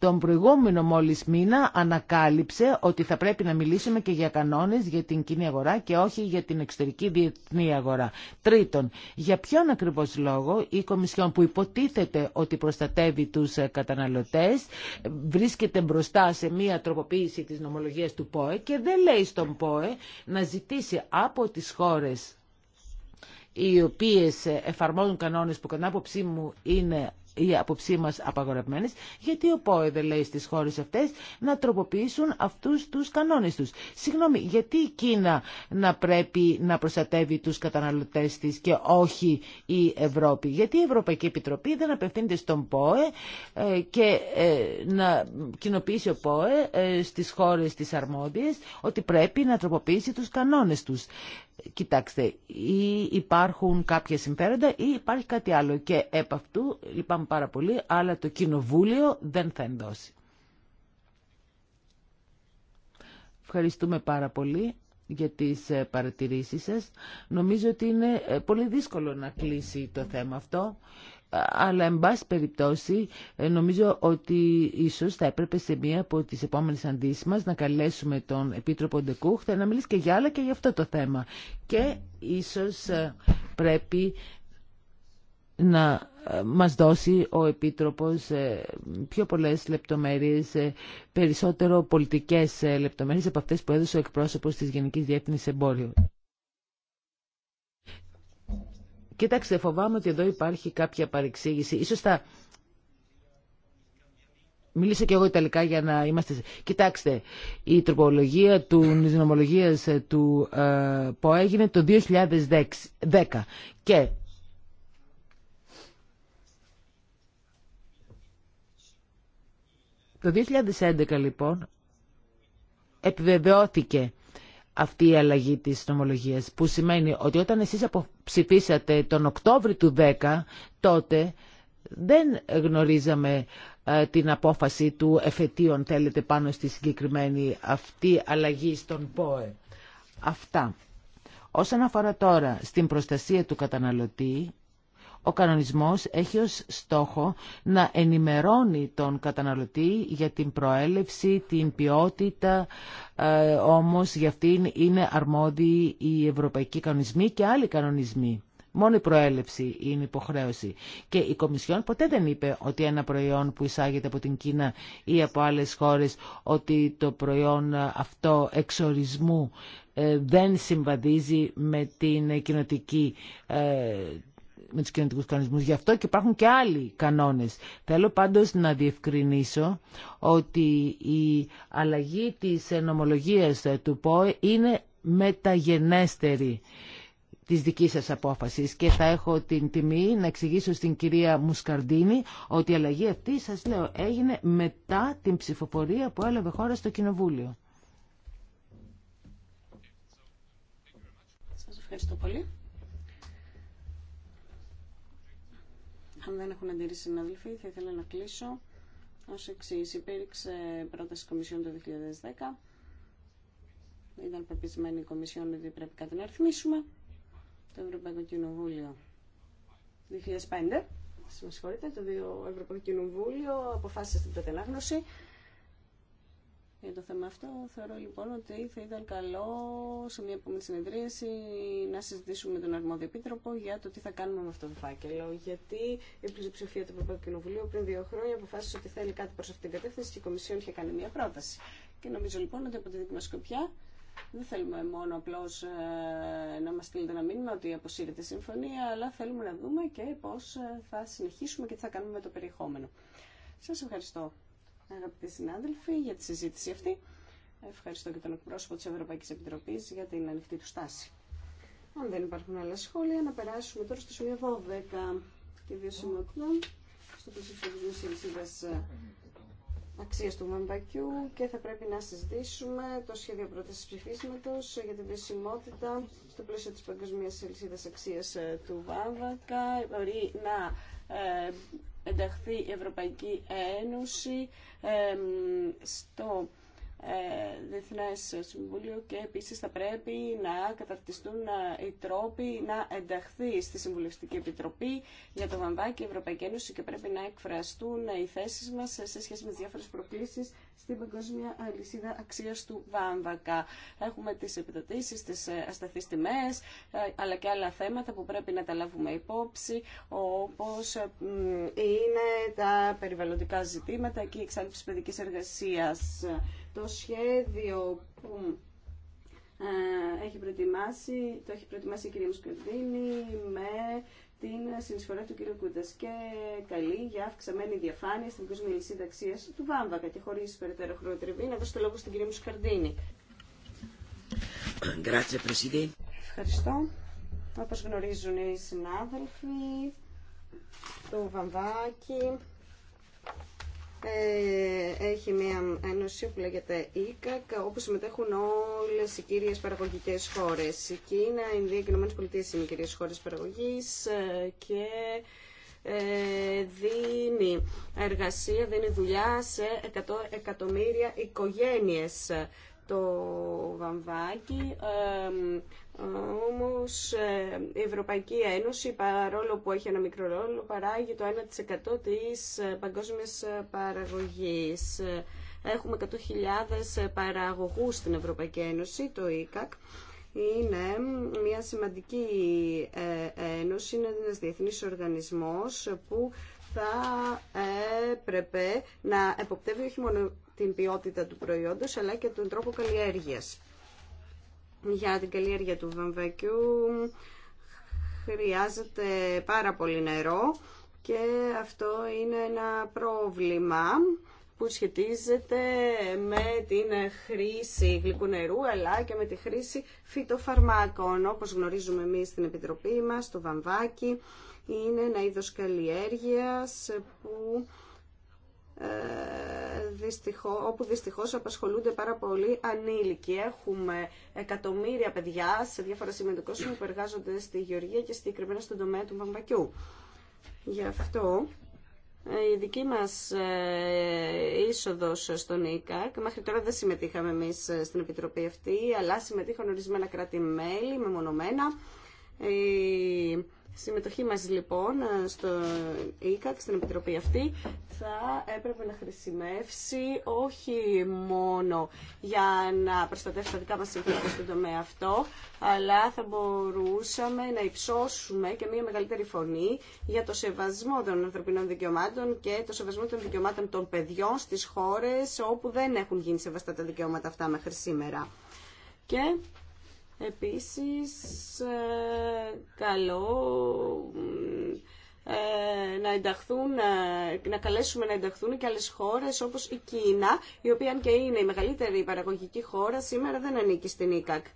τον προηγούμενο μόλις μήνα ανακάλυψε ότι θα πρέπει να μιλήσουμε και για κανόνες για την κοινή αγορά και όχι για την εξωτερική διεθνή αγορά. Τρίτον, για ποιον ακριβώς λόγο η Κομισιόν που υποτίθεται ότι προστατεύει τους ε, καταναλωτές βρίσκεται μπροστά σε μία τροποποίηση της νομολογίας του ΠΟΕ και δεν λέει στον ΠΟΕ να ζητήσει από τις χώρες οι οποίες ε, εφαρμόζουν κανόνες που κατά άποψή μου είναι η άποψή μα απαγορευμένες, γιατί ο δεν λέει στις χώρες αυτές να τροποποιήσουν αυτούς τους κανόνες τους. Συγγνώμη, γιατί η Κίνα να πρέπει να προστατεύει τους καταναλωτές τη και όχι η Ευρώπη. Γιατί η Ευρωπαϊκή Επιτροπή δεν απευθύνεται στον ΠΟΕ ε, και ε, να κοινοποιήσει ο ΠΟΕ ε, στις χώρες της αρμόδιες ότι πρέπει να τροποποιήσει τους κανόνες τους. Κοιτάξτε, ή υπάρχουν κάποια συμφέροντα ή υπάρχει κάτι άλλο. Και επ' αυτού λυπάμαι πάρα πολύ, αλλά το κοινοβούλιο δεν θα ενδώσει. Ευχαριστούμε πάρα πολύ για τις ε, παρατηρήσεις σας. Νομίζω ότι είναι ε, πολύ δύσκολο να κλείσει το θέμα αυτό αλλά εν πάση περιπτώσει ε, νομίζω ότι ίσως θα έπρεπε σε μία από τις επόμενες αντίσεις μας να καλέσουμε τον Επίτροπο Ντεκούχτα να μιλήσει και για άλλα και για αυτό το θέμα και ίσως ε, πρέπει να ε, μας δώσει ο Επίτροπος πιο πολλές λεπτομέρειες, περισσότερο πολιτικές λεπτομέρειες από αυτές που έδωσε ο εκπρόσωπος της Γενικής Διεύθυνσης Εμπόριου. Κοιτάξτε, φοβάμαι ότι εδώ υπάρχει κάποια παρεξήγηση. Ίσως θα Μιλήσω και εγώ Ιταλικά για να είμαστε. Κοιτάξτε, η τροπολογία του νομολογία ε, του ε, ΠΟΕ έγινε το 2010 και το 2011 λοιπόν επιβεβαιώθηκε αυτή η αλλαγή της νομολογίας που σημαίνει ότι όταν εσείς αποψηφίσατε τον Οκτώβριο του 10 τότε δεν γνωρίζαμε ε, την απόφαση του εφετείων θέλετε πάνω στη συγκεκριμένη αυτή αλλαγή στον ΠΟΕ. Αυτά. Όσον αφορά τώρα στην προστασία του καταναλωτή, ο κανονισμός έχει ως στόχο να ενημερώνει τον καταναλωτή για την προέλευση, την ποιότητα, ε, όμως για αυτήν είναι αρμόδιοι οι ευρωπαϊκοί κανονισμοί και άλλοι κανονισμοί. Μόνο η προέλευση είναι υποχρέωση. Και η Κομισιόν ποτέ δεν είπε ότι ένα προϊόν που εισάγεται από την Κίνα ή από άλλες χώρες ότι το προϊόν αυτό εξορισμού ε, δεν συμβαδίζει με την κοινοτική ε, με τους κοινωνικούς κανονισμούς. Γι' αυτό και υπάρχουν και άλλοι κανόνες. Θέλω πάντως να διευκρινίσω ότι η αλλαγή της νομολογίας του ΠΟΕ είναι μεταγενέστερη της δικής σας απόφασης και θα έχω την τιμή να εξηγήσω στην κυρία Μουσκαρντίνη ότι η αλλαγή αυτή σας λέω έγινε μετά την ψηφοφορία που έλαβε χώρα στο Κοινοβούλιο. Σας ευχαριστώ πολύ. Αν δεν έχουν αντιρρήσει συνάδελφοι, θα ήθελα να κλείσω ω εξή Υπήρξε πρόταση Κομισιόν το 2010. Ήταν πεπισμένη η Κομισιόν ότι πρέπει κάτι να ρυθμίσουμε. Το Ευρωπαϊκό Κοινοβούλιο 2005, συγχωρείτε, το Ευρωπαϊκό Κοινοβούλιο αποφάσισε την πρώτη για το θέμα αυτό. Θεωρώ λοιπόν ότι θα ήταν καλό σε μια επόμενη συνεδρίαση να συζητήσουμε με τον αρμόδιο επίτροπο για το τι θα κάνουμε με αυτό το φάκελο. Γιατί η πλειοψηφία του Ευρωπαϊκού Κοινοβουλίου πριν δύο χρόνια αποφάσισε ότι θέλει κάτι προ αυτήν την κατεύθυνση και η Κομισιόν είχε κάνει μια πρόταση. Και νομίζω λοιπόν ότι από τη δική μα σκοπιά δεν θέλουμε μόνο απλώ ε, να μα στείλετε ένα μήνυμα ότι αποσύρεται η συμφωνία, αλλά θέλουμε να δούμε και πώ ε, θα συνεχίσουμε και τι θα κάνουμε με το περιεχόμενο. Σα ευχαριστώ αγαπητοί συνάδελφοι, για τη συζήτηση αυτή. Ευχαριστώ και τον εκπρόσωπο τη Ευρωπαϊκή Επιτροπή για την ανοιχτή του στάση. Αν δεν υπάρχουν άλλα σχόλια, να περάσουμε τώρα στο σημείο 12. Τη βιωσιμότητα στο πλαίσιο τη αλυσίδα ε, αξία του Μαμπακιού και θα πρέπει να συζητήσουμε το σχέδιο πρόταση ψηφίσματο για τη βιωσιμότητα στο πλαίσιο τη Παγκοσμία αλυσίδα Αξία ε, του ΒΑΒΑΚΑ. Μπορεί να ε, ενταχθεί η Ευρωπαϊκή Ένωση στο ε, Διεθνές Συμβούλιο και επίσης θα πρέπει να καταρτιστούν οι τρόποι να ενταχθεί στη Συμβουλευτική Επιτροπή για το Βαμβάκι και η Ευρωπαϊκή Ένωση και πρέπει να εκφραστούν οι θέσεις μας σε σχέση με διάφορες προκλήσεις στην παγκόσμια αλυσίδα αξία του Βάμβακα. Έχουμε τι επιδοτήσει, τι ε, ασταθείς τιμέ, ε, αλλά και άλλα θέματα που πρέπει να τα λάβουμε υπόψη, όπως είναι τα περιβαλλοντικά ζητήματα και η εξάλληψη παιδική εργασία. Το σχέδιο που ε, έχει προετοιμάσει, το έχει προετοιμάσει η κυρία Μουσκαρδίνη με την συνεισφορά του κύριου Κούντας και καλή για αυξαμένη διαφάνεια στην κοσμική λυσίδα αξίας του Βάμβακα. Και χωρί περαιτέρω χρονοτριβή, να δώσω το λόγο στην κυρία Μουσκαρδίνη. Ευχαριστώ. Όπω γνωρίζουν οι συνάδελφοι, το Βαμβάκι ε, έχει μια ένωση που λέγεται ΙΚΑΚ, όπου συμμετέχουν όλε οι κύριε παραγωγικέ χώρε. Η Κίνα, η Ινδία και οι ΗΠΑ είναι οι κυρίε χώρε παραγωγή ε, και ε, δίνει εργασία, δίνει δουλειά σε 100 εκατομμύρια οικογένειε Το βαμβάκι όμως ε, η Ευρωπαϊκή Ένωση, παρόλο που έχει ένα μικρό ρόλο, παράγει το 1% της ε, παγκόσμιας ε, παραγωγής. Έχουμε 100.000 παραγωγούς στην Ευρωπαϊκή Ένωση, το ΙΚΑΚ. Είναι μια σημαντική ένωση, είναι ένας διεθνής οργανισμός που θα έπρεπε να εποπτεύει όχι μόνο την ποιότητα του προϊόντος, αλλά και τον τρόπο καλλιέργειας για την καλλιέργεια του βαμβακιού χρειάζεται πάρα πολύ νερό και αυτό είναι ένα πρόβλημα που σχετίζεται με την χρήση γλυκού νερού αλλά και με τη χρήση φυτοφαρμάκων. Όπως γνωρίζουμε εμείς στην Επιτροπή μας, το βαμβάκι είναι ένα είδος καλλιέργειας που ε, δυστυχώς, όπου δυστυχώς απασχολούνται πάρα πολύ ανήλικοι. Έχουμε εκατομμύρια παιδιά σε διάφορα σημεία του που εργάζονται στη γεωργία και συγκεκριμένα στον τομέα του βαμβακιού. Γι' αυτό ε, η δική μας ε, είσοδος στον ΙΚΑΚ, μέχρι τώρα δεν συμμετείχαμε εμείς στην Επιτροπή αυτή, αλλά συμμετείχαν ορισμένα κράτη-μέλη μεμονωμένα συμμετοχή μας λοιπόν στο ΙΚΑΚ, στην Επιτροπή αυτή, θα έπρεπε να χρησιμεύσει όχι μόνο για να προστατεύσουμε τα δικά μας συμφέροντα στον τομέα αυτό, αλλά θα μπορούσαμε να υψώσουμε και μια μεγαλύτερη φωνή για το σεβασμό των ανθρωπινών δικαιωμάτων και το σεβασμό των δικαιωμάτων των παιδιών στις χώρες όπου δεν έχουν γίνει σεβαστά τα δικαιώματα αυτά μέχρι σήμερα. Και Επίσης, ε, καλό ε, να ενταχθούν, ε, να καλέσουμε να ενταχθούν και άλλες χώρες όπως η Κίνα, η οποία αν και είναι η μεγαλύτερη παραγωγική χώρα, σήμερα δεν ανήκει στην ΙΚΑΚ.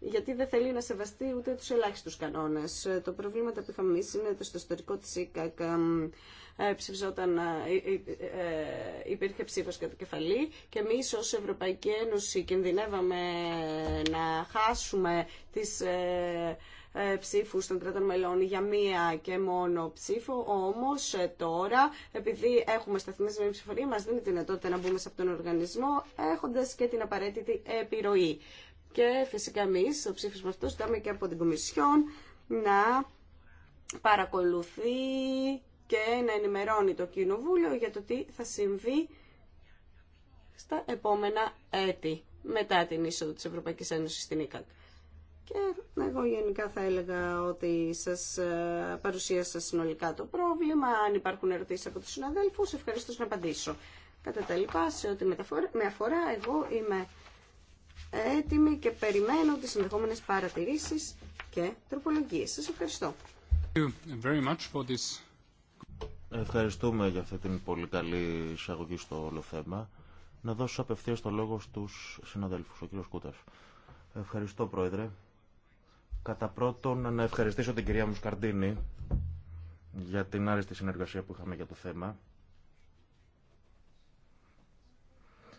Γιατί δεν θέλει να σεβαστεί ούτε τους ελάχιστους κανόνες. Το πρόβλημα που είχαμε εμείς είναι το στο ιστορικό της ΙΚΑΚ ε, ψηφιζόταν, ε, ε, υπήρχε και κατά κεφαλή και εμεί ως Ευρωπαϊκή Ένωση κινδυνεύαμε να χάσουμε τις ψήφου των κρατών μελών για μία και μόνο ψήφο. Όμω τώρα, επειδή έχουμε σταθμισμένη ψηφορία, μα δίνει τη δυνατότητα να μπούμε σε αυτόν τον οργανισμό, έχοντα και την απαραίτητη επιρροή. Και φυσικά εμεί, ο ψήφισμα αυτό, ζητάμε και από την Κομισιόν να παρακολουθεί και να ενημερώνει το Κοινοβούλιο για το τι θα συμβεί στα επόμενα έτη μετά την είσοδο της Ευρωπαϊκής Ένωσης στην ΕΚΑΚ. Και εγώ γενικά θα έλεγα ότι σας ε, παρουσίασα συνολικά το πρόβλημα. Αν υπάρχουν ερωτήσεις από τους συναδέλφους, ευχαριστώ να απαντήσω. Κατά τα λοιπά, σε ό,τι με αφορά, εγώ είμαι έτοιμη και περιμένω τις ενδεχόμενες παρατηρήσεις και τροπολογίες. Σας ευχαριστώ. Ευχαριστούμε για αυτή την πολύ καλή εισαγωγή στο όλο θέμα. Να δώσω απευθείας το λόγο στους συναδέλφους, ο κύριος Κούτας. Ευχαριστώ, Πρόεδρε. Κατά πρώτον, να ευχαριστήσω την κυρία Μουσκαρντίνη για την άριστη συνεργασία που είχαμε για το θέμα.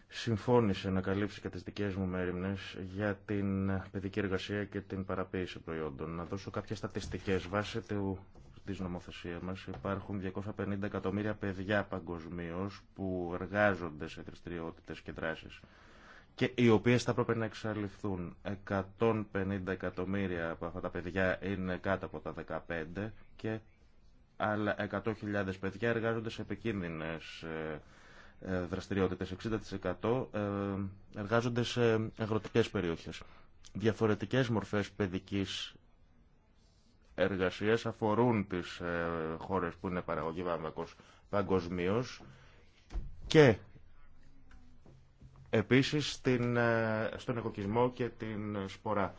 Συμφώνησε να καλύψει και τις δικές μου μέρημνες για την παιδική εργασία και την παραποίηση προϊόντων. Να δώσω κάποιες στατιστικές βάσει του της νομοθεσίας μας υπάρχουν 250 εκατομμύρια παιδιά παγκοσμίω που εργάζονται σε δραστηριότητες και δράσεις και οι οποίες θα πρέπει να εξαλειφθούν. 150 εκατομμύρια από αυτά τα παιδιά είναι κάτω από τα 15 και άλλα 100.000 παιδιά εργάζονται σε επικίνδυνες ε, ε, δραστηριότητες. 60% ε, εργάζονται σε αγροτικές περιοχές. Διαφορετικές μορφές παιδικής εργασίας αφορούν τις ε, χώρες που είναι παραγωγή βάμβακος παγκοσμίω και επίσης ε, στον εκοκισμό και την σπορά.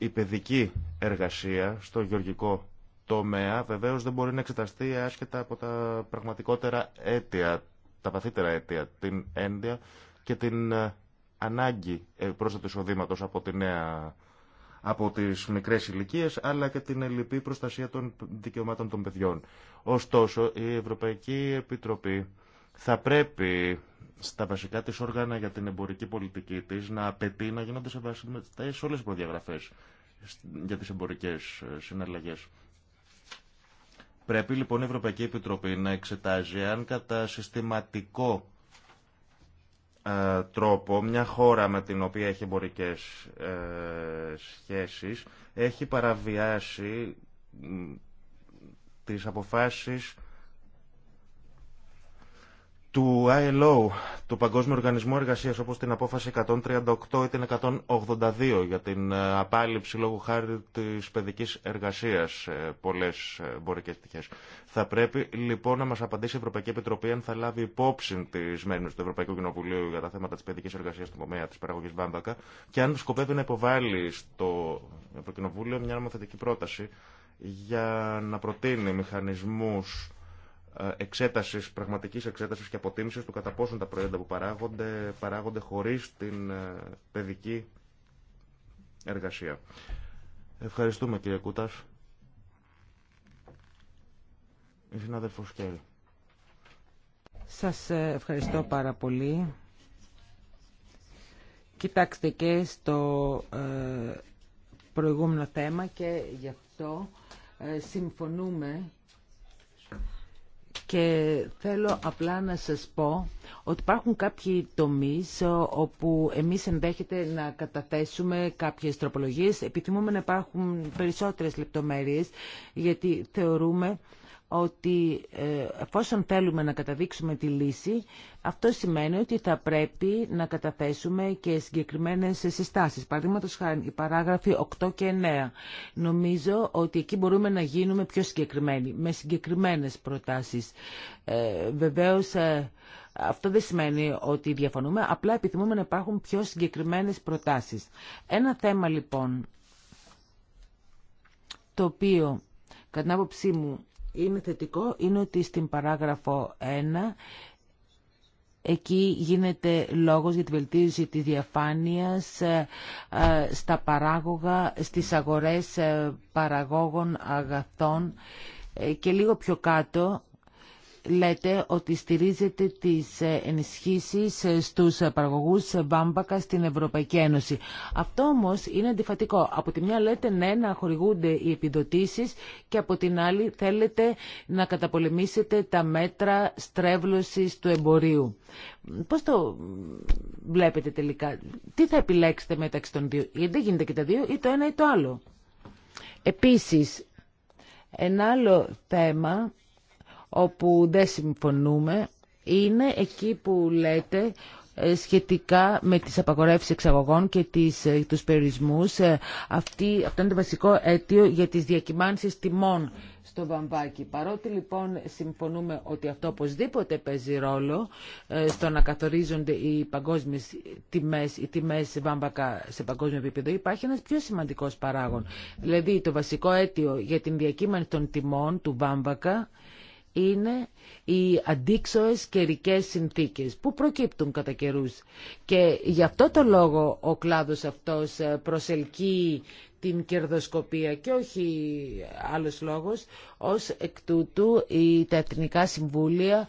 Η παιδική εργασία στο γεωργικό τομέα βεβαίως δεν μπορεί να εξεταστεί άσχετα από τα πραγματικότερα αίτια, τα βαθύτερα αίτια, την ένδια και την ε, ανάγκη πρόσθετου εισοδήματο από τη νέα από τις μικρές ηλικίε, αλλά και την ελληπή προστασία των δικαιωμάτων των παιδιών. Ωστόσο, η Ευρωπαϊκή Επιτροπή θα πρέπει στα βασικά της όργανα για την εμπορική πολιτική της να απαιτεί να γίνονται σεβαστές σε όλες τις προδιαγραφές για τις εμπορικές ε, συναλλαγές. Πρέπει λοιπόν η Ευρωπαϊκή Επιτροπή να εξετάζει αν κατά συστηματικό ε, τρόπο μια χώρα με την οποία έχει εμπορικέ ε, σχέσεις έχει παραβιάσει τις αποφάσεις του ILO, του Παγκόσμιου Οργανισμού Εργασία, όπω την απόφαση 138 ή την 182 για την ε, απάλληψη λόγω χάρη τη παιδική εργασία σε πολλέ ε, εμπορικέ πτυχέ. Θα πρέπει λοιπόν να μα απαντήσει η Ευρωπαϊκή Επιτροπή αν θα λάβει υπόψη τι μέρε του Ευρωπαϊκού Κοινοβουλίου για τα θέματα τη παιδική εργασία στην τομέα τη παραγωγή Μπάμπακα και αν σκοπεύει να υποβάλει στο Ευρωκοινοβούλιο μια νομοθετική πρόταση για να προτείνει μηχανισμούς ε, εξέτασης, πραγματικής εξέτασης και αποτίμησης του κατά τα προϊόντα που παράγονται, παράγονται χωρίς την ε, παιδική εργασία. Ευχαριστούμε κύριε Κούτας. Η συνάδελφος Κέρι. Σας ε, ευχαριστώ πάρα πολύ. Κοιτάξτε και στο προηγούμενο θέμα και γι' αυτό συμφωνούμε και θέλω απλά να σας πω ότι υπάρχουν κάποιοι τομείς όπου εμείς ενδέχεται να καταθέσουμε κάποιες τροπολογίες. Επιθυμούμε να υπάρχουν περισσότερες λεπτομέρειες γιατί θεωρούμε ότι ε, εφόσον θέλουμε να καταδείξουμε τη λύση, αυτό σημαίνει ότι θα πρέπει να καταθέσουμε και συγκεκριμένες συστάσεις. Παραδείγματος χάρη, οι παράγραφοι 8 και 9. Νομίζω ότι εκεί μπορούμε να γίνουμε πιο συγκεκριμένοι, με συγκεκριμένες προτάσεις. Ε, βεβαίως, ε, αυτό δεν σημαίνει ότι διαφωνούμε, απλά επιθυμούμε να υπάρχουν πιο συγκεκριμένες προτάσεις. Ένα θέμα λοιπόν, το οποίο κατά την άποψή μου είναι θετικό είναι ότι στην παράγραφο 1 Εκεί γίνεται λόγος για τη βελτίωση της διαφάνειας ε, ε, στα παράγωγα, στις αγορές ε, παραγόγων αγαθών και λίγο πιο κάτω λέτε ότι στηρίζετε τις ε, ενισχύσεις ε, στους ε, παραγωγούς βάμπακα στην Ευρωπαϊκή Ένωση. Αυτό όμως είναι αντιφατικό. Από τη μια λέτε ναι να χορηγούνται οι επιδοτήσεις και από την άλλη θέλετε να καταπολεμήσετε τα μέτρα στρέβλωσης του εμπορίου. Πώς το βλέπετε τελικά, τι θα επιλέξετε μεταξύ των δύο, γιατί δεν γίνεται και τα δύο ή το ένα ή το άλλο. Επίσης, ένα άλλο θέμα όπου δεν συμφωνούμε είναι εκεί που λέτε ε, σχετικά με τις απαγορεύσεις εξαγωγών και τις, ε, τους περιορισμούς. Ε, αυτή, αυτό είναι το βασικό αίτιο για τις διακυμάνσεις τιμών στο βαμβάκι. Παρότι λοιπόν συμφωνούμε ότι αυτό οπωσδήποτε παίζει ρόλο στο να καθορίζονται οι παγκόσμιες τιμές, οι τιμές βαμβακά σε παγκόσμιο επίπεδο, υπάρχει ένας πιο σημαντικός παράγον. Δηλαδή το βασικό αίτιο για την διακύμανση των τιμών του βαμβακα είναι οι αντίξωες καιρικέ συνθήκες που προκύπτουν κατά καιρούς. Και γι' αυτό το λόγο ο κλάδος αυτός ε, προσελκύει την κερδοσκοπία και όχι άλλος λόγος, ως εκ τούτου τα εθνικά συμβούλια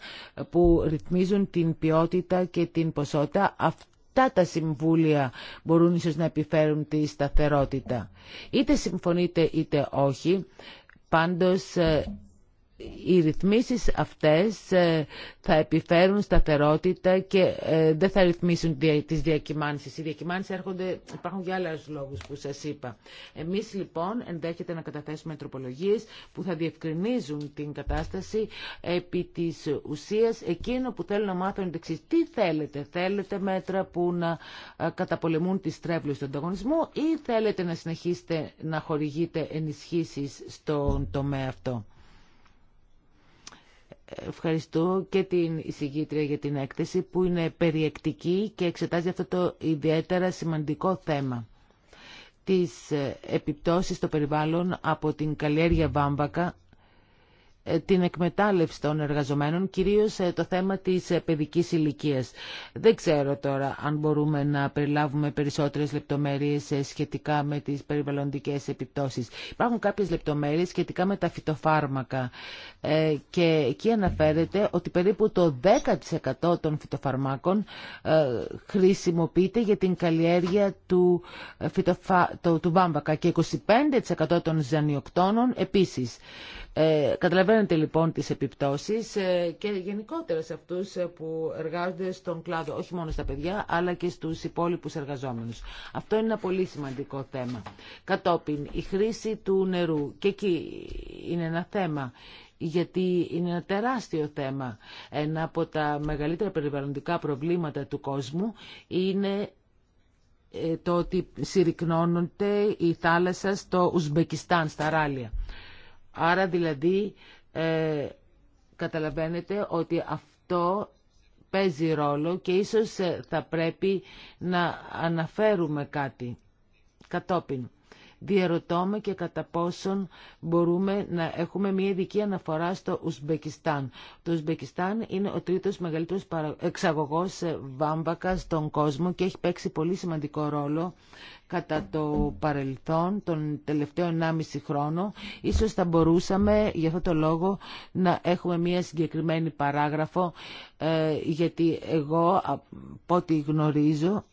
που ρυθμίζουν την ποιότητα και την ποσότητα αυτά τα συμβούλια μπορούν ίσως να επιφέρουν τη σταθερότητα. Είτε συμφωνείτε είτε όχι, πάντως ε, οι ρυθμίσεις αυτές ε, θα επιφέρουν σταθερότητα και ε, δεν θα ρυθμίσουν τις διακυμάνσεις. Οι διακυμάνσεις έρχονται, υπάρχουν για άλλους λόγους που σας είπα. Εμείς λοιπόν ενδέχεται να καταθέσουμε τροπολογίες που θα διευκρινίζουν την κατάσταση επί της ουσίας εκείνο που θέλουν να μάθουν είναι Τι θέλετε, θέλετε μέτρα που να ε, καταπολεμούν τις τρέβλες του ανταγωνισμού ή θέλετε να συνεχίσετε να χορηγείτε ενισχύσεις στον τομέα αυτό. Ευχαριστώ και την εισηγήτρια για την έκθεση που είναι περιεκτική και εξετάζει αυτό το ιδιαίτερα σημαντικό θέμα τις επιπτώσεις στο περιβάλλον από την καλλιέργεια βάμβακα ε, την εκμετάλλευση των εργαζομένων, κυρίως ε, το θέμα της ε, παιδικής ηλικίας. Δεν ξέρω τώρα αν μπορούμε να περιλάβουμε περισσότερες λεπτομέρειες σχετικά με τις περιβαλλοντικές επιπτώσεις. Υπάρχουν κάποιες λεπτομέρειες σχετικά με τα φυτοφάρμακα και εκεί αναφέρεται ότι περίπου το 10% των φυτοφαρμάκων χρησιμοποιείται για την καλλιέργεια του, του βάμβακα και 25% των ζανιοκτώνων επίσης. Ε, καταλαβαίνετε λοιπόν τις επιπτώσεις ε, και γενικότερα σε αυτούς ε, που εργάζονται στον κλάδο, όχι μόνο στα παιδιά, αλλά και στους υπόλοιπους εργαζόμενους. Αυτό είναι ένα πολύ σημαντικό θέμα. Κατόπιν, η χρήση του νερού και εκεί είναι ένα θέμα γιατί είναι ένα τεράστιο θέμα. Ένα από τα μεγαλύτερα περιβαλλοντικά προβλήματα του κόσμου είναι το ότι συρρυκνώνονται η θάλασσα στο Ουσμπεκιστάν, στα Ράλια. Άρα δηλαδή ε, καταλαβαίνετε ότι αυτό παίζει ρόλο και ίσως ε, θα πρέπει να αναφέρουμε κάτι κατόπιν διαρωτώμε και κατά πόσον μπορούμε να έχουμε μια ειδική αναφορά στο Ουσμπεκιστάν. Το Ουσμπεκιστάν είναι ο τρίτος μεγαλύτερος εξαγωγός ε, βάμβακα στον κόσμο και έχει παίξει πολύ σημαντικό ρόλο κατά το παρελθόν, τον τελευταίο 1,5 χρόνο. Ίσως θα μπορούσαμε για αυτό το λόγο να έχουμε μία συγκεκριμένη παράγραφο, ε, γιατί εγώ από ό,τι γνωρίζω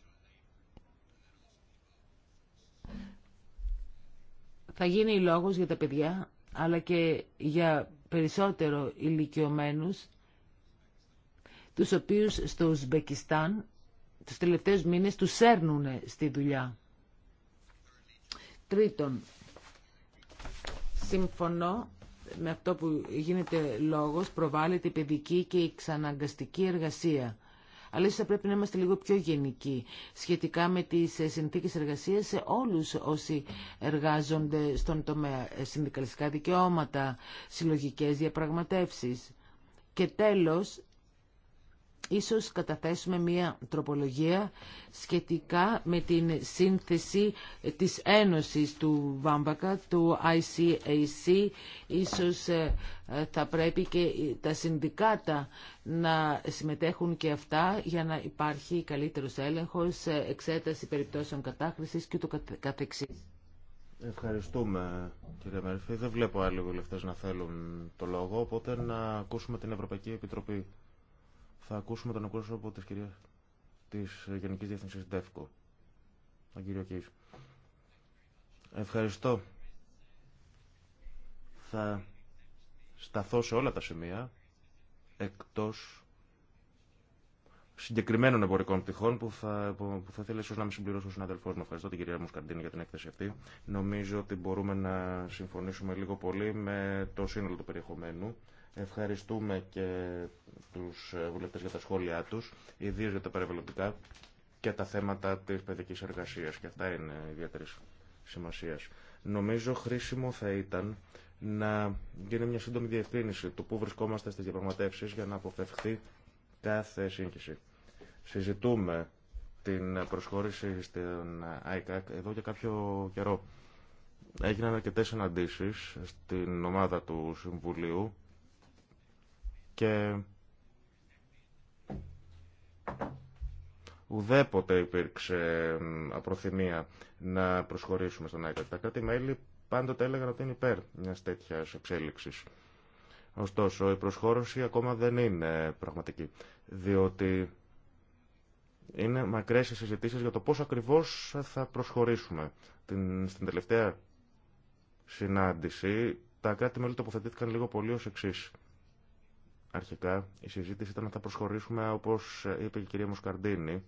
θα γίνει λόγος για τα παιδιά, αλλά και για περισσότερο ηλικιωμένους, τους οποίους στο Ουσμπεκιστάν τους τελευταίους μήνες τους σέρνουν στη δουλειά. Τρίτον, συμφωνώ με αυτό που γίνεται λόγος, προβάλλεται η παιδική και η ξαναγκαστική εργασία αλλά ίσως θα πρέπει να είμαστε λίγο πιο γενικοί σχετικά με τις ε, συνθήκες εργασίας σε όλους όσοι εργάζονται στον τομέα ε, συνδικαλιστικά δικαιώματα, συλλογικές διαπραγματεύσεις. Και τέλος, ίσως καταθέσουμε μία τροπολογία σχετικά με την σύνθεση της Ένωσης του ΒΑΜΠΑΚΑ, του ICAC. Ίσως ε, ε, θα πρέπει και τα συνδικάτα να συμμετέχουν και αυτά για να υπάρχει καλύτερος έλεγχος, ε, εξέταση περιπτώσεων κατάχρησης και το καθεξής. Ευχαριστούμε κύριε Μερφή. Δεν βλέπω άλλοι βουλευτές να θέλουν το λόγο, οπότε να ακούσουμε την Ευρωπαϊκή Επιτροπή. Θα ακούσουμε τον εκπρόσωπο της, κυρία... της Γενικής Διεθνής ΔΕΦΚΟ, τον κύριο Κίης. Ευχαριστώ. Θα σταθώ σε όλα τα σημεία, εκτός συγκεκριμένων εμπορικών πτυχών που θα, που, θα ήθελε ίσω να με συμπληρώσει ο συναδελφό μου. Ευχαριστώ την κυρία Μουσκαντίνη για την έκθεση αυτή. Νομίζω ότι μπορούμε να συμφωνήσουμε λίγο πολύ με το σύνολο του περιεχομένου. Ευχαριστούμε και τους βουλευτές για τα σχόλιά τους, ιδίως για τα περιβαλλοντικά και τα θέματα της παιδικής εργασίας και αυτά είναι ιδιαίτερη σημασία. Νομίζω χρήσιμο θα ήταν να γίνει μια σύντομη διευκρίνηση του πού βρισκόμαστε στις διαπραγματεύσεις για να αποφευχθεί κάθε σύγχυση. Συζητούμε την προσχώρηση στην ΆΙΚΑΚ εδώ και κάποιο καιρό. Έγιναν αρκετέ συναντήσει στην ομάδα του Συμβουλίου και ουδέποτε υπήρξε απροθυμία να προσχωρήσουμε στον ΆΕΚΑ. Τα κράτη-μέλη πάντοτε έλεγαν ότι είναι υπέρ μια τέτοια εξέλιξη. Ωστόσο, η προσχώρωση ακόμα δεν είναι πραγματική, διότι είναι μακρέ οι συζητήσεις για το πώ ακριβώς θα προσχωρήσουμε. Την, στην τελευταία συνάντηση, τα κράτη-μέλη τοποθετήθηκαν λίγο πολύ ω. εξή αρχικά η συζήτηση ήταν να θα προσχωρήσουμε, όπως είπε η κυρία Μοσκαρντίνη,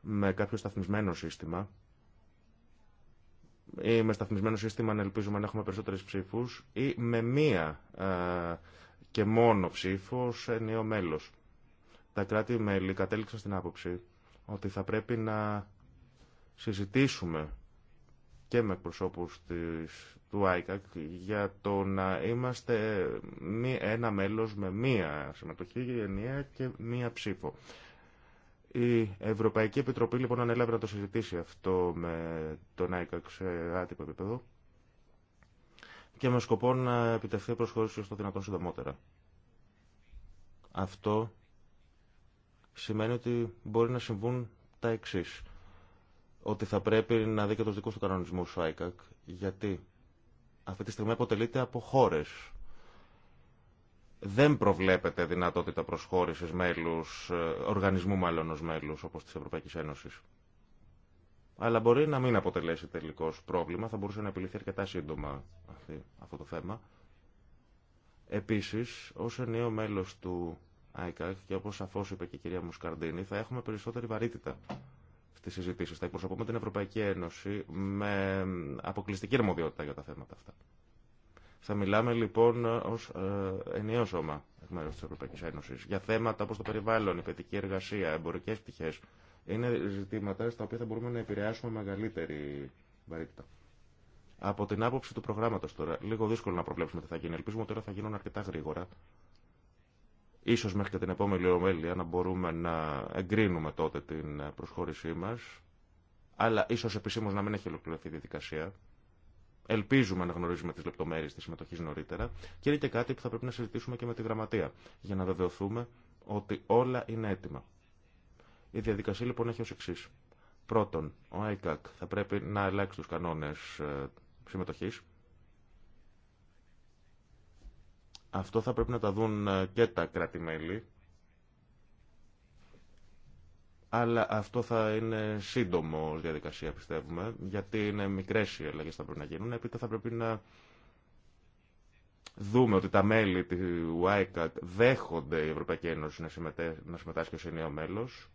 με κάποιο σταθμισμένο σύστημα. Ή με σταθμισμένο σύστημα να ελπίζουμε να έχουμε περισσότερες ψήφους ή με μία και μόνο ψήφο σε νέο μέλος. Τα κράτη-μέλη κατέληξαν στην άποψη ότι θα πρέπει να συζητήσουμε και με προσώπους της του ΆΙΚΑΚ για το να είμαστε ένα μέλος με μία συμμετοχή γενιά και μία ψήφο. Η Ευρωπαϊκή Επιτροπή λοιπόν ανέλαβε να το συζητήσει αυτό με τον ΆΙΚΑΚ σε άτυπο επίπεδο και με σκοπό να επιτευχθεί προσχώρηση στο το δυνατόν συντομότερα. Αυτό σημαίνει ότι μπορεί να συμβούν τα εξή. Ότι θα πρέπει να δει και του δικού του κανονισμού ο ΆΙΚΑΚ, γιατί αυτή τη στιγμή αποτελείται από χώρες. Δεν προβλέπεται δυνατότητα προσχώρησης μέλους, ε, οργανισμού μάλλον ως μέλους, όπως της Ευρωπαϊκής Ένωσης. Αλλά μπορεί να μην αποτελέσει τελικός πρόβλημα, θα μπορούσε να επιλήθει αρκετά σύντομα αυτό το θέμα. Επίσης, ως ενίο μέλος του ICAC και όπως σαφώς είπε και η κυρία Μουσκαρντίνη, θα έχουμε περισσότερη βαρύτητα θα εκπροσωπούμε την Ευρωπαϊκή Ένωση με αποκλειστική αρμοδιότητα για τα θέματα αυτά. Θα μιλάμε λοιπόν ω ε, ενιαίο σώμα εκ μέρου τη Ευρωπαϊκή Ένωση για θέματα όπω το περιβάλλον, η παιδική εργασία, εμπορικέ πτυχέ. Είναι ζητήματα στα οποία θα μπορούμε να επηρεάσουμε μεγαλύτερη βαρύτητα. Από την άποψη του προγράμματο τώρα, λίγο δύσκολο να προβλέψουμε τι θα γίνει. Ελπίζουμε ότι τώρα θα γίνουν αρκετά γρήγορα ίσω μέχρι και την επόμενη ομέλεια να μπορούμε να εγκρίνουμε τότε την ε, προσχώρησή μα, αλλά ίσω επισήμω να μην έχει ολοκληρωθεί η διαδικασία. Ελπίζουμε να γνωρίζουμε τι λεπτομέρειε τη συμμετοχή νωρίτερα και είναι και κάτι που θα πρέπει να συζητήσουμε και με τη Γραμματεία για να βεβαιωθούμε ότι όλα είναι έτοιμα. Η διαδικασία λοιπόν έχει ω εξή. Πρώτον, ο ΆΙΚΑΚ θα πρέπει να αλλάξει του κανόνε συμμετοχή Αυτό θα πρέπει να τα δουν ε, και τα κράτη-μέλη. Αλλά αυτό θα είναι σύντομο διαδικασία πιστεύουμε, γιατί είναι μικρές οι αλλαγές θα πρέπει να γίνουν. Επίτε θα πρέπει να δούμε ότι τα μέλη του ΆΙΚΑΚ δέχονται η Ευρωπαϊκή Ένωση να, συμμετέ... να συμμετάσχει ως νέο μέλος.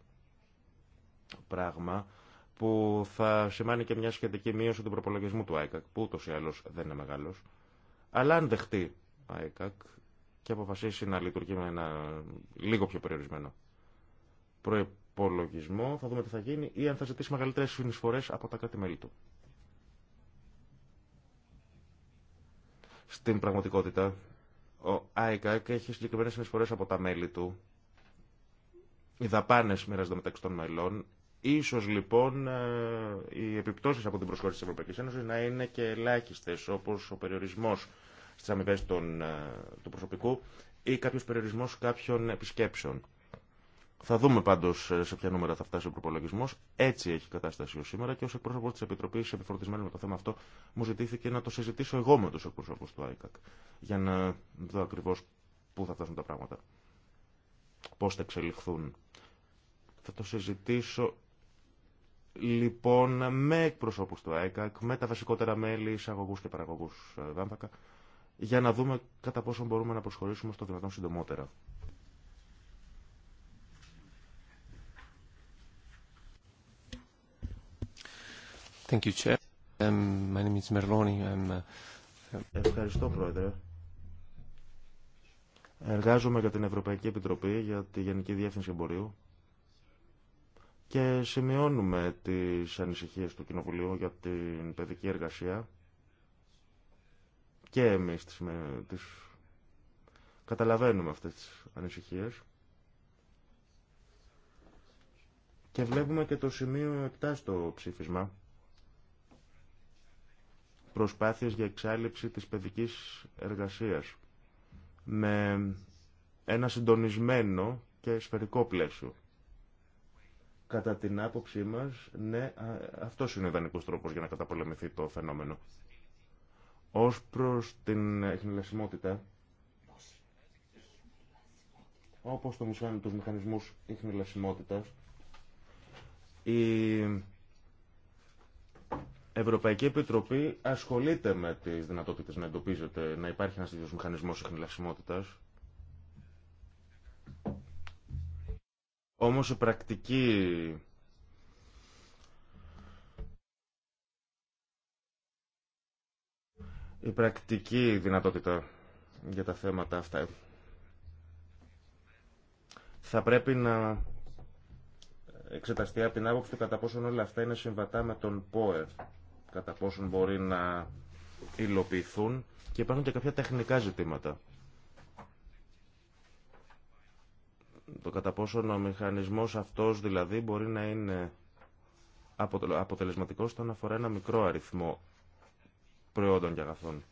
Πράγμα που θα σημάνει και μια σχετική μείωση του προπολογισμού του ICAC, που ούτως ή άλλως δεν είναι μεγάλος. Αλλά αν δεχτεί ΆΕΚΑΚ και αποφασίσει να λειτουργεί με ένα λίγο πιο περιορισμένο προπολογισμό. Θα δούμε τι θα γίνει ή αν θα ζητήσει μεγαλύτερε συνεισφορέ από τα κράτη-μέλη του. Στην πραγματικότητα, ο ΆΕΚΑΚ έχει συγκεκριμένε συνεισφορέ από τα μέλη του. Οι δαπάνε μοιράζονται μεταξύ των μελών. Ίσως λοιπόν ε, οι επιπτώσεις από την προσχώρηση της Ευρωπαϊκής Ένωσης να είναι και ελάχιστε όπως ο περιορισμός Στι αμοιβέ ε, του προσωπικού ή κάποιο περιορισμό κάποιων επισκέψεων. Θα δούμε πάντω ε, σε ποια νούμερα θα φτάσει ο προπολογισμό. Έτσι έχει κατάσταση ω σήμερα και ω εκπρόσωπο τη Επιτροπή, επιφορτισμένο με το θέμα αυτό, μου ζητήθηκε να το συζητήσω εγώ με του εκπρόσωπου του ΆΙΚΑΚ. Για να δω ακριβώ πού θα φτάσουν τα πράγματα. Πώ θα εξελιχθούν. Θα το συζητήσω λοιπόν με εκπροσώπου του ΑΕΚΑΚ, με τα βασικότερα μέλη, εισαγωγού και παραγωγού ε, βάμβακα για να δούμε κατά πόσο μπορούμε να προσχωρήσουμε στο δυνατόν συντομότερα. Thank you, Chair. Um, my name is Merloni. I'm... Uh, Ευχαριστώ, Πρόεδρε. Εργάζομαι για την Ευρωπαϊκή Επιτροπή για τη Γενική Διεύθυνση Εμπορίου και σημειώνουμε τις ανησυχίες του Κοινοβουλίου για την παιδική εργασία και εμείς τις, καταλαβαίνουμε αυτές τις ανησυχίες. Και βλέπουμε και το σημείο 7 στο ψήφισμα. Προσπάθειες για εξάλληψη της παιδικής εργασίας. Με ένα συντονισμένο και σφαιρικό πλαίσιο. Κατά την άποψή μας, ναι, αυτός είναι ο ιδανικός τρόπος για να καταπολεμηθεί το φαινόμενο. Ως προς την εχνηλασιμότητα, όπως το μουσάνει τους μηχανισμούς η Ευρωπαϊκή Επιτροπή ασχολείται με τις δυνατότητες να εντοπίζεται, να υπάρχει ένας ίδιος μηχανισμός εχνηλασιμότητας. Όμως η πρακτική η πρακτική δυνατότητα για τα θέματα αυτά. Θα πρέπει να εξεταστεί από την άποψη του κατά πόσον όλα αυτά είναι συμβατά με τον ΠΟΕ, κατά πόσον μπορεί να υλοποιηθούν και υπάρχουν και κάποια τεχνικά ζητήματα. Το κατά πόσον ο μηχανισμός αυτός δηλαδή μπορεί να είναι αποτελεσματικός όταν αφορά ένα μικρό αριθμό προϊόντων και αγαθών.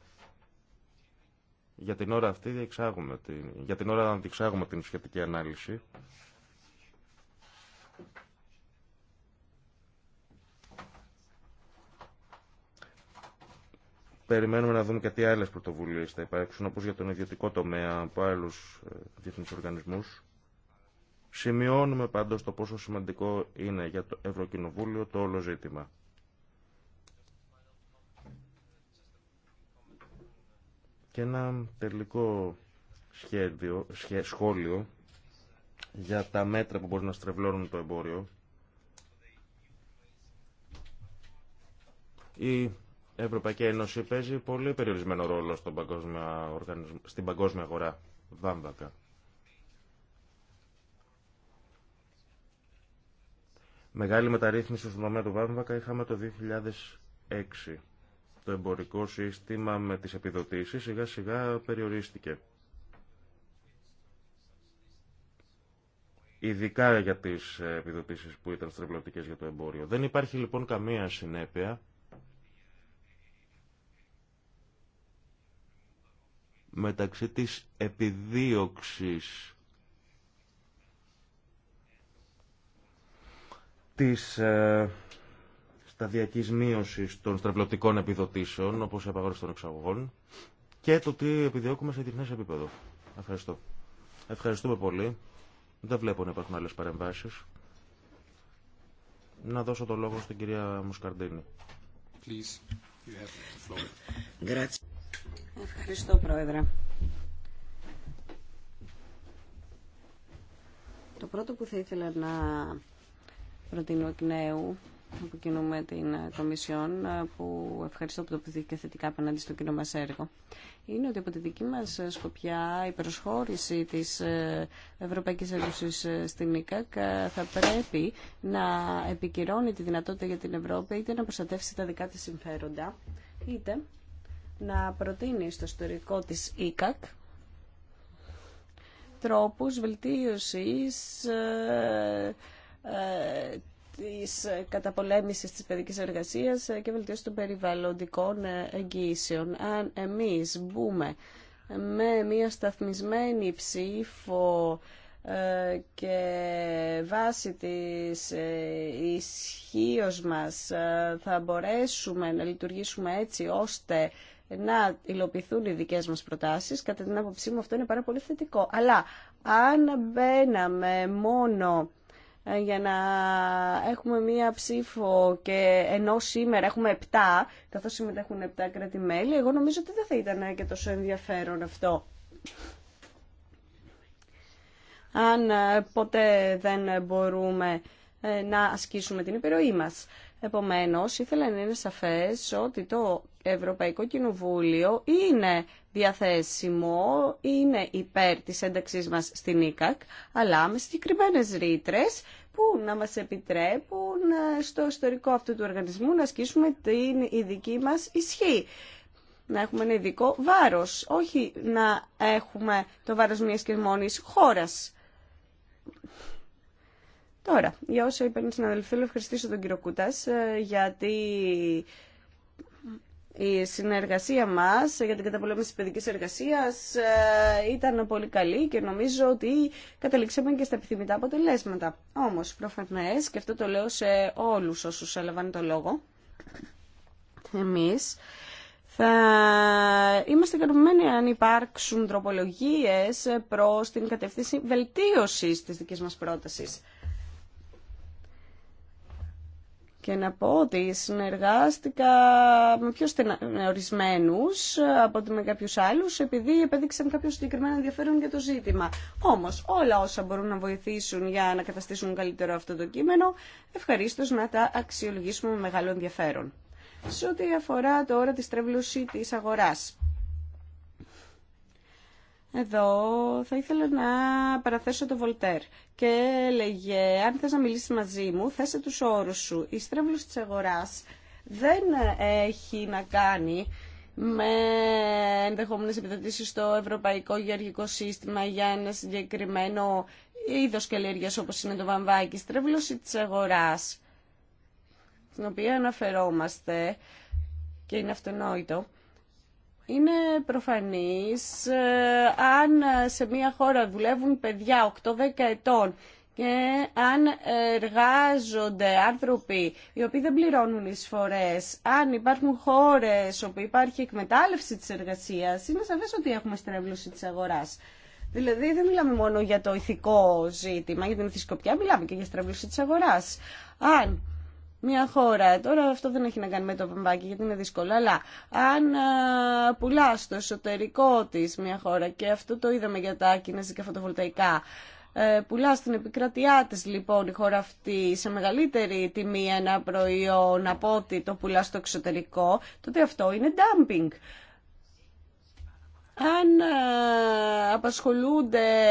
Για την ώρα αυτή διεξάγουμε την, για την ώρα διεξάγουμε την σχετική ανάλυση. Περιμένουμε να δούμε και τι άλλες πρωτοβουλίες θα υπάρξουν, όπως για τον ιδιωτικό τομέα από άλλους ε, διεθνείς οργανισμούς. Σημειώνουμε πάντως το πόσο σημαντικό είναι για το Ευρωκοινοβούλιο το όλο ζήτημα. Και ένα τελικό σχέδιο, σχόλιο για τα μέτρα που μπορεί να στρεβλώνουν το εμπόριο. Η Ευρωπαϊκή Ένωση παίζει πολύ περιορισμένο ρόλο στον παγκόσμια στην παγκόσμια αγορά βάμβακα. Μεγάλη μεταρρύθμιση στον τομέα του βάμβακα είχαμε το 2006 το εμπορικό σύστημα με τις επιδοτήσεις σιγά σιγά περιορίστηκε. Ειδικά για τις επιδοτήσεις που ήταν στρεβλωτικές για το εμπόριο. Δεν υπάρχει λοιπόν καμία συνέπεια μεταξύ της επιδίωξης της ε, τα μείωση των στρεβλωτικών επιδοτήσεων, όπως η απαγόρευση των εξαγωγών, και το τι επιδιώκουμε σε διεθνέ επίπεδο. Ευχαριστώ. Ευχαριστούμε πολύ. Δεν βλέπω να υπάρχουν άλλες παρεμβάσει. Να δώσω το λόγο στην κυρία Μουσκαρντίνη. Ευχαριστώ, Πρόεδρε. Το πρώτο που θα ήθελα να προτείνω εκ νέου με την ε, Κομισιόν ε, που ευχαριστώ που τοποθετήθηκε θετικά απέναντι στο κοινό μας έργο είναι ότι από τη δική μας ε, σκοπιά η προσχώρηση της Ευρωπαϊκής Ένωσης στην ΕΚΑΚ θα πρέπει να επικυρώνει τη δυνατότητα για την Ευρώπη είτε να προστατεύσει τα δικά της συμφέροντα είτε να προτείνει στο ιστορικό της ΕΚΑΚ τρόπους βελτίωσης της καταπολέμησης της παιδικής εργασίας και βελτίωση των περιβαλλοντικών εγγύησεων. Αν εμείς μπούμε με μια σταθμισμένη ψήφο ε, και βάσει της ε, ισχύω μας ε, θα μπορέσουμε να λειτουργήσουμε έτσι ώστε να υλοποιηθούν οι δικές μας προτάσεις. Κατά την άποψή μου αυτό είναι πάρα πολύ θετικό. Αλλά αν μπαίναμε μόνο ε, για να έχουμε μία ψήφο και ενώ σήμερα έχουμε 7, καθώς συμμετέχουν 7 κράτη-μέλη, εγώ νομίζω ότι δεν θα ήταν και τόσο ενδιαφέρον αυτό. Αν ε, ποτέ δεν μπορούμε ε, να ασκήσουμε την επιρροή μας. Επομένως, ήθελα να είναι σαφές ότι το Ευρωπαϊκό Κοινοβούλιο είναι διαθέσιμο, είναι υπέρ της ένταξής μας στην ΙΚΑΚ, αλλά με συγκεκριμένε ρήτρε που να μας επιτρέπουν ε, στο ιστορικό αυτού του οργανισμού να ασκήσουμε την ειδική μας ισχύ. Να έχουμε ένα ειδικό βάρος, όχι να έχουμε το βάρος μιας και μόνης χώρας. Τώρα, για όσα είπε οι συναδελφή θέλω ευχαριστήσω τον κύριο Κούτα ε, γιατί η συνεργασία μας για την καταπολέμηση της παιδικής εργασίας ε, ήταν πολύ καλή και νομίζω ότι καταλήξαμε και στα επιθυμητά αποτελέσματα. Όμως, προφανές, και αυτό το λέω σε όλους όσους έλαβαν το λόγο, εμείς θα είμαστε ικανοποιημένοι αν υπάρξουν τροπολογίες προς την κατευθύνση βελτίωσης της δικής μας πρότασης. και να πω ότι συνεργάστηκα με πιο στενα... από ότι με κάποιους άλλους επειδή επέδειξαν κάποιο συγκεκριμένο ενδιαφέρον για το ζήτημα. Όμως όλα όσα μπορούν να βοηθήσουν για να καταστήσουν καλύτερο αυτό το κείμενο ευχαρίστως να τα αξιολογήσουμε με μεγάλο ενδιαφέρον. Σε ό,τι αφορά τώρα τη στρέβλωση της αγοράς. Εδώ θα ήθελα να παραθέσω το Βολτέρ και έλεγε αν θες να μιλήσεις μαζί μου θέσε τους όρους σου. Η στρέβλωση της αγοράς δεν έχει να κάνει με ενδεχόμενε επιδοτήσει στο Ευρωπαϊκό Γεωργικό Σύστημα για ένα συγκεκριμένο είδο καλλιέργεια όπως είναι το βαμβάκι. Στρέβλωση τη αγορά, στην οποία αναφερόμαστε και είναι αυτονόητο, είναι προφανής ε, αν σε μια χώρα δουλεύουν παιδιά 8-10 ετών και αν εργάζονται άνθρωποι οι οποίοι δεν πληρώνουν εισφορές, αν υπάρχουν χώρες όπου υπάρχει εκμετάλλευση της εργασίας, είναι σαφές ότι έχουμε στρέβλωση της αγοράς. Δηλαδή δεν μιλάμε μόνο για το ηθικό ζήτημα, για την ηθισκοπιά, μιλάμε και για στρέβλωση της αγοράς. Αν μια χώρα. Τώρα αυτό δεν έχει να κάνει με το βαμβάκι γιατί είναι δύσκολο, αλλά αν πουλά στο εσωτερικό της μια χώρα και αυτό το είδαμε για τα κινέζικα φωτοβολταϊκά, ε, πουλά στην επικρατειά τη λοιπόν η χώρα αυτή σε μεγαλύτερη τιμή ένα προϊόν από ότι το πουλά στο εξωτερικό, τότε αυτό είναι dumping αν ε, απασχολούνται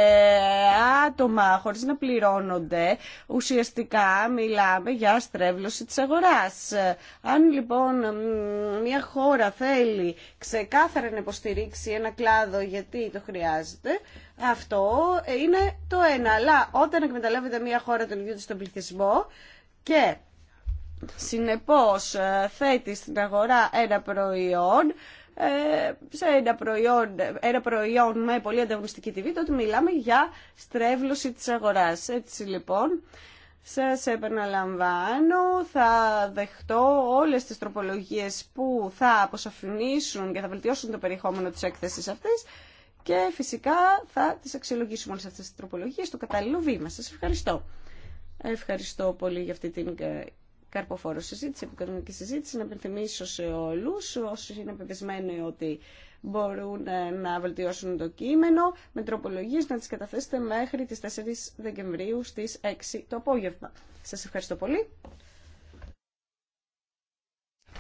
άτομα χωρίς να πληρώνονται, ουσιαστικά μιλάμε για στρέβλωση της αγοράς. Αν λοιπόν μια χώρα θέλει ξεκάθαρα να υποστηρίξει ένα κλάδο γιατί το χρειάζεται, αυτό είναι το ένα. Αλλά όταν εκμεταλλεύεται μια χώρα τον ίδιο της τον πληθυσμό και συνεπώς ε, θέτει στην αγορά ένα προϊόν, ε, σε ένα προϊόν, ένα προϊόν με πολύ ανταγωνιστική τιμή, τότε μιλάμε για στρέβλωση της αγοράς. Έτσι λοιπόν, σας επαναλαμβάνω, θα δεχτώ όλες τις τροπολογίες που θα αποσαφηνίσουν και θα βελτιώσουν το περιεχόμενο της έκθεσης αυτής και φυσικά θα τις αξιολογήσουμε όλες αυτές τις τροπολογίες στο κατάλληλο βήμα. Σας ευχαριστώ. Ευχαριστώ πολύ για αυτή την ε, καρποφόρο συζήτηση, επικοινωνική συζήτηση, να υπενθυμίσω σε όλου, όσοι είναι πεπισμένοι ότι μπορούν ε, να βελτιώσουν το κείμενο με τροπολογίε να τις καταθέσετε μέχρι τις 4 Δεκεμβρίου στι 6 το απόγευμα. Σας ευχαριστώ πολύ.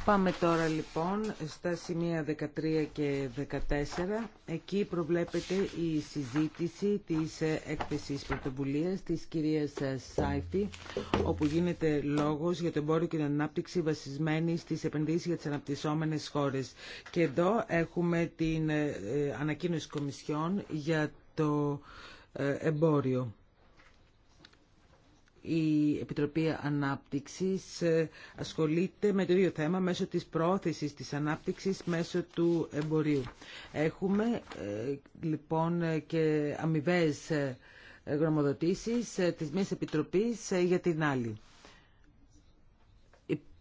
Πάμε τώρα λοιπόν στα σημεία 13 και 14. Εκεί προβλέπεται η συζήτηση της ε, έκθεσης πρωτοβουλία της κυρίας ε, Σάιφη, όπου γίνεται λόγος για το εμπόριο και την ανάπτυξη βασισμένη στις επενδύσεις για τις αναπτυσσόμενες χώρες. Και εδώ έχουμε την ε, ανακοίνωση κομισιών για το εμπόριο η Επιτροπή Ανάπτυξης ε, ασχολείται με το ίδιο θέμα μέσω της πρόθεσης της ανάπτυξης μέσω του εμπορίου. Έχουμε ε, λοιπόν ε, και αμοιβέ γνωμοδοτήσεις της μίας Επιτροπής για την άλλη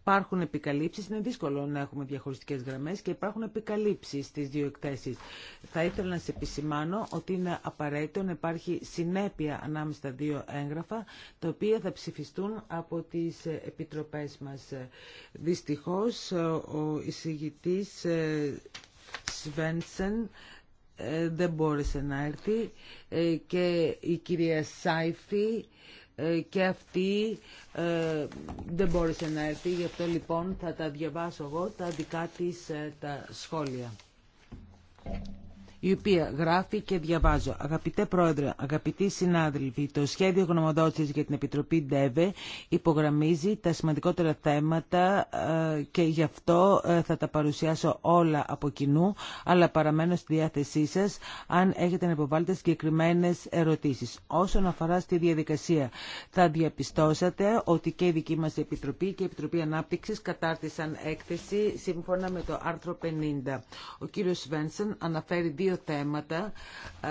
υπάρχουν επικαλύψει. είναι δύσκολο να έχουμε διαχωριστικές γραμμές και υπάρχουν επικαλύψεις στις δύο εκθέσει. Θα ήθελα να σε επισημάνω ότι είναι απαραίτητο να υπάρχει συνέπεια ανάμεσα στα δύο έγγραφα, τα οποία θα ψηφιστούν από τις επιτροπές μας. Δυστυχώ, ο εισηγητή ε, Σβέντσεν ε, δεν μπόρεσε να έρθει ε, και η κυρία Σάιφη ε, και αυτή ε, δεν μπόρεσε να έρθει, γι' αυτό λοιπόν θα τα διαβάσω εγώ τα δικά της ε, τα σχόλια η οποία γράφει και διαβάζω. Αγαπητέ Πρόεδρε, αγαπητοί συνάδελφοι, το σχέδιο γνωμοδότησης για την Επιτροπή ΝΤΕΒΕ υπογραμμίζει τα σημαντικότερα θέματα ε, και γι' αυτό ε, θα τα παρουσιάσω όλα από κοινού, αλλά παραμένω στη διάθεσή σα αν έχετε να υποβάλλετε συγκεκριμένε ερωτήσεις. Όσον αφορά στη διαδικασία, θα διαπιστώσατε ότι και η δική μα Επιτροπή και η Επιτροπή Ανάπτυξη κατάρτισαν έκθεση σύμφωνα με το άρθρο 50. Ο κύριο Βένσεν αναφέρει δύο δύο θέματα ε,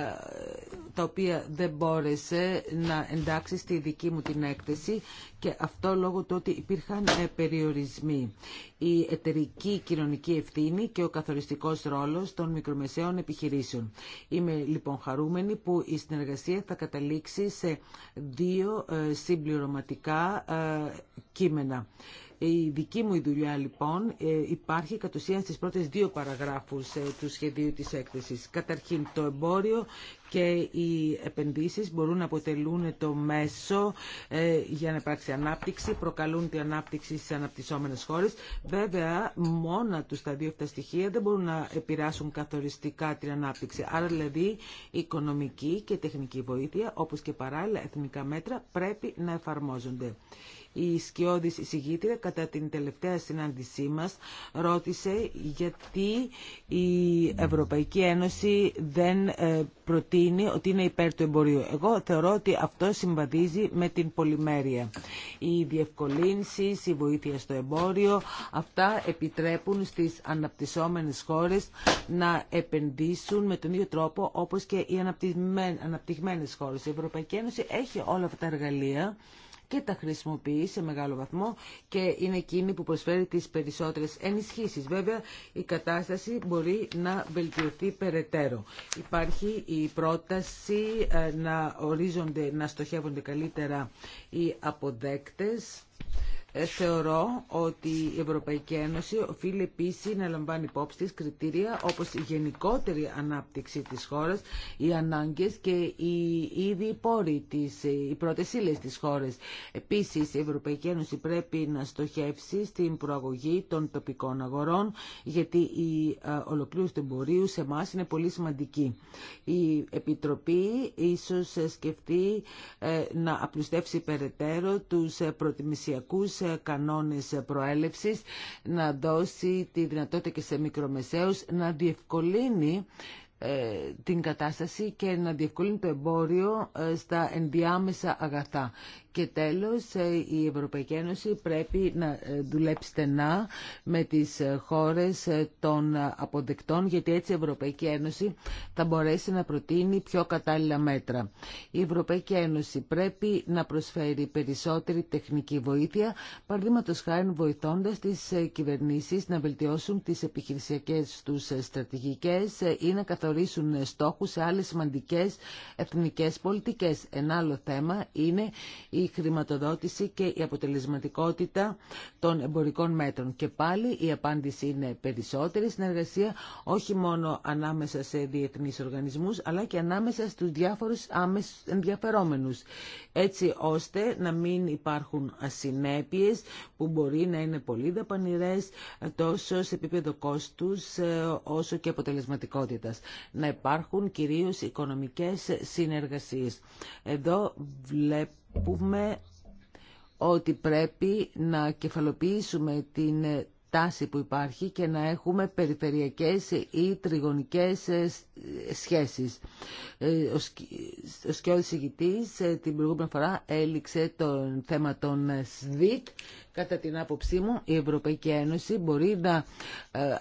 τα οποία δεν μπόρεσε να εντάξει στη δική μου την έκθεση και αυτό λόγω του ότι υπήρχαν ε, περιορισμοί. Η εταιρική κοινωνική ευθύνη και ο καθοριστικός ρόλος των μικρομεσαίων επιχειρήσεων. Είμαι λοιπόν χαρούμενη που η συνεργασία θα καταλήξει σε δύο ε, συμπληρωματικά κείμενα. Η δική μου δουλειά λοιπόν ε, υπάρχει κατ' ουσίαν στις πρώτες δύο παραγράφους ε, του σχεδίου της έκθεσης. Καταρχήν το εμπόριο και οι επενδύσεις μπορούν να αποτελούν το μέσο ε, για να υπάρξει ανάπτυξη, προκαλούν την ανάπτυξη στις αναπτυσσόμενες χώρες. Βέβαια, μόνα τους τα δύο αυτά στοιχεία δεν μπορούν να επηρεάσουν καθοριστικά την ανάπτυξη. Άρα, δηλαδή, οικονομική και τεχνική βοήθεια, όπως και παράλληλα εθνικά μέτρα, πρέπει να εφαρμόζονται η σκιώδης εισηγήτρια κατά την τελευταία συνάντησή μας ρώτησε γιατί η Ευρωπαϊκή Ένωση δεν ε, προτείνει ότι είναι υπέρ του εμπορίου. Εγώ θεωρώ ότι αυτό συμβαδίζει με την πολυμέρεια. Οι διευκολύνσεις, η βοήθεια στο εμπόριο, αυτά επιτρέπουν στις αναπτυσσόμενες χώρες να επενδύσουν με τον ίδιο τρόπο όπως και οι αναπτυγμένες χώρες. Η Ευρωπαϊκή Ένωση έχει όλα αυτά τα εργαλεία και τα χρησιμοποιεί σε μεγάλο βαθμό και είναι εκείνη που προσφέρει τις περισσότερες ενισχύσεις. Βέβαια, η κατάσταση μπορεί να βελτιωθεί περαιτέρω. Υπάρχει η πρόταση ε, να ορίζονται, να στοχεύονται καλύτερα οι αποδέκτες θεωρώ ότι η Ευρωπαϊκή Ένωση οφείλει επίση να λαμβάνει υπόψη τη κριτήρια όπως η γενικότερη ανάπτυξη της χώρας, οι ανάγκες και οι ήδη πόροι, τη, οι πρώτε της χώρας. Επίσης η Ευρωπαϊκή Ένωση πρέπει να στοχεύσει στην προαγωγή των τοπικών αγορών γιατί η ε, ολοκλήρωση του εμπορίου σε εμά είναι πολύ σημαντική. Η Επιτροπή ίσω σκεφτεί ε, να απλουστεύσει περαιτέρω τους ε, προτιμησιακού κανόνες προέλευσης, να δώσει τη δυνατότητα και σε μικρομεσαίους να διευκολύνει ε, την κατάσταση και να διευκολύνει το εμπόριο ε, στα ενδιάμεσα αγαθά. Και τέλος, ε, η Ευρωπαϊκή Ένωση πρέπει να δουλέψει στενά με τις χώρες των αποδεκτών, γιατί έτσι η Ευρωπαϊκή Ένωση θα μπορέσει να προτείνει πιο κατάλληλα μέτρα. Η Ευρωπαϊκή Ένωση πρέπει να προσφέρει περισσότερη τεχνική βοήθεια, παραδείγματο χάρη βοηθώντας τις κυβερνήσεις να βελτιώσουν τις επιχειρησιακές τους στρατηγικές ή να καθορίσουν στόχους σε άλλες σημαντικές εθνικές πολιτικές. Ένα άλλο θέμα είναι η χρηματοδότηση και η αποτελεσματικότητα των εμπορικών μέτρων. Και πάλι η απάντηση είναι περισσότερη συνεργασία, όχι μόνο ανάμεσα σε διεθνείς οργανισμούς, αλλά και ανάμεσα στους διάφορους άμεσους ενδιαφερόμενους. Έτσι ώστε να μην υπάρχουν ασυνέπειες που μπορεί να είναι πολύ δαπανηρές τόσο σε επίπεδο κόστους ε, όσο και αποτελεσματικότητας να υπάρχουν κυρίως οικονομικές συνεργασίες. Εδώ βλέπουμε ότι πρέπει να κεφαλοποιήσουμε την τάση που υπάρχει και να έχουμε περιφερειακές ή τριγωνικές σχέσεις. Ε, ο σκιώδης ηγητής ε, την προηγούμενη φορά έληξε το θέμα των ΣΔΙΚ. Κατά την άποψή μου η Ευρωπαϊκή Ένωση μπορεί να ε,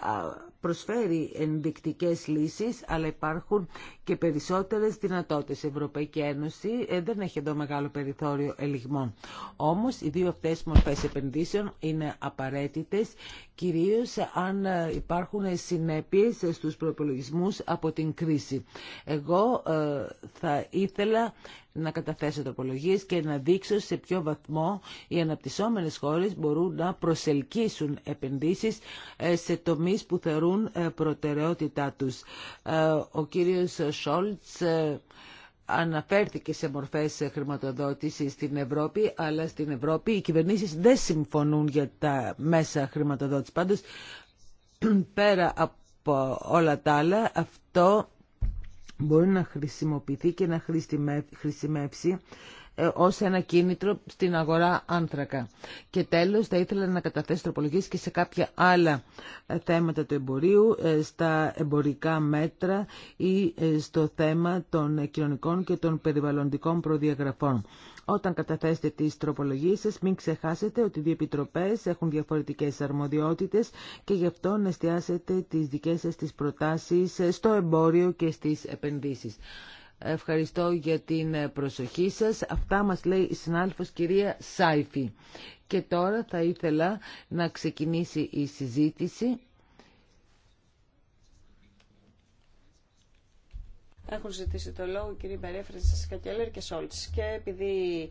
προσφέρει ενδεικτικές λύσεις, αλλά υπάρχουν και περισσότερες δυνατότητες. Η Ευρωπαϊκή Ένωση ε, δεν έχει εδώ μεγάλο περιθώριο ελιγμών. Όμως, οι δύο αυτές μορφές επενδύσεων είναι απαραίτητες κυρίως αν ε, υπάρχουν συνέπειες στους προπολογισμούς από την κρίση. Εγώ ε, θα ήθελα να καταθέσω τοπολογίες και να δείξω σε ποιο βαθμό οι αναπτυσσόμενες χώρες μπορούν να προσελκύσουν επενδύσεις ε, σε τομείς που θεωρούν προτεραιότητά τους. Ο κύριος Σόλτς αναφέρθηκε σε μορφές χρηματοδότησης στην Ευρώπη, αλλά στην Ευρώπη οι κυβερνήσεις δεν συμφωνούν για τα μέσα χρηματοδότηση. Πάντως, πέρα από όλα τα άλλα, αυτό μπορεί να χρησιμοποιηθεί και να χρησιμεύσει ε, ως ένα κίνητρο στην αγορά άνθρακα. Και τέλος θα ήθελα να καταθέσω τροπολογίες και σε κάποια άλλα ε, θέματα του εμπορίου, ε, στα εμπορικά μέτρα ή στο θέμα των κοινωνικών και των περιβαλλοντικών προδιαγραφών. Όταν καταθέσετε τις τροπολογίες σας, μην ξεχάσετε ότι οι δύο επιτροπές έχουν διαφορετικές αρμοδιότητες και γι' αυτό να εστιάσετε τις δικές σας τις προτάσεις στο εμπόριο και στις επενδύσεις. Ευχαριστώ για την προσοχή σας. Αυτά μας λέει η συνάδελφος κυρία Σάιφη. Και τώρα θα ήθελα να ξεκινήσει η συζήτηση. Έχουν ζητήσει το λόγο οι κύριοι Μπερέφρες, και Σόλτς. Και επειδή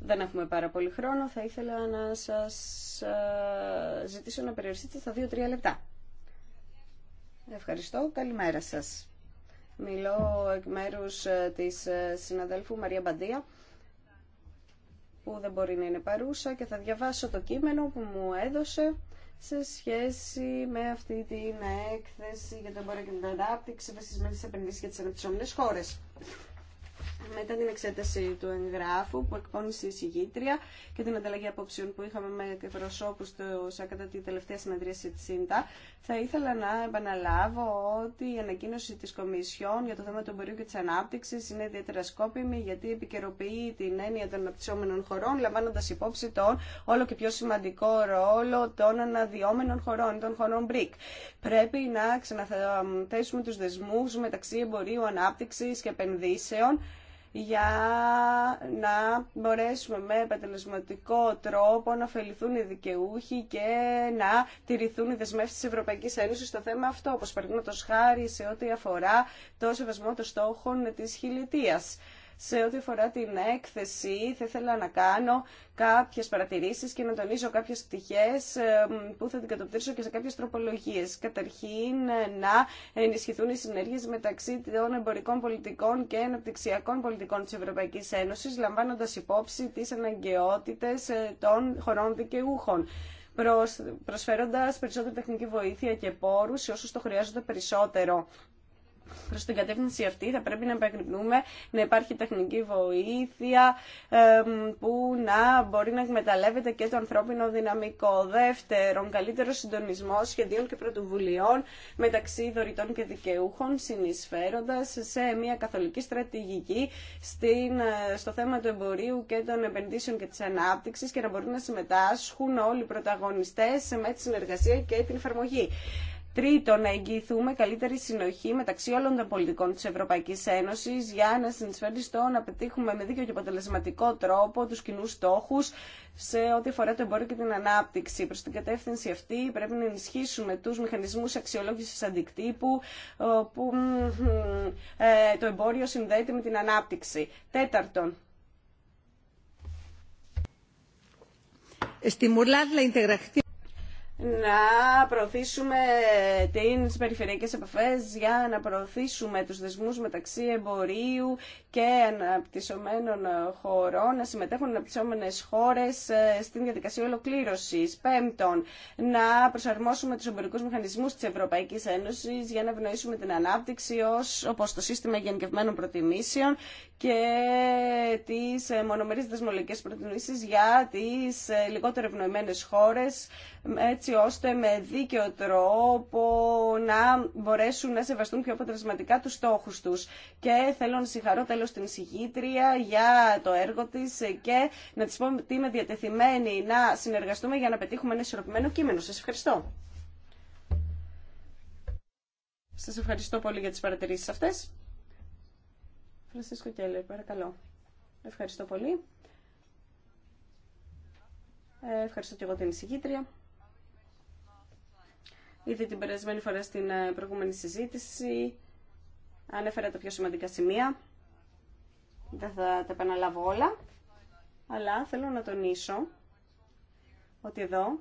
δεν έχουμε πάρα πολύ χρόνο, θα ήθελα να σας ε, ζητήσω να περιοριστείτε στα 2-3 λεπτά. Ευχαριστώ. Καλημέρα σας. Μιλώ εκ μέρους ε, της ε, συναδέλφου Μαρία Μπαντία που δεν μπορεί να είναι παρούσα και θα διαβάσω το κείμενο που μου έδωσε σε σχέση με αυτή την έκθεση για το εμπόριο και την ανάπτυξη βασισμένη σε επενδύσει για τι αναπτυσσόμενε χώρε μετά την εξέταση του εγγράφου που εκπώνησε η συγγήτρια και την ανταλλαγή απόψεων που είχαμε με εκπροσώπου του ΣΑΚΑΤΑ κατά τη τελευταία συνεδρίαση τη ΣΥΝΤΑ, θα ήθελα να επαναλάβω ότι η ανακοίνωση τη Κομισιόν για το θέμα του εμπορίου και τη ανάπτυξη είναι ιδιαίτερα σκόπιμη γιατί επικαιροποιεί την έννοια των αναπτυσσόμενων χωρών, λαμβάνοντα υπόψη τον όλο και πιο σημαντικό ρόλο των αναδυόμενων χωρών, των χωρών BRIC. Πρέπει να ξαναθέσουμε του δεσμού μεταξύ εμπορίου, ανάπτυξη και επενδύσεων για να μπορέσουμε με επαγγελματικό τρόπο να ωφεληθούν οι δικαιούχοι και να τηρηθούν οι δεσμεύσει τη Ευρωπαϊκή Ένωση στο θέμα αυτό, όπω παραδείγματο χάρη σε ό,τι αφορά το σεβασμό των στόχων τη χιλιετία. Σε ό,τι αφορά την έκθεση, θα ήθελα να κάνω κάποιες παρατηρήσεις και να τονίσω κάποιες πτυχές που θα την κατοπτρίσω και σε κάποιες τροπολογίες. Καταρχήν, να ενισχυθούν οι συνέργειες μεταξύ των εμπορικών πολιτικών και αναπτυξιακών πολιτικών της Ευρωπαϊκής Ένωσης, λαμβάνοντας υπόψη τις αναγκαιότητες ε, των χωρών δικαιούχων προσφέροντας περισσότερη τεχνική βοήθεια και πόρους σε όσους το χρειάζονται περισσότερο προς την κατεύθυνση αυτή θα πρέπει να επεκρινούμε να υπάρχει τεχνική βοήθεια που να μπορεί να εκμεταλλεύεται και το ανθρώπινο δυναμικό. Δεύτερον, καλύτερο συντονισμό σχεδίων και πρωτοβουλειών μεταξύ δωρητών και δικαιούχων, συνεισφέροντας σε μια καθολική στρατηγική στην, ε, στο θέμα του εμπορίου και των επενδύσεων και της ανάπτυξης και να μπορούν να συμμετάσχουν όλοι οι πρωταγωνιστές με τη συνεργασία και την εφαρμογή. Τρίτον, να εγγυηθούμε καλύτερη συνοχή μεταξύ όλων των πολιτικών της Ευρωπαϊκής Ένωσης για να συνεισφέρει στο να πετύχουμε με δίκαιο και αποτελεσματικό τρόπο τους κοινού στόχου σε ό,τι αφορά το εμπόριο και την ανάπτυξη. Προς την κατεύθυνση αυτή πρέπει να ενισχύσουμε τους μηχανισμούς αξιολόγησης αντικτύπου που ε, το εμπόριο συνδέεται με την ανάπτυξη. Τέταρτον, la να προωθήσουμε τις περιφερειακές επαφές για να προωθήσουμε τους δεσμούς μεταξύ εμπορίου και αναπτυσσομένων χωρών, να συμμετέχουν αναπτυσσόμενες χώρες ε, στην διαδικασία ολοκλήρωσης. Πέμπτον, να προσαρμόσουμε τους εμπορικούς μηχανισμούς της Ευρωπαϊκής Ένωσης για να ευνοήσουμε την ανάπτυξη ως, όπως το σύστημα γενικευμένων προτιμήσεων και τις ε, μονομερείς δεσμολογικές προτιμήσεις για τις ε, λιγότερο ευνοημένες χώρες, έτσι ώστε με δίκαιο τρόπο να μπορέσουν να σεβαστούν πιο αποτελεσματικά τους στόχους τους. Και θέλω να συγχαρώ τέλος την συγγήτρια για το έργο της και να της πω ότι είμαι διατεθειμένη να συνεργαστούμε για να πετύχουμε ένα ισορροπημένο κείμενο. Σας ευχαριστώ. Σας ευχαριστώ πολύ για τις παρατηρήσεις αυτές. Φρανσίσκο Κέλλερ, παρακαλώ. Ευχαριστώ πολύ. Ε, ευχαριστώ και εγώ την εισηγήτρια. Ήδη την περασμένη φορά στην ε, προηγούμενη συζήτηση ανέφερα τα πιο σημαντικά σημεία. Δεν θα τα επαναλάβω όλα, αλλά θέλω να τονίσω ότι εδώ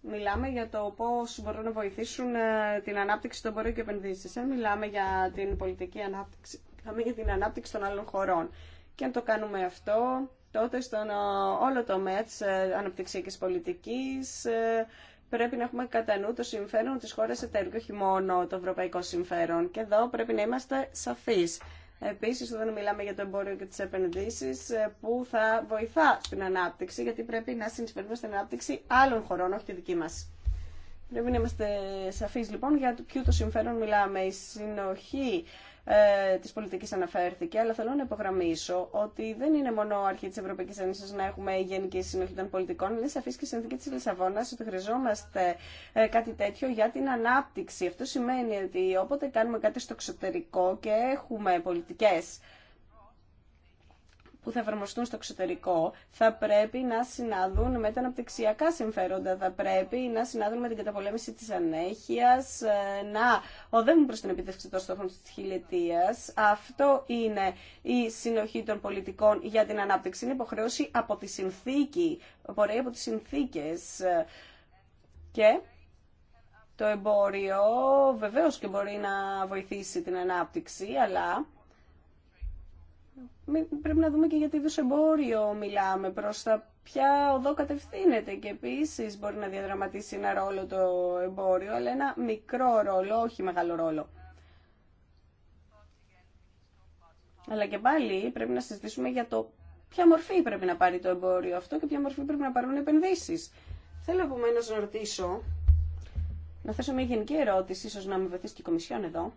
μιλάμε για το πώς μπορούν να βοηθήσουν ε, την ανάπτυξη των πορείων και επενδύσεις. Ε, μιλάμε για την πολιτική ανάπτυξη, μιλάμε για την ανάπτυξη των άλλων χωρών. Και αν το κάνουμε αυτό, τότε στον όλο το της αναπτυξιακής πολιτικής πρέπει να έχουμε κατά νου το συμφέρον της χώρας εταίρου και όχι μόνο το ευρωπαϊκό συμφέρον. Και εδώ πρέπει να είμαστε σαφείς. Επίσης, όταν μιλάμε για το εμπόριο και τις επενδύσεις, ε, που θα βοηθά στην ανάπτυξη, γιατί πρέπει να συνεισφέρουμε στην ανάπτυξη άλλων χωρών, όχι τη δική μας. Πρέπει να είμαστε σαφείς λοιπόν για το ποιο το συμφέρον μιλάμε. Η συνοχή ε, τη πολιτική αναφέρθηκε, αλλά θέλω να υπογραμμίσω ότι δεν είναι μόνο αρχή τη Ευρωπαϊκή Ένωση να έχουμε γενική συνοχή των πολιτικών. Είναι σαφή και η συνθήκη τη Λισαβόνα ότι χρειαζόμαστε ε, κάτι τέτοιο για την ανάπτυξη. Αυτό σημαίνει ότι όποτε κάνουμε κάτι στο εξωτερικό και έχουμε πολιτικέ που θα εφαρμοστούν στο εξωτερικό θα πρέπει να συνάδουν με τα αναπτυξιακά συμφέροντα, θα πρέπει να συνάδουν με την καταπολέμηση της ανέχειας, ε, να οδεύουν προς την επίτευξη των στόχων της χιλιετίας. Αυτό είναι η συνοχή των πολιτικών για την ανάπτυξη. Είναι υποχρέωση από τη συνθήκη, από τις συνθήκες. Και το εμπόριο βεβαίως και μπορεί να βοηθήσει την ανάπτυξη, αλλά πρέπει να δούμε και για τι είδους εμπόριο μιλάμε, προς τα ποια οδό κατευθύνεται και επίσης μπορεί να διαδραματίσει ένα ρόλο το εμπόριο, αλλά ένα μικρό ρόλο, όχι μεγάλο ρόλο. Αλλά και πάλι πρέπει να συζητήσουμε για το ποια μορφή πρέπει να πάρει το εμπόριο αυτό και ποια μορφή πρέπει να πάρουν επενδύσει. Θέλω επομένω να ρωτήσω, να θέσω μια γενική ερώτηση, ίσως να με βοηθήσει και η Κομισιόν εδώ.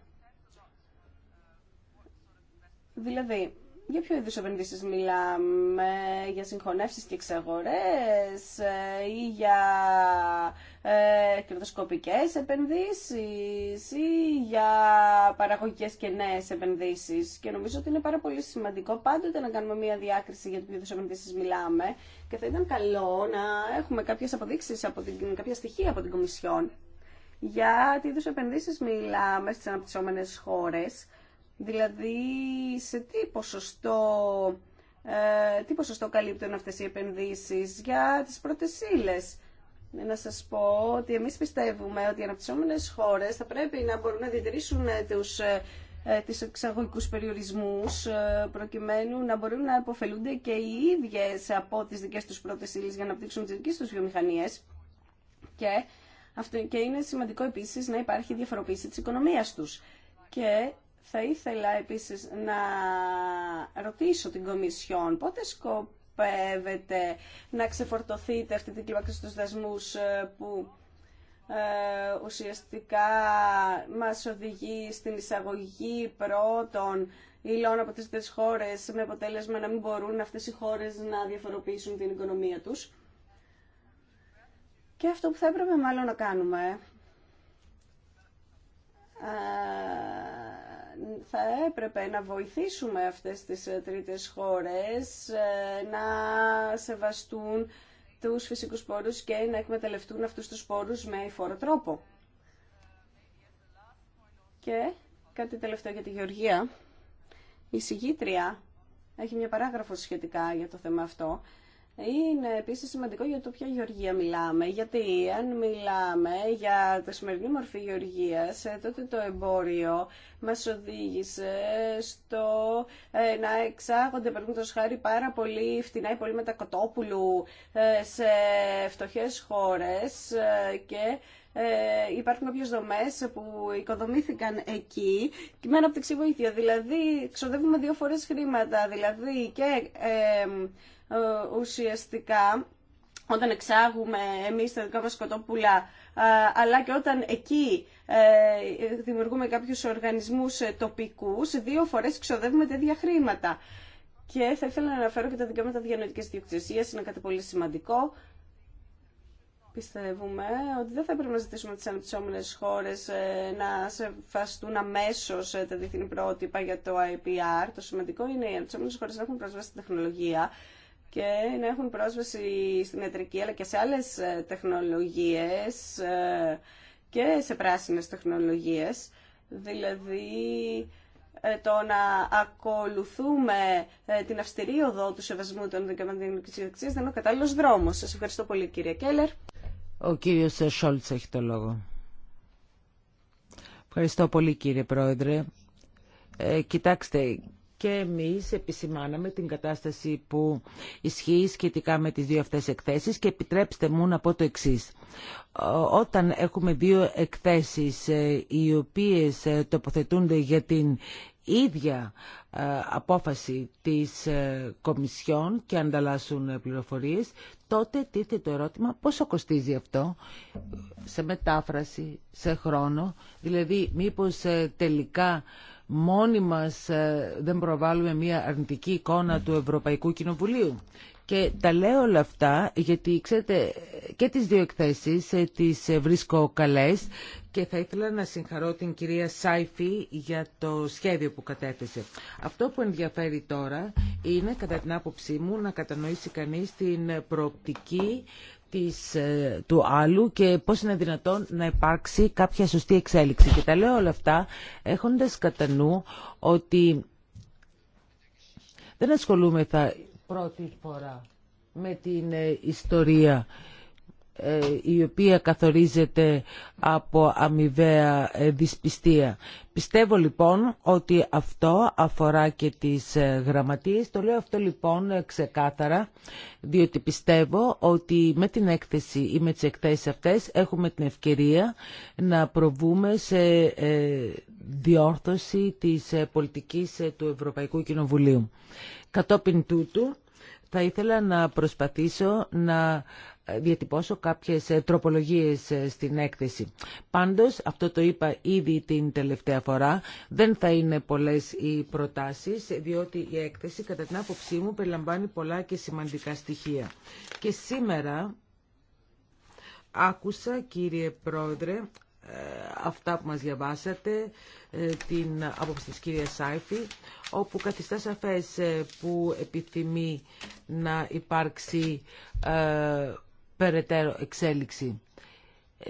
Δηλαδή, για ποιο είδου επενδύσει μιλάμε, για συγχωνεύσει και εξαγορέ ε, ή για ε, κερδοσκοπικές επενδύσεις ή για παραγωγικέ και νέε επενδύσεις. Και νομίζω ότι είναι πάρα πολύ σημαντικό πάντοτε να κάνουμε μια διάκριση για το ποιο είδους μιλάμε και θα ήταν καλό να έχουμε κάποιε αποδείξει από την, κάποια στοιχεία από την Κομισιόν για τι είδου επενδύσει μιλάμε στι αναπτυσσόμενε χώρε. Δηλαδή, σε τι ποσοστό, ε, τι καλύπτουν αυτές οι επενδύσεις για τις πρώτες ύλες. Να σας πω ότι εμείς πιστεύουμε ότι οι αναπτυσσόμενες χώρες θα πρέπει να μπορούν να διατηρήσουν ε, τους ε, ε, τις εξαγωγικούς περιορισμούς προκειμένου να μπορούν να υποφελούνται και οι ίδιες από τις δικές τους πρώτες ύλες για να αναπτύξουν τις δικές τους βιομηχανίες και, αυτό, και είναι σημαντικό επίσης να υπάρχει διαφοροποίηση της οικονομίας τους. Και θα ήθελα επίσης να ρωτήσω την Κομισιόν πότε σκοπεύετε να ξεφορτωθείτε αυτή την κλίμακα στους δασμούς ε, που ε, ουσιαστικά μας οδηγεί στην εισαγωγή πρώτων υλών από τις τρεις χώρες με αποτέλεσμα να μην μπορούν αυτές οι χώρες να διαφοροποιήσουν την οικονομία τους. Και αυτό που θα έπρεπε μάλλον να κάνουμε ε, θα έπρεπε να βοηθήσουμε αυτές τις ε, τρίτες χώρες ε, να σεβαστούν τους φυσικούς πόρους και να εκμεταλλευτούν αυτούς τους πόρους με υφόρο τρόπο. Και κάτι τελευταίο για τη Γεωργία. Η συγγήτρια έχει μια παράγραφο σχετικά για το θέμα αυτό είναι επίσης σημαντικό για το ποια γεωργία μιλάμε. Γιατί αν μιλάμε για τη σημερινή μορφή γεωργίας, ε, τότε το εμπόριο μας οδήγησε στο ε, να εξάγονται, παραδείγματο χάρη, πάρα πολύ φτηνά ή πολύ μετακοτόπουλου ε, σε φτωχές χώρες και υπάρχουν κάποιε δομέ που οικοδομήθηκαν εκεί και με αναπτυξή βοήθεια. Δηλαδή, ξοδεύουμε δύο φορές χρήματα. Δηλαδή, και ε, ουσιαστικά όταν εξάγουμε εμείς τα δικά μας κοτόπουλα, ε, αλλά και όταν εκεί ε, δημιουργούμε κάποιους οργανισμούς τοπικούς, δύο φορές ξοδεύουμε τέτοια χρήματα. Και θα ήθελα να αναφέρω και τα δικαιώματα διανοητικής διοκτησίας, είναι κάτι πολύ σημαντικό. Πιστεύουμε ότι δεν θα έπρεπε να ζητήσουμε τις αναπτυσσόμενες χώρες να σεβαστούν αμέσω τα διεθνή πρότυπα για το IPR. Το σημαντικό είναι οι αναπτυσσόμενες χώρες να έχουν προσβάσει τη τεχνολογία και να έχουν πρόσβαση στην ιατρική αλλά και σε άλλες ε, τεχνολογίες ε, και σε πράσινες τεχνολογίες. Δηλαδή ε, το να ακολουθούμε την αυστηρή οδό του σεβασμού των δικαιωμάτων της δεν είναι ο κατάλληλος δρόμος. Σας ευχαριστώ πολύ κύριε Κέλλερ. Ο κύριος Σόλτς έχει το λόγο. Ευχαριστώ πολύ κύριε Πρόεδρε. κοιτάξτε και εμείς επισημάναμε την κατάσταση που ισχύει σχετικά με τις δύο αυτές εκθέσεις και επιτρέψτε μου να πω το εξής. Όταν έχουμε δύο εκθέσεις ε, οι οποίες ε, τοποθετούνται για την ίδια ε, απόφαση της Κομισιόν και ανταλλάσσουν πληροφορίες, τότε τίθεται το ερώτημα πόσο κοστίζει αυτό σε μετάφραση, σε χρόνο, δηλαδή μήπως τελικά μόνοι μας ε, δεν προβάλλουμε μια αρνητική εικόνα του Ευρωπαϊκού Κοινοβουλίου. Και τα λέω όλα αυτά γιατί ξέρετε και τις δύο εκθέσεις ε, τις ε, βρίσκω καλές και θα ήθελα να συγχαρώ την κυρία Σάιφη για το σχέδιο που κατέθεσε. Αυτό που ενδιαφέρει τώρα είναι κατά την άποψή μου να κατανοήσει κανείς την προοπτική της, ε, του άλλου και πώς είναι δυνατόν να υπάρξει κάποια σωστή εξέλιξη. Και τα λέω όλα αυτά έχοντας κατά νου ότι δεν ασχολούμεθα πρώτη φορά με την ε, ιστορία ε, η οποία καθορίζεται από αμοιβαία ε, δυσπιστία. Πιστεύω λοιπόν ότι αυτό αφορά και τις ε, γραμματείες. Το λέω αυτό λοιπόν ξεκάθαρα, διότι πιστεύω ότι με την έκθεση ή με τις εκθέσεις αυτές έχουμε την ευκαιρία να προβούμε σε διόρθωση της πολιτικής του Ευρωπαϊκού Κοινοβουλίου. Κατόπιν τούτου, θα ήθελα να προσπαθήσω να διατυπώσω κάποιες ε, τροπολογίες ε, στην έκθεση. Πάντως, αυτό το είπα ήδη την τελευταία φορά, δεν θα είναι πολλές οι προτάσεις, διότι η έκθεση, κατά την άποψή μου, περιλαμβάνει πολλά και σημαντικά στοιχεία. Και σήμερα άκουσα, κύριε Πρόεδρε, ε, αυτά που μας διαβάσατε, την άποψη της κυρίας Σάιφη, όπου καθιστά σαφές που επιθυμεί να υπάρξει περαιτέρω εξέλιξη.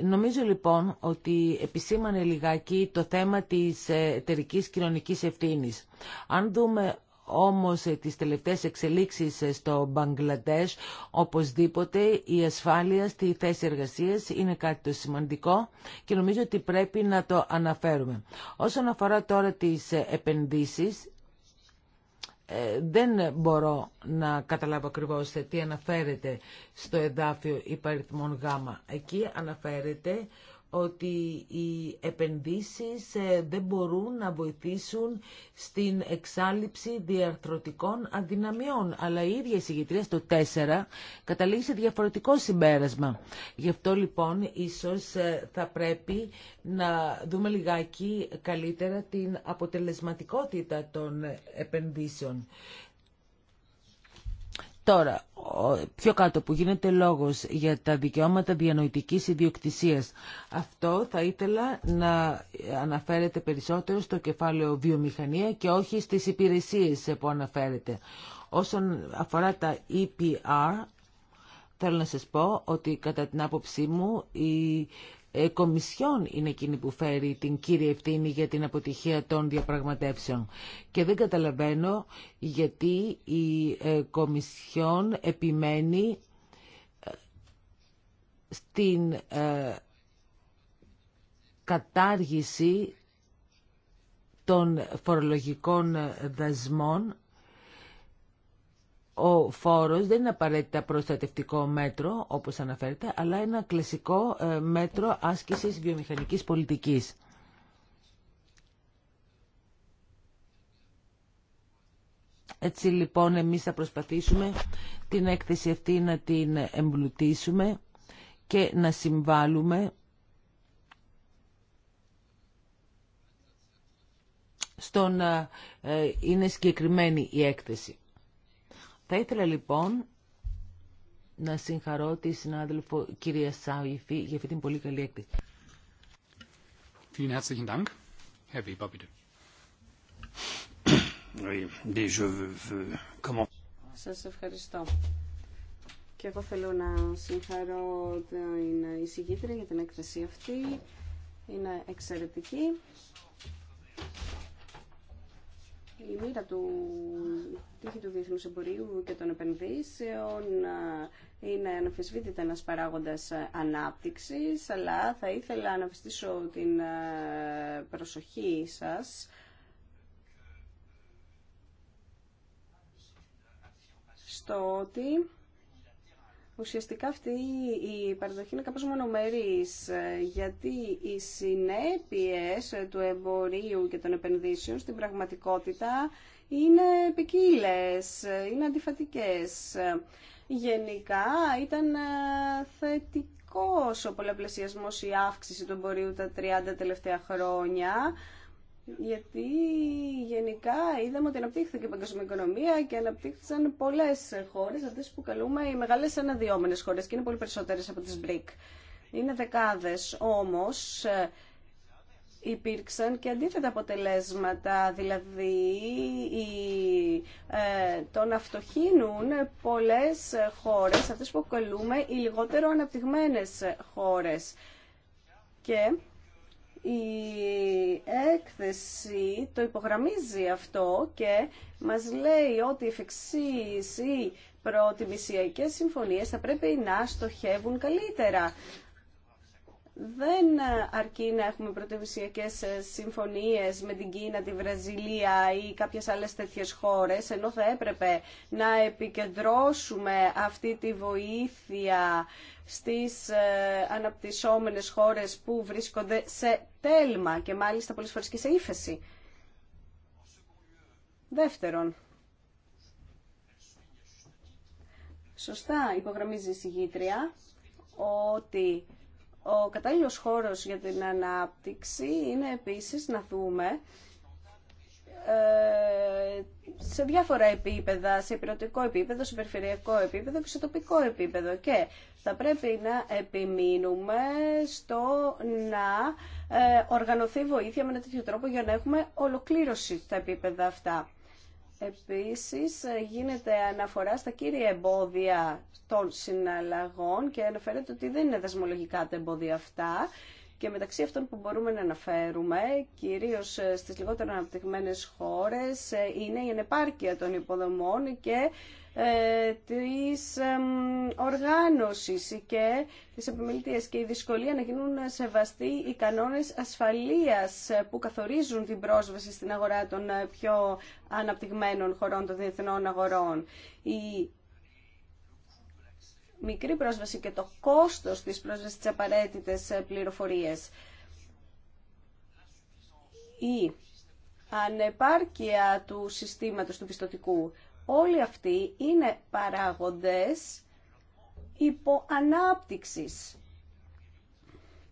Νομίζω λοιπόν ότι επισήμανε λιγάκι το θέμα της εταιρική κοινωνικής ευθύνης. Αν δούμε όμως τις τελευταίες εξελίξεις στο Μπαγκλαντές, οπωσδήποτε η ασφάλεια στη θέση εργασίας είναι κάτι το σημαντικό και νομίζω ότι πρέπει να το αναφέρουμε. Όσον αφορά τώρα τις επενδύσεις, ε, δεν μπορώ να καταλάβω ακριβώς τι αναφέρεται στο εδάφιο υπαριθμών Γ. Εκεί αναφέρεται ότι οι επενδύσεις ε, δεν μπορούν να βοηθήσουν στην εξάλληψη διαρθρωτικών αδυναμιών. Αλλά η ίδια η στο 4 καταλήγει σε διαφορετικό συμπέρασμα. Γι' αυτό λοιπόν ίσως ε, θα πρέπει να δούμε λιγάκι καλύτερα την αποτελεσματικότητα των επενδύσεων. Τώρα, πιο κάτω που γίνεται λόγος για τα δικαιώματα διανοητικής ιδιοκτησίας. Αυτό θα ήθελα να αναφέρεται περισσότερο στο κεφάλαιο βιομηχανία και όχι στις υπηρεσίες που αναφέρεται. Όσον αφορά τα EPR, θέλω να σας πω ότι κατά την άποψή μου ε, κομισιόν είναι εκείνη που φέρει την κύρια ευθύνη για την αποτυχία των διαπραγματεύσεων. Και δεν καταλαβαίνω γιατί η ε, Κομισιόν επιμένει ε, στην κατάργηση των φορολογικών δασμών ο φόρος δεν είναι απαραίτητα προστατευτικό μέτρο, όπως αναφέρεται, αλλά ένα κλασικό ε, μέτρο άσκησης βιομηχανικής πολιτικής. Έτσι λοιπόν εμείς θα προσπαθήσουμε την έκθεση αυτή να την εμπλουτίσουμε και να συμβάλλουμε στο να ε, είναι συγκεκριμένη η έκθεση. Θα ήθελα λοιπόν να συγχαρώ τη συνάδελφο κυρία Σάουιφη για αυτή την πολύ καλή έκθεση. Vielen herzlichen Dank. Herr bitte. Σας ευχαριστώ. Και εγώ θέλω να συγχαρώ την εισηγήτρια για την έκθεση αυτή. Είναι εξαιρετική η μοίρα του τύχη του Διεθνού εμπορίου και των επενδύσεων ε, είναι αναφεσβήτητα ένας παράγοντας ε, ανάπτυξη, αλλά θα ήθελα να αφιστήσω την ε, προσοχή σας στο ότι Ουσιαστικά αυτή η παραδοχή είναι κάπως μονομερής, ε, γιατί οι συνέπειες ε, του εμπορίου και των επενδύσεων στην πραγματικότητα είναι ποικίλε, ε, είναι αντιφατικές. Γενικά ήταν θετικός ο πολλαπλασιασμός, η αύξηση του εμπορίου τα 30 τελευταία χρόνια, γιατί γενικά είδαμε ότι αναπτύχθηκε η παγκόσμια οικονομία και αναπτύχθησαν πολλέ χώρε, αυτέ που καλούμε οι μεγάλε αναδυόμενε χώρε και είναι πολύ περισσότερε από τι BRIC. Είναι δεκάδε. Όμω ε, υπήρξαν και αντίθετα αποτελέσματα, δηλαδή ε, το να πολλές χώρες, αυτές που καλούμε οι λιγότερο αναπτυγμένες χώρες. Και η έκθεση το υπογραμμίζει αυτό και μας λέει ότι εφ' εξής οι προτιμησιακές συμφωνίες θα πρέπει να στοχεύουν καλύτερα δεν αρκεί να έχουμε πρωτευουσιακέ ε, συμφωνίε με την Κίνα, τη Βραζιλία ή κάποιε άλλε τέτοιε χώρε, ενώ θα έπρεπε να επικεντρώσουμε αυτή τη βοήθεια στις ε, αναπτυσσόμενες χώρες που βρίσκονται σε τέλμα και μάλιστα πολλές φορές και σε ύφεση. Δεύτερον, σωστά υπογραμμίζει η συγγήτρια ότι ο κατάλληλος χώρος για την ανάπτυξη είναι επίσης να δούμε ε, σε διάφορα επίπεδα, σε υπηρετικό επίπεδο, σε περιφερειακό επίπεδο και σε τοπικό επίπεδο. Και θα πρέπει να επιμείνουμε στο να ε, οργανωθεί βοήθεια με ένα τέτοιο τρόπο για να έχουμε ολοκλήρωση στα επίπεδα αυτά. Επίσης γίνεται αναφορά στα κύρια εμπόδια των συναλλαγών και αναφέρεται ότι δεν είναι δεσμολογικά τα εμπόδια αυτά και μεταξύ αυτών που μπορούμε να αναφέρουμε, κυρίως στις λιγότερο αναπτυγμένες χώρες, είναι η ανεπάρκεια των υποδομών και ε, της οργάνωσης και της επιμελητίας και η δυσκολία να γίνουν σεβαστοί οι κανόνες ασφαλείας που καθορίζουν την πρόσβαση στην αγορά των ε, πιο αναπτυγμένων χωρών των διεθνών αγορών. Η μικρή πρόσβαση και το κόστος της πρόσβασης της απαραίτητες ε, πληροφορίες. Η ανεπάρκεια του συστήματος του πιστοτικού Όλοι αυτοί είναι παράγοντες υποανάπτυξης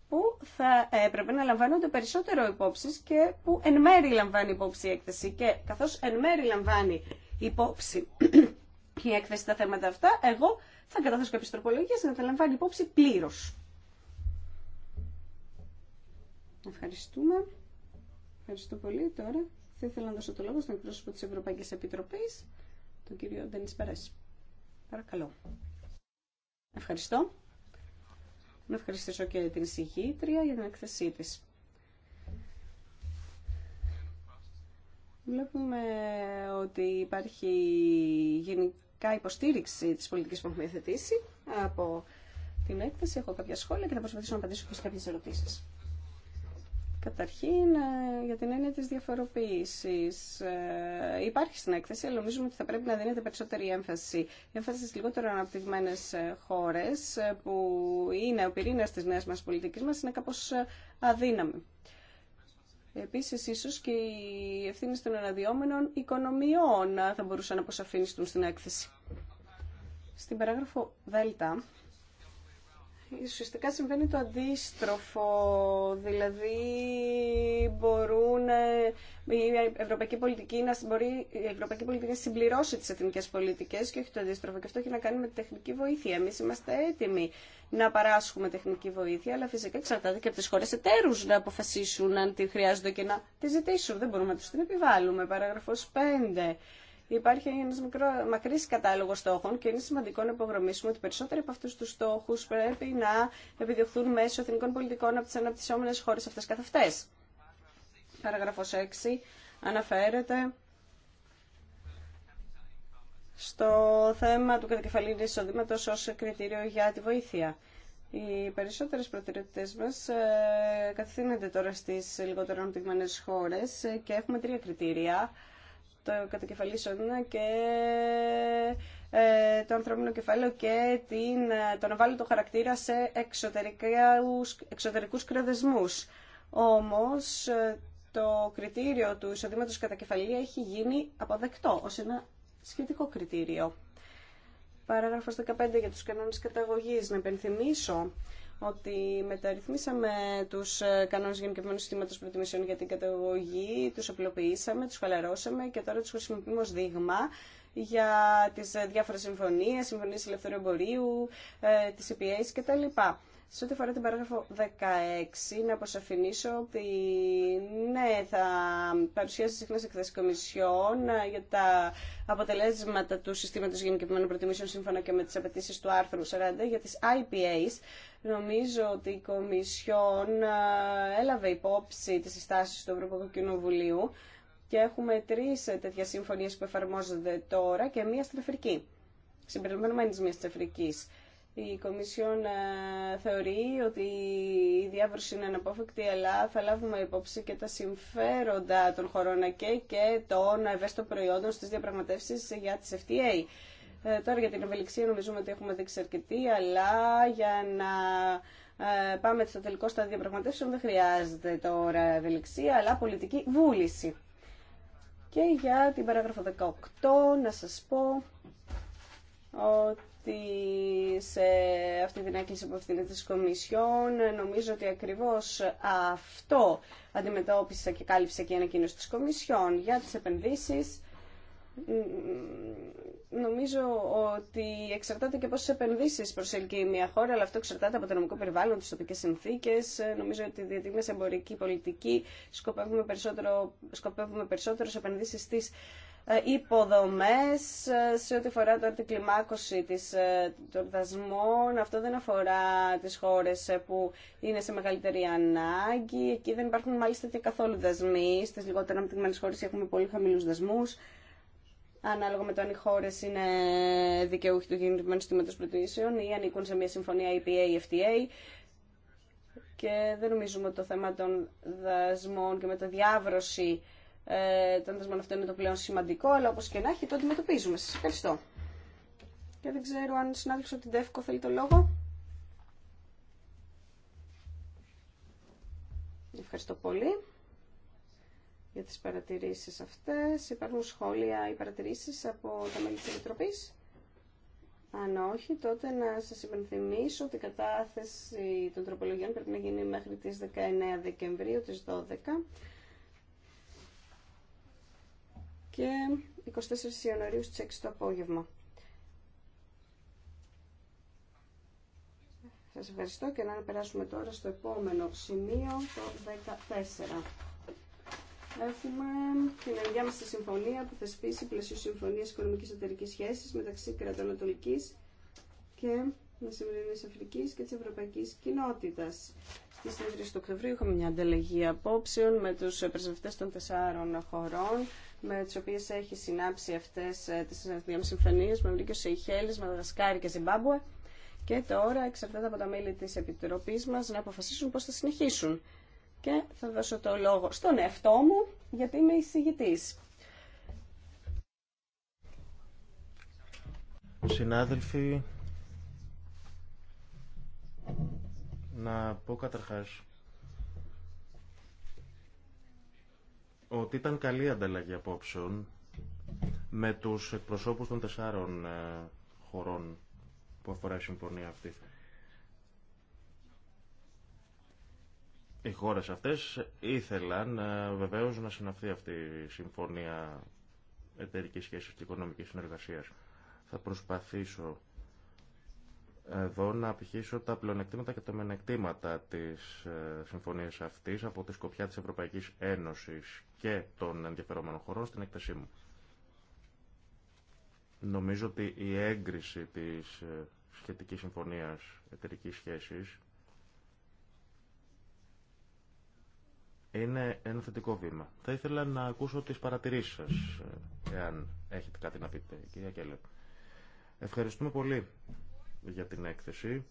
που θα ε, έπρεπε να λαμβάνονται περισσότερο υπόψη και που εν μέρη λαμβάνει υπόψη η έκθεση. Και καθώς εν μέρη λαμβάνει υπόψη η έκθεση τα θέματα αυτά, εγώ θα καταθέσω κάποιες τροπολογίες να τα λαμβάνει υπόψη πλήρως. Ευχαριστούμε. Ευχαριστώ πολύ. Τώρα θα ήθελα να δώσω το λόγο στον εκπρόσωπο της Ευρωπαϊκής Επιτροπής τον κύριο Ντένις Μπερέ. Παρακαλώ. Ευχαριστώ. Να ευχαριστήσω και την συγχύτρια για την εκθεσή της. Βλέπουμε ότι υπάρχει γενικά υποστήριξη της πολιτικής που έχουμε θετήσει από την έκθεση. Έχω κάποια σχόλια και θα προσπαθήσω να απαντήσω και σε κάποιες ερωτήσεις. Καταρχήν, ε, για την έννοια της διαφοροποίησης. Ε, υπάρχει στην έκθεση, αλλά νομίζουμε ότι θα πρέπει να δίνεται περισσότερη έμφαση. Η έμφαση στις λιγότερο αναπτυγμένες ε, χώρες, που είναι ο πυρήνας της νέας μας πολιτικής μας, είναι κάπως αδύναμη. Επίσης, ίσως και οι ευθύνε των αναδυόμενων οικονομιών θα μπορούσαν να αποσαφήνιστούν στην έκθεση. Στην παράγραφο Δέλτα, ουσιαστικά συμβαίνει το αντίστροφο, δηλαδή μπορούν ε, η ευρωπαϊκή πολιτική να, μπορεί, η ευρωπαϊκή πολιτική να συμπληρώσει τι εθνικέ πολιτικέ και όχι το αντίστροφο. Και αυτό έχει να κάνει με τη τεχνική βοήθεια. Εμεί είμαστε έτοιμοι να παράσχουμε τεχνική βοήθεια, αλλά φυσικά εξαρτάται και από τι χώρε εταίρους να αποφασίσουν αν τη χρειάζονται και να τη ζητήσουν. Δεν μπορούμε να του την επιβάλλουμε. Παράγραφος 5 Υπάρχει ένα μικρό, μακρύς κατάλογος στόχων και είναι σημαντικό να υπογραμμίσουμε ότι περισσότεροι από αυτού του στόχου πρέπει να επιδιωχθούν μέσω εθνικών πολιτικών από τι αναπτυσσόμενες χώρε αυτέ καθ' αυτέ. Παραγραφός 6 αναφέρεται στο θέμα του κατακεφαλήν εισοδήματο ω κριτήριο για τη βοήθεια. Οι περισσότερες προτεραιότητες μας ε, κατευθύνονται τώρα στις λιγότερο αναπτυγμένες χώρες και έχουμε τρία κριτήρια το κατακεφαλή και ε, το ανθρώπινο κεφάλαιο και την, το να βάλει το χαρακτήρα σε εξωτερικούς, εξωτερικούς κραδεσμούς. Όμως ε, το κριτήριο του εισοδήματος κατά έχει γίνει αποδεκτό ως ένα σχετικό κριτήριο. Παράγραφος 15 για τους κανόνες καταγωγής. Να υπενθυμίσω ότι μεταρρυθμίσαμε τους ε, κανόνες γενικευμένου συστήματος προτιμήσεων για την καταγωγή, τους απλοποιήσαμε, τους χαλαρώσαμε και τώρα του χρησιμοποιούμε ως δείγμα για τις ε, διάφορες συμφωνίες, συμφωνίες ελευθερίου εμπορίου, ε, τις EPAs κτλ. Σε ό,τι αφορά την παράγραφο 16, να αποσαφηνίσω ότι ναι, θα παρουσιάσει συχνά σε εκθέσει κομισιών ε, για τα αποτελέσματα του συστήματος γενικευμένων προτιμήσεων σύμφωνα και με τις απαιτήσει του άρθρου 40 για τις IPAs. Νομίζω ότι η Κομισιόν ε, έλαβε υπόψη τις συστάσεις του Ευρωπαϊκού Κοινοβουλίου και έχουμε τρεις τέτοιες συμφωνίες που εφαρμόζονται τώρα και μία στην Αφρική, συμπεριλαμβανομένης μίας της Αφρικής. Η Κομισιόν ε, θεωρεί ότι η διάβρωση είναι αναπόφευκτη, αλλά θα λάβουμε υπόψη και τα συμφέροντα των χωρών και, και των ευαίσθητων προϊόντων στις διαπραγματεύσεις για τις FTA. Ε, τώρα για την ευελιξία νομίζουμε ότι έχουμε δείξει αρκετή, αλλά για να ε, πάμε στο τελικό στα διαπραγματεύσεων δεν χρειάζεται τώρα ευελιξία, αλλά πολιτική βούληση. Και για την παράγραφο 18 να σας πω ότι σε αυτή την έκκληση που ευθύνεται της Κομισιόν. Νομίζω ότι ακριβώς αυτό αντιμετώπισε και κάλυψε και η ανακοίνωση της Κομισιόν για τις επενδύσεις. Νομίζω ότι εξαρτάται και πόσε επενδύσει προσελκύει μια χώρα, αλλά αυτό εξαρτάται από το νομικό περιβάλλον, τι τοπικέ συνθήκε. Νομίζω ότι διότι εμπορική πολιτική, σκοπεύουμε περισσότερο, σκοπεύουμε περισσότερο σε επενδύσει στι ε, υποδομές ε, σε ό,τι αφορά τώρα την κλιμάκωση της, ε, των δασμών. Αυτό δεν αφορά τις χώρες που είναι σε μεγαλύτερη ανάγκη. Εκεί δεν υπάρχουν μάλιστα και καθόλου δασμοί. Στις λιγότερα αναπτυγμένες χώρες έχουμε πολύ χαμηλούς δασμούς. Ανάλογα με το αν οι χώρε είναι δικαιούχοι του γενικού συστήματο προτιμήσεων ή ανήκουν σε μια συμφωνία EPA FTA. Και δεν νομίζουμε ότι το θέμα των δασμών και με το διάβρωση ε, το ένδεσμο αυτό είναι το πλέον σημαντικό, αλλά όπω και να έχει το αντιμετωπίζουμε. Σα ευχαριστώ. Και δεν ξέρω αν συνάδελφο από την θέλει το λόγο. Ευχαριστώ πολύ για τις παρατηρήσεις αυτές. Υπάρχουν σχόλια ή παρατηρήσεις από τα μέλη της Επιτροπής. Αν όχι, τότε να σας υπενθυμίσω ότι η κατάθεση των τροπολογιών πρέπει να γίνει μέχρι τις 19 Δεκεμβρίου, τις 12 και 24 Ιανουαρίου στις 6 το απόγευμα. Σας ευχαριστώ και να περάσουμε τώρα στο επόμενο σημείο, το 14. Έχουμε την ενδιάμεση συμφωνία που θεσπίσει πλαισίου συμφωνίας οικονομικής εταιρικής σχέσης μεταξύ κρατανατολικής και Μεσημερινής Αφρική και της Ευρωπαϊκής Κοινότητας. Στις 3 του Οκτωβρίου είχαμε μια ανταλλαγή απόψεων με τους πρεσβευτές των τεσσάρων χωρών με τις οποίες έχει συνάψει αυτές ε, τις συμφωνίες με ο Σεϊχέλης, Μαδαγασκάρη και Ζιμπάμπουε και τώρα εξαρτάται από τα μέλη της Επιτροπής μας να αποφασίσουν πώς θα συνεχίσουν. Και θα δώσω το λόγο στον εαυτό μου γιατί είμαι εισηγητής. Συνάδελφοι, να πω καταρχάς ότι ήταν καλή ανταλλαγή απόψεων με τους εκπροσώπους των τεσσάρων ε, χωρών που αφορά η συμφωνία αυτή. Οι χώρες αυτές ήθελαν ε, βεβαίως να συναυθεί αυτή η συμφωνία εταιρικής σχέσης και οικονομικής συνεργασίας. Θα προσπαθήσω εδώ να απηχήσω τα πλεονεκτήματα και τα μενεκτήματα της ε, συμφωνίας αυτής από τη σκοπιά της Ευρωπαϊκής Ένωσης και των ενδιαφερόμενων χωρών στην έκθεσή μου. Νομίζω ότι η έγκριση της ε, σχετικής συμφωνίας εταιρική σχέσης είναι ένα θετικό βήμα. Θα ήθελα να ακούσω τις παρατηρήσεις σας, ε, εάν έχετε κάτι να πείτε, κυρία Κέλλερ. Ευχαριστούμε πολύ, για την έκθεση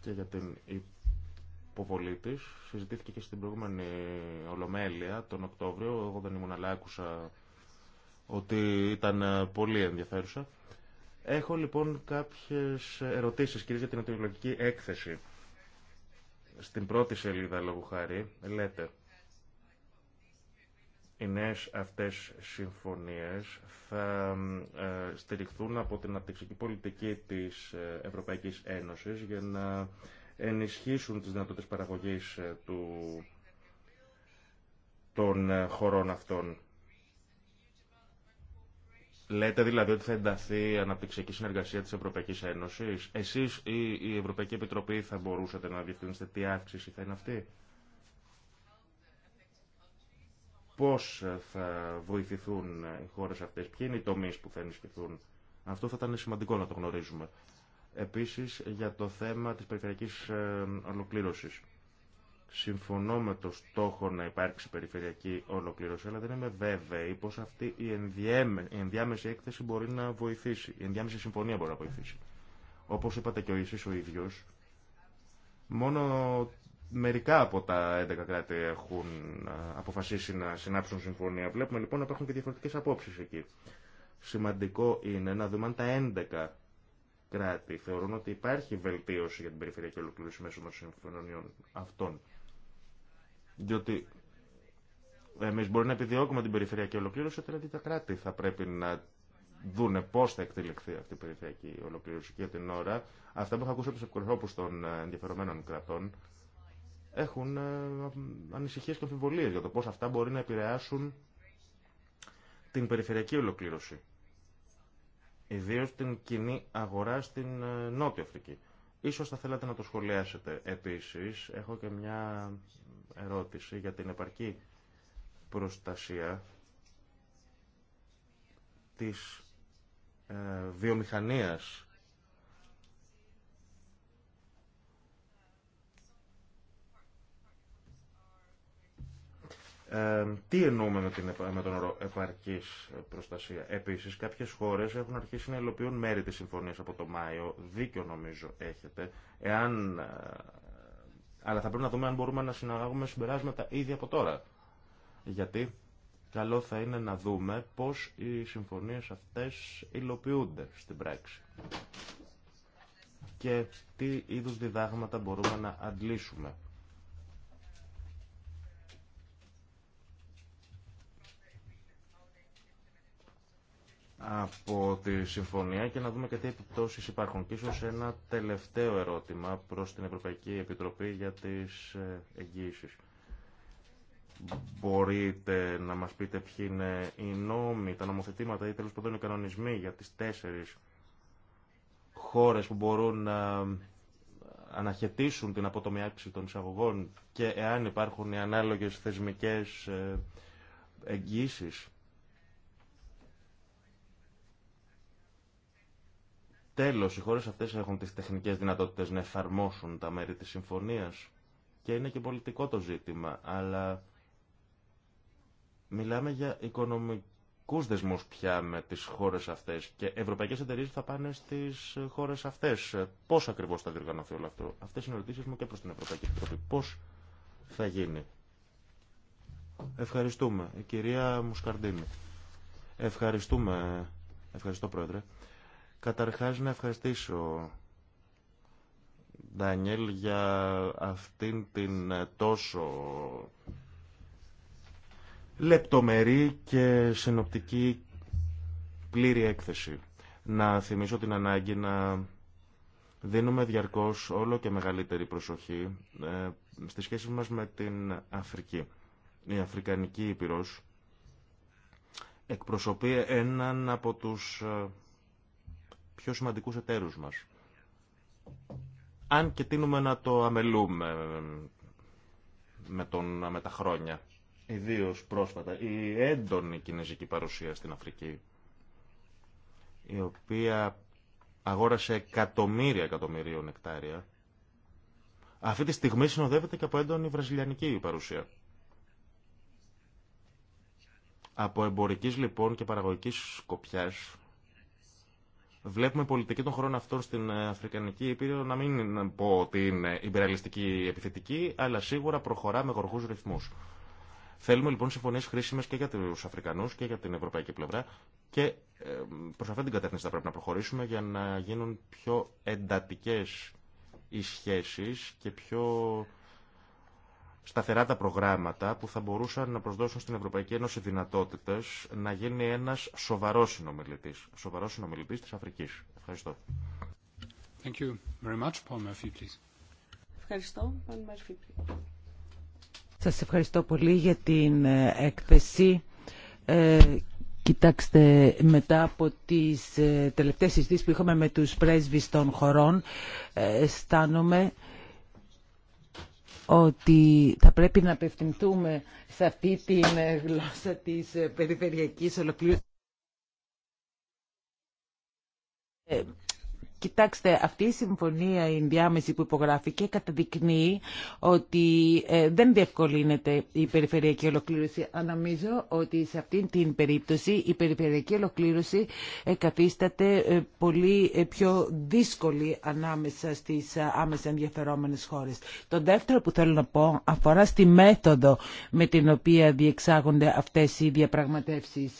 και για την υποβολή τη. Συζητήθηκε και στην προηγούμενη Ολομέλεια τον Οκτώβριο. Εγώ δεν ήμουν, αλλά άκουσα ότι ήταν ε, πολύ ενδιαφέρουσα. Έχω λοιπόν κάποιες ερωτήσεις κυρίες, για την αιτιολογική έκθεση. Στην πρώτη σελίδα λόγου χάρη λέτε οι νέες αυτές συμφωνίες θα ε, στηριχθούν από την αναπτυξική πολιτική της ε, Ευρωπαϊκής Ένωσης για να ενισχύσουν τις δυνατότητες παραγωγής ε, του, των χωρών αυτών. Λέτε δηλαδή ότι θα ενταθεί η αναπτυξιακή συνεργασία της Ευρωπαϊκής Ένωσης. Εσείς ή η Ευρωπαϊκή Επιτροπή θα μπορούσατε να διευθύνσετε τι αύξηση θα είναι αυτή. πώς θα βοηθηθούν οι χώρες αυτές, ποιοι είναι οι τομείς που θα ενισχυθούν. Αυτό θα ήταν σημαντικό να το γνωρίζουμε. Επίσης, για το θέμα της περιφερειακής ε, ολοκλήρωσης. Συμφωνώ με το στόχο να υπάρξει περιφερειακή ολοκλήρωση, αλλά δεν είμαι βέβαιη πως αυτή η, ενδιάμεση έκθεση μπορεί να βοηθήσει, η ενδιάμεση συμφωνία μπορεί να βοηθήσει. Όπως είπατε και ο ο ίδιος, μόνο Μερικά από τα 11 κράτη έχουν ε, αποφασίσει να συνάψουν συμφωνία. Βλέπουμε λοιπόν ότι υπάρχουν και διαφορετικέ απόψει εκεί. Σημαντικό είναι να δούμε αν τα 11 κράτη θεωρούν ότι υπάρχει βελτίωση για την περιφερειακή ολοκλήρωση μέσω των συμφωνιών αυτών. Διότι εμεί μπορεί να επιδιώκουμε την περιφερειακή ολοκλήρωση, αλλά τα κράτη θα πρέπει να δούνε πώ θα εκτελεχθεί αυτή η περιφερειακή ολοκλήρωση. Και για την ώρα, αυτά που έχω ακούσει από του εκπροσώπου των ε, ενδιαφερομένων κρατών έχουν ε, ανησυχίες και αμφιβολίες για το πώς αυτά μπορεί να επηρεάσουν την περιφερειακή ολοκλήρωση. Ιδίω την κοινή αγορά στην ε, Νότια Αφρική. Ίσως θα θέλατε να το σχολιάσετε. Επίσης, έχω και μια ερώτηση για την επαρκή προστασία της ε, βιομηχανίας Ε, τι εννοούμε με, την, με τον όρο επαρκή προστασία. Επίση, κάποιε χώρε έχουν αρχίσει να υλοποιούν μέρη τη συμφωνία από το Μάιο. Δίκιο νομίζω έχετε. Εάν, ε, αλλά θα πρέπει να δούμε αν μπορούμε να συναγάγουμε συμπεράσματα ήδη από τώρα. Γιατί καλό θα είναι να δούμε πώς οι συμφωνίες αυτές υλοποιούνται στην πράξη και τι είδου διδάγματα μπορούμε να αντλήσουμε από τη συμφωνία και να δούμε και τι επιπτώσεις υπάρχουν. Και ίσως ένα τελευταίο ερώτημα προς την Ευρωπαϊκή Επιτροπή για τις ε, εγγύησεις. Μπορείτε να μας πείτε ποιοι είναι οι νόμοι, τα νομοθετήματα ή τέλος πάντων οι κανονισμοί για τις τέσσερις χώρες που μπορούν να αναχαιτήσουν την απότομη των εισαγωγών και εάν υπάρχουν οι ανάλογες θεσμικές ε, εγγύησεις Τέλος, οι χώρες αυτές έχουν τι τεχνικές δυνατότητες να εφαρμόσουν τα μέρη της συμφωνίας και είναι και πολιτικό το ζήτημα, αλλά μιλάμε για οικονομικούς δεσμούς πια με τις χώρες αυτές και ευρωπαϊκές εταιρείε θα πάνε στις χώρες αυτές. Πώ ακριβώς θα διοργανωθεί όλο αυτό. Αυτές είναι ερωτήσει μου και προ την Ευρωπαϊκή Επιτροπή. Πώ θα γίνει. Ευχαριστούμε. Η κυρία Μουσκαρντίνη. Ευχαριστούμε. Ευχαριστώ, Πρόεδρε. Καταρχάς να ευχαριστήσω Ντανιέλ για αυτήν την ε, τόσο λεπτομερή και συνοπτική πλήρη έκθεση. Να θυμίσω την ανάγκη να δίνουμε διαρκώς όλο και μεγαλύτερη προσοχή ε, στη σχέση μας με την Αφρική. Η Αφρικανική Ήπειρος εκπροσωπεί έναν από τους ε, πιο σημαντικούς εταίρους μας. Αν και τίνουμε να το αμελούμε με, τον, με τα χρόνια, ιδίω πρόσφατα, η έντονη κινέζικη παρουσία στην Αφρική, η οποία αγόρασε εκατομμύρια εκατομμυρίων εκτάρια, αυτή τη στιγμή συνοδεύεται και από έντονη βραζιλιανική παρουσία. Από εμπορικής λοιπόν και παραγωγικής σκοπιάς Βλέπουμε πολιτική των χωρών αυτών στην ε, Αφρικανική Ήπειρο να μην πω ότι είναι υπεραλιστική επιθετική, αλλά σίγουρα προχωρά με γοργούς ρυθμούς. Θέλουμε λοιπόν συμφωνίε χρήσιμε και για του Αφρικανού και για την ευρωπαϊκή πλευρά και ε, προ αυτήν την κατεύθυνση θα πρέπει να προχωρήσουμε για να γίνουν πιο εντατικέ οι σχέσει και πιο σταθερά τα προγράμματα που θα μπορούσαν να προσδώσουν στην Ευρωπαϊκή Ένωση δυνατότητες να γίνει ένας σοβαρός συνομιλητή. σοβαρός συνομιλητή της Ευχαριστώ. Thank you very much, Paul Murphy, please. Ευχαριστώ, Σας ευχαριστώ πολύ για την ε, έκθεση. Ε, κοιτάξτε, μετά από τις ε, τελευταίες συζητήσεις που είχαμε με τους πρέσβεις των χωρών, αισθάνομαι ότι θα πρέπει να απευθυνθούμε σε αυτή τη ε, γλώσσα της ε, περιφερειακής ολοκλήρωσης. Ε, Κοιτάξτε, αυτή η συμφωνία, η διάμεση που υπογράφηκε, καταδεικνύει ότι ε, δεν διευκολύνεται η περιφερειακή ολοκλήρωση. Νομίζω ότι σε αυτή την περίπτωση η περιφερειακή ολοκλήρωση ε, καθίσταται ε, πολύ πιο δύσκολη ανάμεσα στις άμεσα ενδιαφερόμενες χώρες. Το δεύτερο που θέλω να πω αφορά στη μέθοδο με την οποία διεξάγονται αυτές οι διαπραγματεύσεις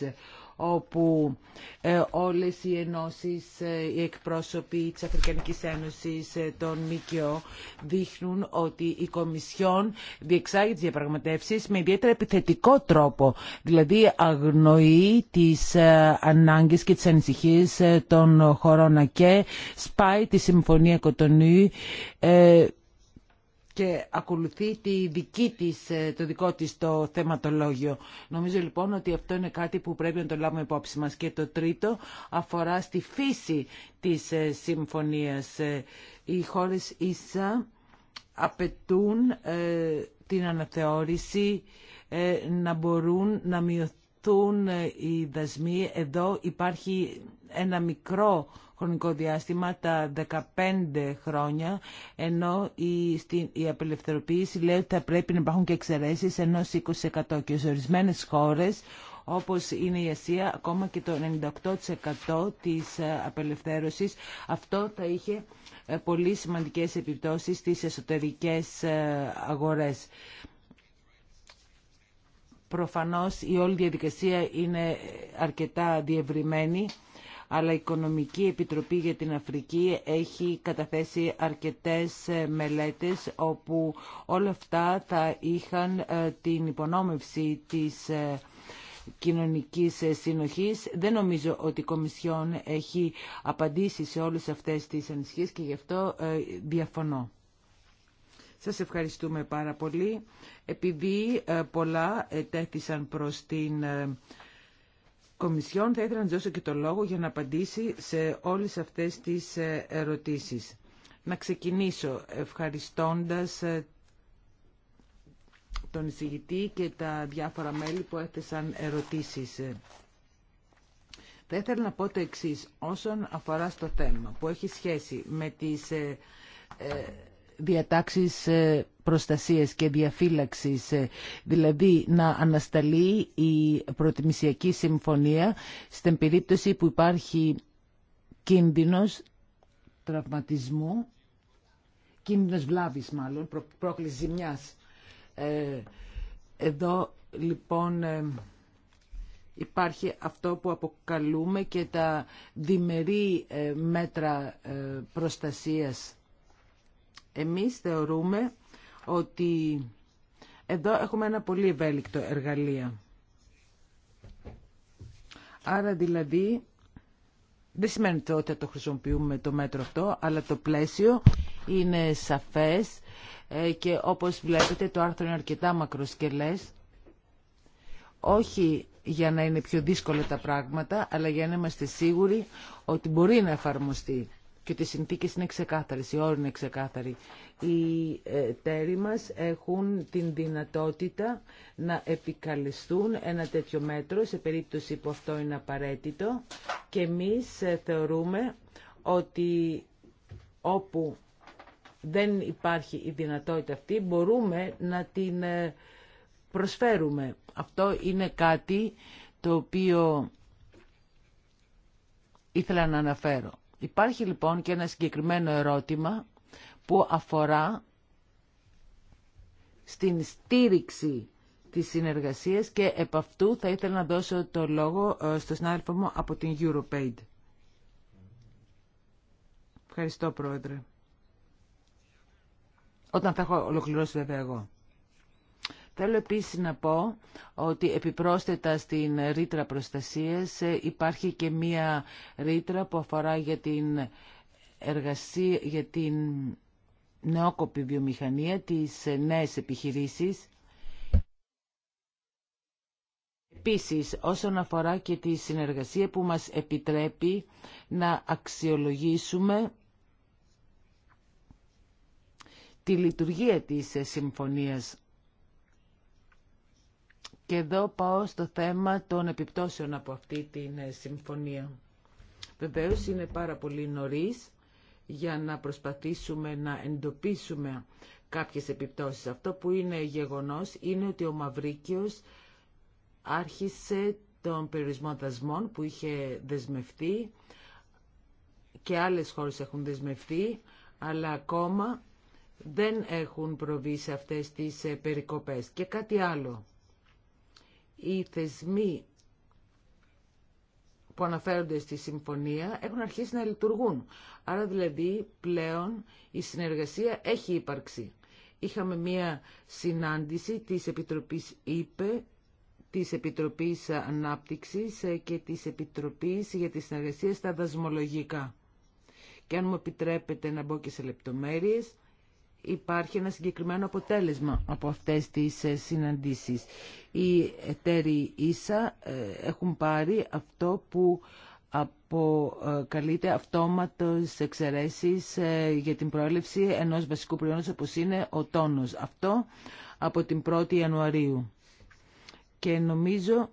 όπου ε, όλες οι ενώσεις, ε, οι εκπρόσωποι της Αφρικανικής Ένωσης ε, των ΜΚΟ δείχνουν ότι η Κομισιόν διεξάγει τις διαπραγματεύσεις με ιδιαίτερα επιθετικό τρόπο, δηλαδή αγνοεί τις ανάγκες και τις ανησυχίες των χωρών και σπάει τη Συμφωνία Κοτονού και ακολουθεί δική της, ε, το δικό της το θεματολόγιο. Νομίζω λοιπόν ότι αυτό είναι κάτι που πρέπει να το λάβουμε υπόψη μας. Και το τρίτο αφορά στη φύση της ε, συμφωνίας. Ε, οι χώρες ίσα απαιτούν την αναθεώρηση να μπορούν να μειωθούν οι δασμοί. Εδώ υπάρχει ένα μικρό χρονικό διάστημα, τα 15 χρόνια, ενώ η, στην η απελευθερωποίηση λέει ότι θα πρέπει να υπάρχουν και εξαιρέσεις ενό 20% και σε ορισμένε χώρες όπως είναι η Ασία, ακόμα και το 98% της ε, απελευθέρωσης. Αυτό θα είχε ε, πολύ σημαντικές επιπτώσεις στις εσωτερικές ε, αγορές. Προφανώς η όλη διαδικασία είναι αρκετά διευρυμένη αλλά η Οικονομική Επιτροπή για την Αφρική έχει καταθέσει αρκετές ε, μελέτες όπου όλα αυτά θα είχαν ε, την υπονόμευση της ε, κοινωνικής συνοχής. Δεν νομίζω ότι η Κομισιόν έχει απαντήσει σε όλες αυτές τις ανησυχίες και γι' αυτό διαφωνώ. Σας ευχαριστούμε πάρα πολύ. Επειδή πολλά τέθησαν προς την Κομισιόν θα ήθελα να δώσω και το λόγο για να απαντήσει σε όλες αυτές τις ε, ερωτήσεις. Να ξεκινήσω ευχαριστώντας ε, τον εισηγητή και τα διάφορα μέλη που έθεσαν ερωτήσεις. Θα ήθελα να πω το εξής όσον αφορά στο θέμα που έχει σχέση με τις ε, διατάξεις ε, προστασίας και διαφύλαξης, ε, δηλαδή να ανασταλεί η προτιμησιακή συμφωνία στην περίπτωση που υπάρχει κίνδυνος τραυματισμού, κίνδυνος βλάβης μάλλον, πρόκληση ζημιάς. Ε, εδώ λοιπόν υπάρχει αυτό που αποκαλούμε και τα διμερεί μέτρα προστασίας εμείς θεωρούμε ότι εδώ έχουμε ένα πολύ ευέλικτο εργαλείο. Άρα δηλαδή δεν σημαίνει ότι το χρησιμοποιούμε το μέτρο αυτό, αλλά το πλαίσιο είναι σαφές ε, και όπως βλέπετε το άρθρο είναι αρκετά μακροσκελές. Όχι για να είναι πιο δύσκολα τα πράγματα, αλλά για να είμαστε σίγουροι ότι μπορεί να εφαρμοστεί και ότι οι συνθήκε είναι ξεκάθαρε, οι όροι είναι ξεκάθαροι. Οι ε, τέροι μας έχουν την δυνατότητα να επικαλεστούν ένα τέτοιο μέτρο σε περίπτωση που αυτό είναι απαραίτητο και εμεί ε, θεωρούμε ότι όπου δεν υπάρχει η δυνατότητα αυτή μπορούμε να την ε, προσφέρουμε. Αυτό είναι κάτι το οποίο ήθελα να αναφέρω. Υπάρχει λοιπόν και ένα συγκεκριμένο ερώτημα που αφορά στην στήριξη της συνεργασίας και επ' αυτού θα ήθελα να δώσω το λόγο ε, στο συνάδελφο μου από την Europaid. Ευχαριστώ, Πρόεδρε. Όταν θα έχω ολοκληρώσει βέβαια εγώ. Θέλω επίσης να πω ότι επιπρόσθετα στην ρήτρα προστασίας ε, υπάρχει και μία ρήτρα που αφορά για την εργασία, για την νεόκοπη βιομηχανία, τις ε, νέες επιχειρήσεις. Επίσης, όσον αφορά και τη συνεργασία που μας επιτρέπει να αξιολογήσουμε τη λειτουργία της ε, συμφωνίας και εδώ πάω στο θέμα των επιπτώσεων από αυτή τη ε, συμφωνία. Βεβαίω είναι πάρα πολύ νωρί για να προσπαθήσουμε να εντοπίσουμε κάποιες επιπτώσεις. Αυτό που είναι γεγονός είναι ότι ο Μαυρίκιος άρχισε τον περιορισμό δασμών που είχε δεσμευτεί και άλλες χώρες έχουν δεσμευτεί, αλλά ακόμα δεν έχουν προβεί σε αυτές τις ε, περικοπές. Και κάτι άλλο οι θεσμοί που αναφέρονται στη συμφωνία έχουν αρχίσει να λειτουργούν. Άρα δηλαδή πλέον η συνεργασία έχει ύπαρξη. Είχαμε μία συνάντηση της Επιτροπής ΥΠΕ, της Επιτροπής Ανάπτυξης και της Επιτροπής για τη Συνεργασία στα Δασμολογικά. Και αν μου επιτρέπετε να μπω και σε λεπτομέρειες, υπάρχει ένα συγκεκριμένο αποτέλεσμα από αυτές τις ε, συναντήσεις. Οι εταίροι ίσα ε, έχουν πάρει αυτό που αποκαλείται αυτόματος εξαιρέσεις ε, για την προέλευση ενός βασικού προϊόντος όπως είναι ο τόνος. Αυτό από την 1η Ιανουαρίου. Και νομίζω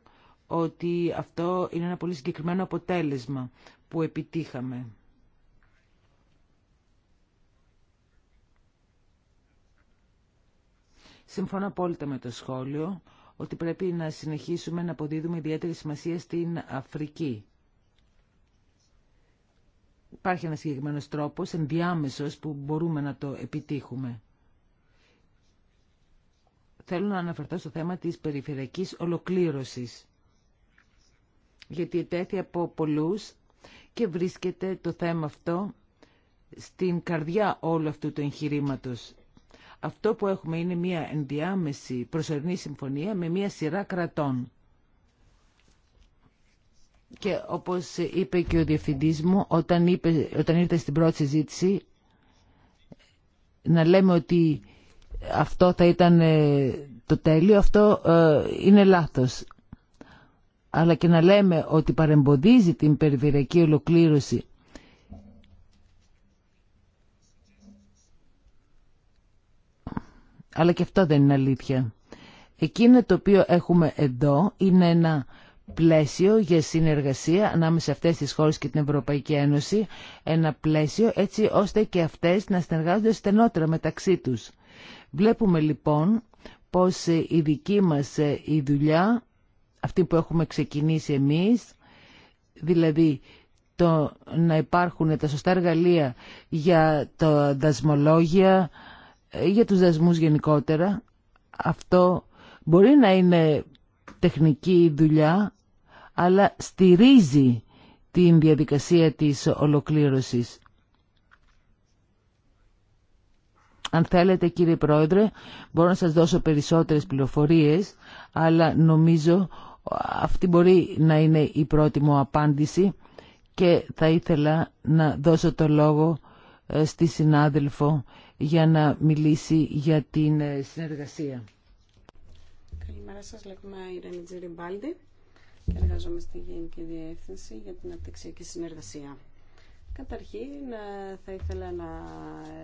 ότι αυτό είναι ένα πολύ συγκεκριμένο αποτέλεσμα που επιτύχαμε. Συμφωνώ απόλυτα με το σχόλιο ότι πρέπει να συνεχίσουμε να αποδίδουμε ιδιαίτερη σημασία στην Αφρική. Υπάρχει ένας συγκεκριμένο τρόπος, ενδιάμεσος, που μπορούμε να το επιτύχουμε. Θέλω να αναφερθώ στο θέμα της περιφερειακής ολοκλήρωσης. Γιατί ετέθη από πολλούς και βρίσκεται το θέμα αυτό στην καρδιά όλου αυτού του εγχειρήματος. Αυτό που έχουμε είναι μια ενδιάμεση προσωρινή συμφωνία με μια σειρά κρατών. Και όπως είπε και ο διευθυντής μου, όταν, είπε, όταν ήρθε στην πρώτη συζήτηση, να λέμε ότι αυτό θα ήταν ε, το τέλειο, αυτό ε, είναι λάθος. Αλλά και να λέμε ότι παρεμποδίζει την περιφερειακή ολοκλήρωση Αλλά και αυτό δεν είναι αλήθεια. Εκείνο το οποίο έχουμε εδώ είναι ένα πλαίσιο για συνεργασία ανάμεσα σε αυτές τις χώρες και την Ευρωπαϊκή Ένωση, ένα πλαίσιο έτσι ώστε και αυτές να συνεργάζονται στενότερα μεταξύ τους. Βλέπουμε λοιπόν πως ε, η δική μας ε, η δουλειά, αυτή που έχουμε ξεκινήσει εμείς, δηλαδή το να υπάρχουν τα σωστά εργαλεία για τα δασμολόγια, για τους δασμούς γενικότερα. Αυτό μπορεί να είναι τεχνική δουλειά, αλλά στηρίζει την διαδικασία της ολοκλήρωσης. Αν θέλετε κύριε Πρόεδρε, μπορώ να σας δώσω περισσότερες πληροφορίες, αλλά νομίζω αυτή μπορεί να είναι η πρώτη μου απάντηση και θα ήθελα να δώσω το λόγο ε, στη συνάδελφο για να μιλήσει για την ε, συνεργασία. Καλημέρα σας, λέγομαι Ιρένη Τζεριμπάλντι και εργαζόμαι στη Γενική Διεύθυνση για την Απτυξιακή Συνεργασία. Καταρχήν ε, θα ήθελα να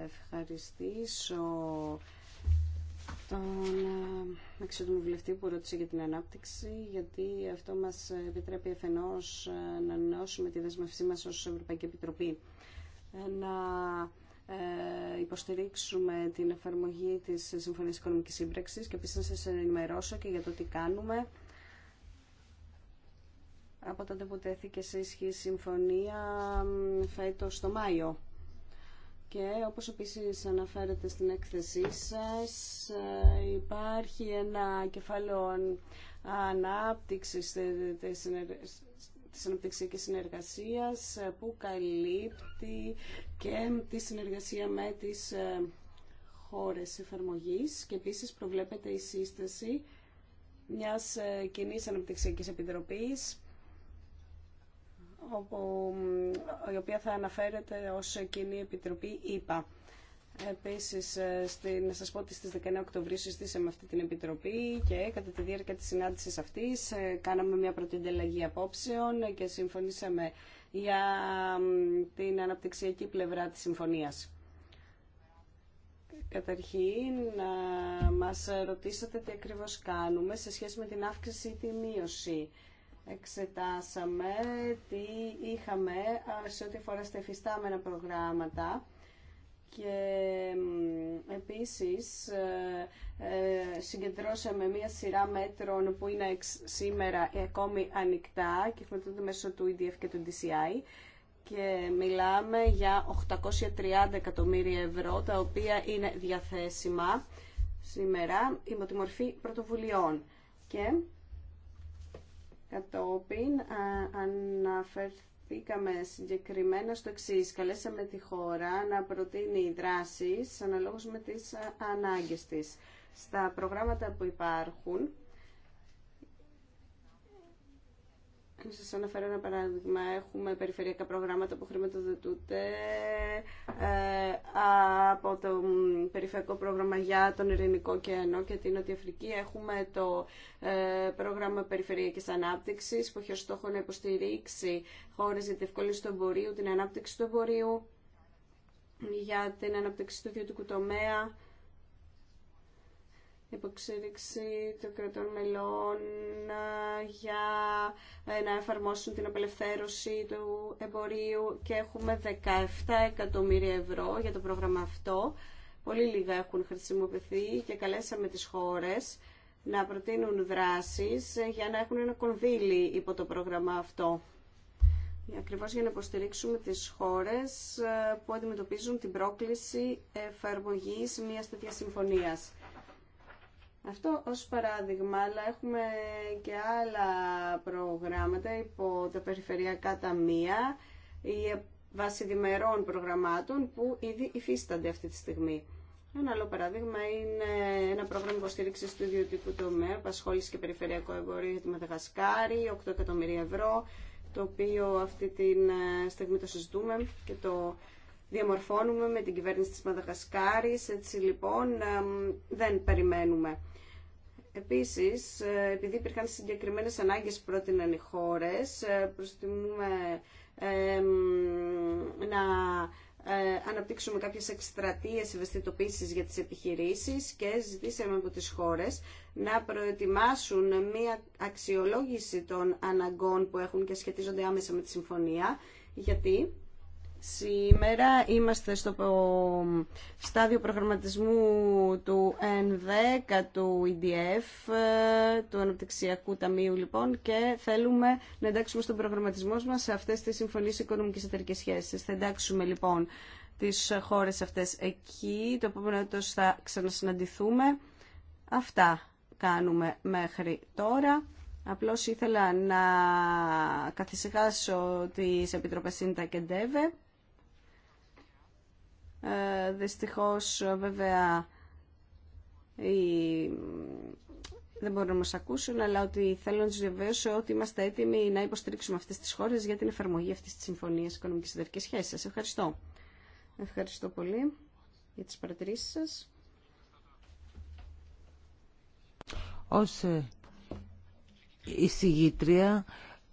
ευχαριστήσω τον ε, αξιότιμο βουλευτή που ρώτησε για την ανάπτυξη, γιατί αυτό μας επιτρέπει εφενός να νεώσουμε τη δεσμευσή μας ως Ευρωπαϊκή Επιτροπή. Να ε, υποστηρίξουμε την εφαρμογή της Συμφωνίας Οικονομικής Σύμπραξης και επίσης να σας ενημερώσω και για το τι κάνουμε. Από τότε που τέθηκε σε ισχύ η συμφωνία φέτος το Μάιο. Και όπως επίσης αναφέρεται στην έκθεσή σας, ε, υπάρχει ένα κεφάλαιο ανάπτυξης της αναπτυξιακής συνεργασίας ε, που καλύπτει και τη συνεργασία με τις ε, χώρες εφαρμογής και επίσης προβλέπεται η σύσταση μιας ε, κοινή αναπτυξιακής επιτροπής η οποία θα αναφέρεται ως κοινή επιτροπή ΙΠΑ. Επίσης, ε, να σας πω ότι στις 19 Οκτωβρίου συζητήσαμε αυτή την Επιτροπή και κατά τη διάρκεια της συνάντησης αυτής ε, κάναμε μια πρώτη ανταλλαγή απόψεων και συμφωνήσαμε για την αναπτυξιακή πλευρά της συμφωνίας. Καταρχήν, μας ρωτήσατε τι ακριβώς κάνουμε σε σχέση με την αύξηση ή τη μείωση. Εξετάσαμε τι είχαμε ε, σε ό,τι αφορά στα εφιστάμενα προγράμματα και επίσης ε, ε, συγκεντρώσαμε μία σειρά μέτρων που είναι σήμερα ακόμη ανοιχτά και μέσω του EDF και του DCI και μιλάμε για 830 εκατομμύρια ευρώ τα οποία είναι διαθέσιμα σήμερα υπό τη μορφή πρωτοβουλειών και κατόπιν αναφέρθηκε πήκαμε συγκεκριμένα στο εξή. Καλέσαμε τη χώρα να προτείνει δράσεις αναλόγως με τις ανάγκες της. Στα προγράμματα που υπάρχουν, Και σας αναφέρω ένα παράδειγμα. Έχουμε περιφερειακά προγράμματα που χρηματοδοτούνται ε, από το περιφερειακό πρόγραμμα για τον Ειρηνικό Κένο και την Νότια Αφρική. Έχουμε το ε, πρόγραμμα περιφερειακής ανάπτυξης που έχει ως στόχο να υποστηρίξει χώρες για τη ευκολήση του εμπορίου, την ανάπτυξη του εμπορίου, για την ανάπτυξη του ιδιωτικού τομέα υποξήριξη των κρατών μελών ε, για ε, να εφαρμόσουν την απελευθέρωση του εμπορίου και έχουμε 17 εκατομμύρια ευρώ για το πρόγραμμα αυτό. Πολύ λίγα έχουν χρησιμοποιηθεί και καλέσαμε τις χώρες να προτείνουν δράσεις ε, για να έχουν ένα κονδύλι υπό το πρόγραμμα αυτό. Ακριβώς για να υποστηρίξουμε τις χώρες που αντιμετωπίζουν την πρόκληση εφαρμογής μιας τέτοιας συμφωνίας. Αυτό ως παράδειγμα, αλλά έχουμε και άλλα προγράμματα υπό τα περιφερειακά ταμεία ή ε, βάση διμερών προγραμμάτων που ήδη υφίστανται αυτή τη στιγμή. Ένα άλλο παράδειγμα είναι ένα πρόγραμμα υποστήριξη του ιδιωτικού τομέα, απασχόληση και περιφερειακό εμπορίο για τη Μαδαγασκάρη, 8 εκατομμύρια ευρώ, το οποίο αυτή τη ε, στιγμή το συζητούμε και το διαμορφώνουμε με την κυβέρνηση της Μαδαγασκάρης. Έτσι λοιπόν δεν περιμένουμε Επίσης, ε, επειδή υπήρχαν συγκεκριμένες ανάγκες που πρότειναν οι χώρες, ε, προστιμούμε να ε, αναπτύξουμε κάποιες εκστρατείε ευαισθητοποίησης για τις επιχειρήσεις και ζητήσαμε από τις χώρες να προετοιμάσουν μια αξιολόγηση των αναγκών που έχουν και σχετίζονται άμεσα με τη συμφωνία, γιατί Σήμερα είμαστε στο στάδιο προγραμματισμού του N10, του EDF, του Αναπτυξιακού Ταμείου λοιπόν και θέλουμε να εντάξουμε στον προγραμματισμό μας σε αυτές τις συμφωνίες οικονομικής εταιρικής Θα εντάξουμε λοιπόν τις χώρες αυτές εκεί, το επόμενο έτος θα ξανασυναντηθούμε. Αυτά κάνουμε μέχρι τώρα. Απλώς ήθελα να καθησυχάσω τις Επιτροπές ΣΥΝΤΑ και ε, δυστυχώς βέβαια δεν μπορούν να μας ακούσουν, αλλά ότι θέλω να τους διαβεβαιώσω ότι είμαστε έτοιμοι να υποστηρίξουμε αυτές τις χώρες για την εφαρμογή αυτής της Συμφωνίας Οικονομικής Συντερικής Σχέσης. Σας ευχαριστώ. Ευχαριστώ πολύ για τις παρατηρήσεις σας. Ως ε, εισηγήτρια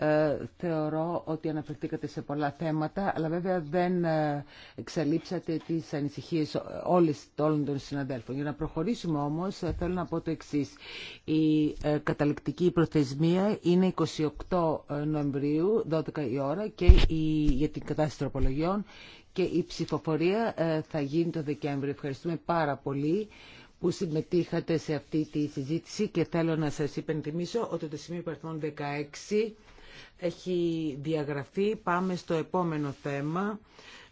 ε, θεωρώ ότι αναφερθήκατε σε πολλά θέματα, αλλά βέβαια δεν ε, εξαλείψατε τις ανησυχίες όλες, όλων των συναδέλφων. Για να προχωρήσουμε όμως, ε, θέλω να πω το εξής. Η καταληκτική προθεσμία είναι 28 Νοεμβρίου, 12 η ώρα, και η, για την κατάσταση τροπολογιών και η ψηφοφορία θα γίνει το Δεκέμβριο. Ευχαριστούμε πάρα πολύ που συμμετείχατε σε αυτή τη συζήτηση και θέλω να σας υπενθυμίσω ότι το σημείο υπαρθμών 16 έχει διαγραφεί. Πάμε στο επόμενο θέμα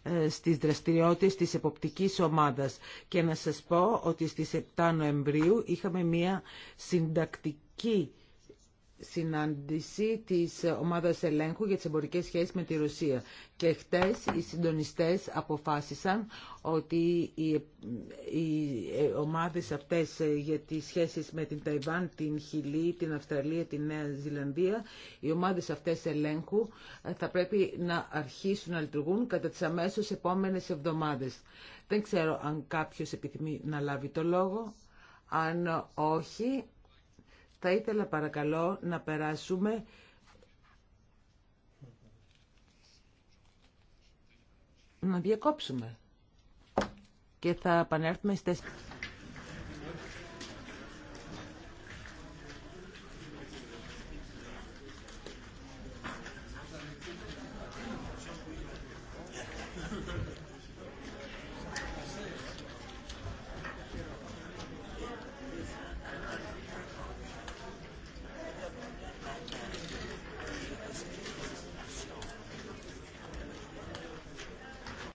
ε, στις δραστηριότητες της εποπτικής ομάδας. Και να σας πω ότι στις 7 Νοεμβρίου είχαμε μία συντακτική συνάντηση της ομάδας ελέγχου για τις εμπορικές σχέσεις με τη Ρωσία. Και χτες οι συντονιστές αποφάσισαν ότι οι, οι ομάδες αυτές για τις σχέσεις με την Ταϊβάν, την Χιλή, την Αυστραλία, την Νέα Ζηλανδία, οι ομάδες αυτές ελέγχου ε, θα πρέπει να αρχίσουν να λειτουργούν κατά τις αμέσως επόμενες εβδομάδες. Δεν ξέρω αν κάποιος επιθυμεί να λάβει το λόγο. Αν όχι, θα ήθελα παρακαλώ να περάσουμε να διακόψουμε και θα επανέλθουμε στις